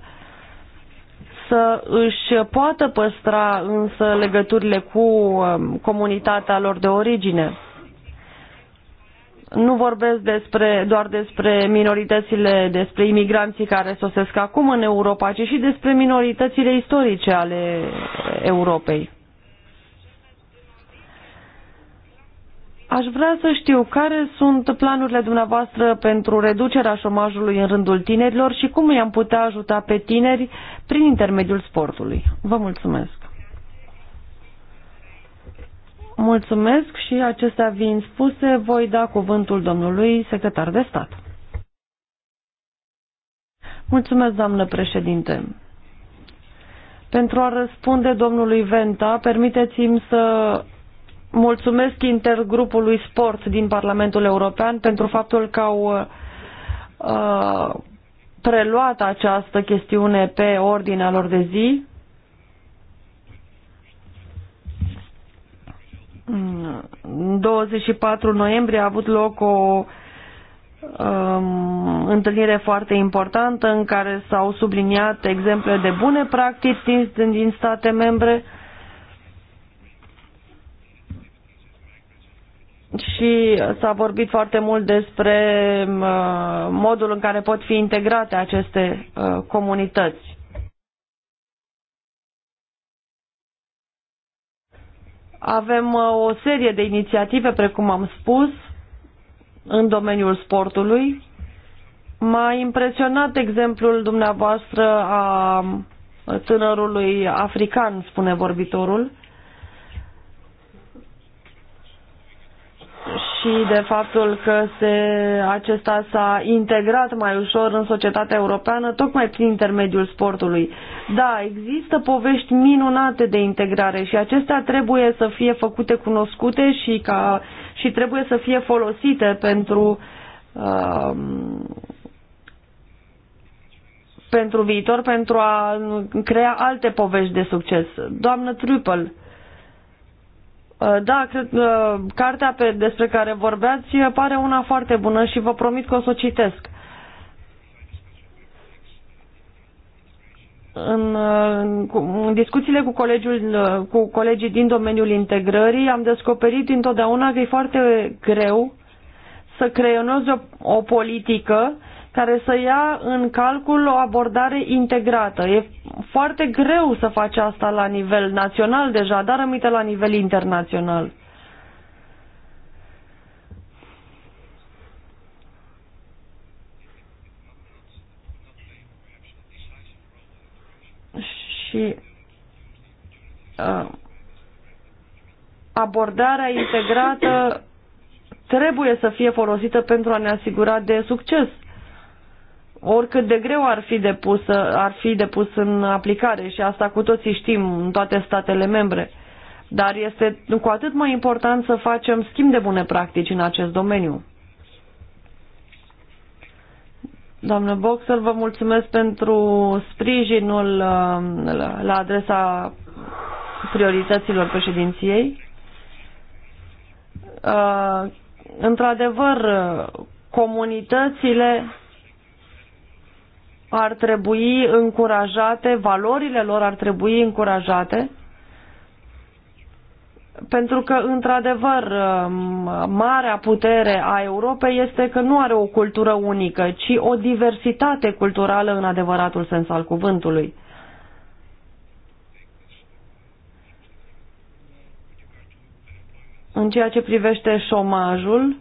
să își poată păstra însă legăturile cu um, comunitatea lor de origine. Nu vorbesc despre, doar despre minoritățile, despre imigranții care sosesc acum în Europa, ci și despre minoritățile istorice ale Europei. Aș vrea să știu care sunt planurile dumneavoastră pentru reducerea șomajului în rândul tinerilor și cum i-am putea ajuta pe tineri prin intermediul sportului. Vă mulțumesc! Mulțumesc și acestea vin spuse, voi da cuvântul domnului secretar de stat. Mulțumesc, doamnă președinte. Pentru a răspunde domnului Venta, permiteți-mi să mulțumesc intergrupului sport din Parlamentul European pentru faptul că au uh, preluat această chestiune pe ordinea lor de zi 24 noiembrie a avut loc o um, întâlnire foarte importantă în care s-au subliniat exemple de bune practici din, din state membre și s-a vorbit foarte mult despre uh, modul în care pot fi integrate aceste uh, comunități. Avem uh, o serie de inițiative, precum am spus, în domeniul sportului. M-a impresionat exemplul dumneavoastră a tânărului african, spune vorbitorul. și de faptul că se, acesta s-a integrat mai ușor în societatea europeană, tocmai prin intermediul sportului. Da, există povești minunate de integrare și acestea trebuie să fie făcute cunoscute și, ca, și trebuie să fie folosite pentru, uh, pentru viitor, pentru a crea alte povești de succes. Doamnă Trupel, uh, Uh, da, cred că uh, cartea pe, despre care vorbeați uh, pare una foarte bună și vă promit că o să o citesc. În, în discuțiile cu, colegiul, cu colegii din domeniul integrării am descoperit întotdeauna că e foarte greu să creionezi o, o politică care să ia în calcul o abordare integrată. E foarte greu să faci asta la nivel național deja, dar rămite la nivel internațional. Și uh, abordarea integrată trebuie să fie folosită pentru a ne asigura de succes oricât de greu ar fi, depus, ar fi depus în aplicare și asta cu toții știm în toate statele membre. Dar este cu atât mai important să facem schimb de bune practici în acest domeniu. Doamnă Boxer, vă mulțumesc pentru sprijinul uh, la adresa priorităților președinției. Uh, într-adevăr, comunitățile ar trebui încurajate, valorile lor ar trebui încurajate, pentru că, într-adevăr, marea putere a Europei este că nu are o cultură unică, ci o diversitate culturală în adevăratul sens al cuvântului. În ceea ce privește șomajul,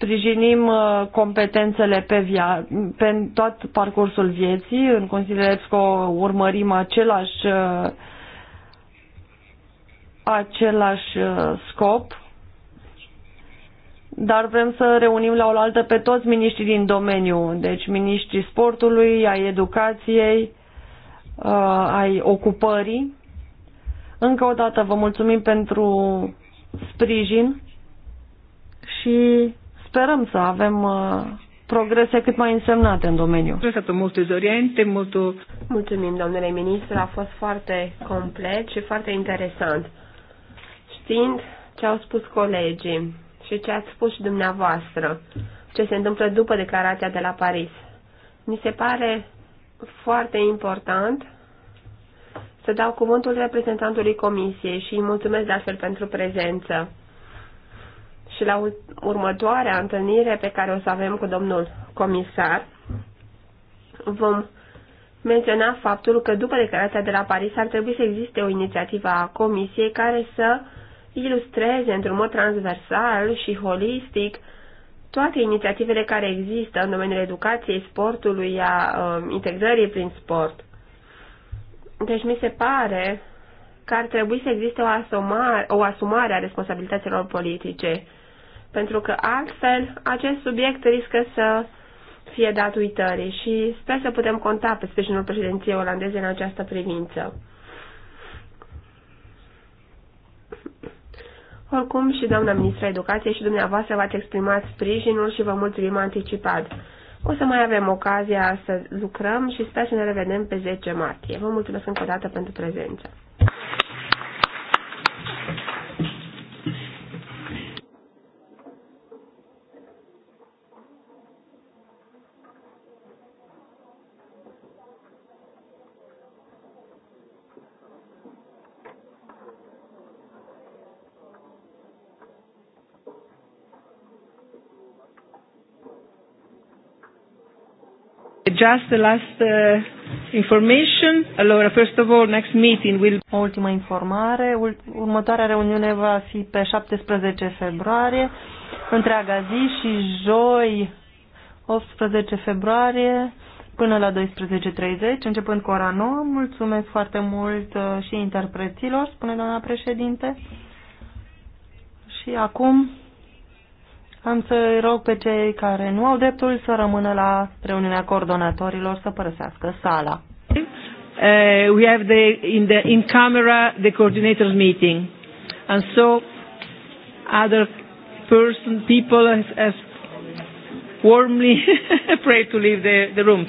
sprijinim uh, competențele pe, via, pe tot parcursul vieții. În Consiliul că urmărim același, uh, același uh, scop, dar vrem să reunim la oaltă pe toți miniștrii din domeniu, deci miniștrii sportului, ai educației, ai ocupării. Încă o dată vă mulțumim pentru sprijin și sperăm să avem uh, progrese cât mai însemnate în domeniu. Stato molto esoriente, molto... Mulțumim, domnule ministru, a fost foarte complet și foarte interesant. Știind ce au spus colegii și ce ați spus și dumneavoastră, ce se întâmplă după declarația de la Paris, mi se pare foarte important să dau cuvântul reprezentantului Comisiei și îi mulțumesc de astfel pentru prezență și la următoarea întâlnire pe care o să avem cu domnul comisar, vom menționa faptul că după declarația de la Paris ar trebui să existe o inițiativă a Comisiei care să ilustreze într-un mod transversal și holistic toate inițiativele care există în domeniul educației, sportului, a um, integrării prin sport. Deci mi se pare că ar trebui să existe o asumare, o asumare a responsabilităților politice pentru că altfel acest subiect riscă să fie dat uitării și sper să putem conta pe sprijinul președinției olandeze în această privință. Oricum și doamna ministra educației și dumneavoastră v-ați exprimat sprijinul și vă mulțumim anticipat. O să mai avem ocazia să lucrăm și sper să ne revedem pe 10 martie. Vă mulțumesc încă o dată pentru prezență. Just the last uh, information. Allora, first of all, next meeting will... O ultima informare. Următoarea reuniune va fi pe 17 februarie, întreaga zi și joi 18 februarie până la 12.30, începând cu ora 9. Mulțumesc foarte mult uh, și interpreților, spune doamna președinte. Și acum am să rog pe cei care nu au dreptul să rămână la reuniunea coordonatorilor să părăsească sala. Uh, we have the in the in camera the coordinators meeting, and so other person people as, as warmly pray to leave the the room.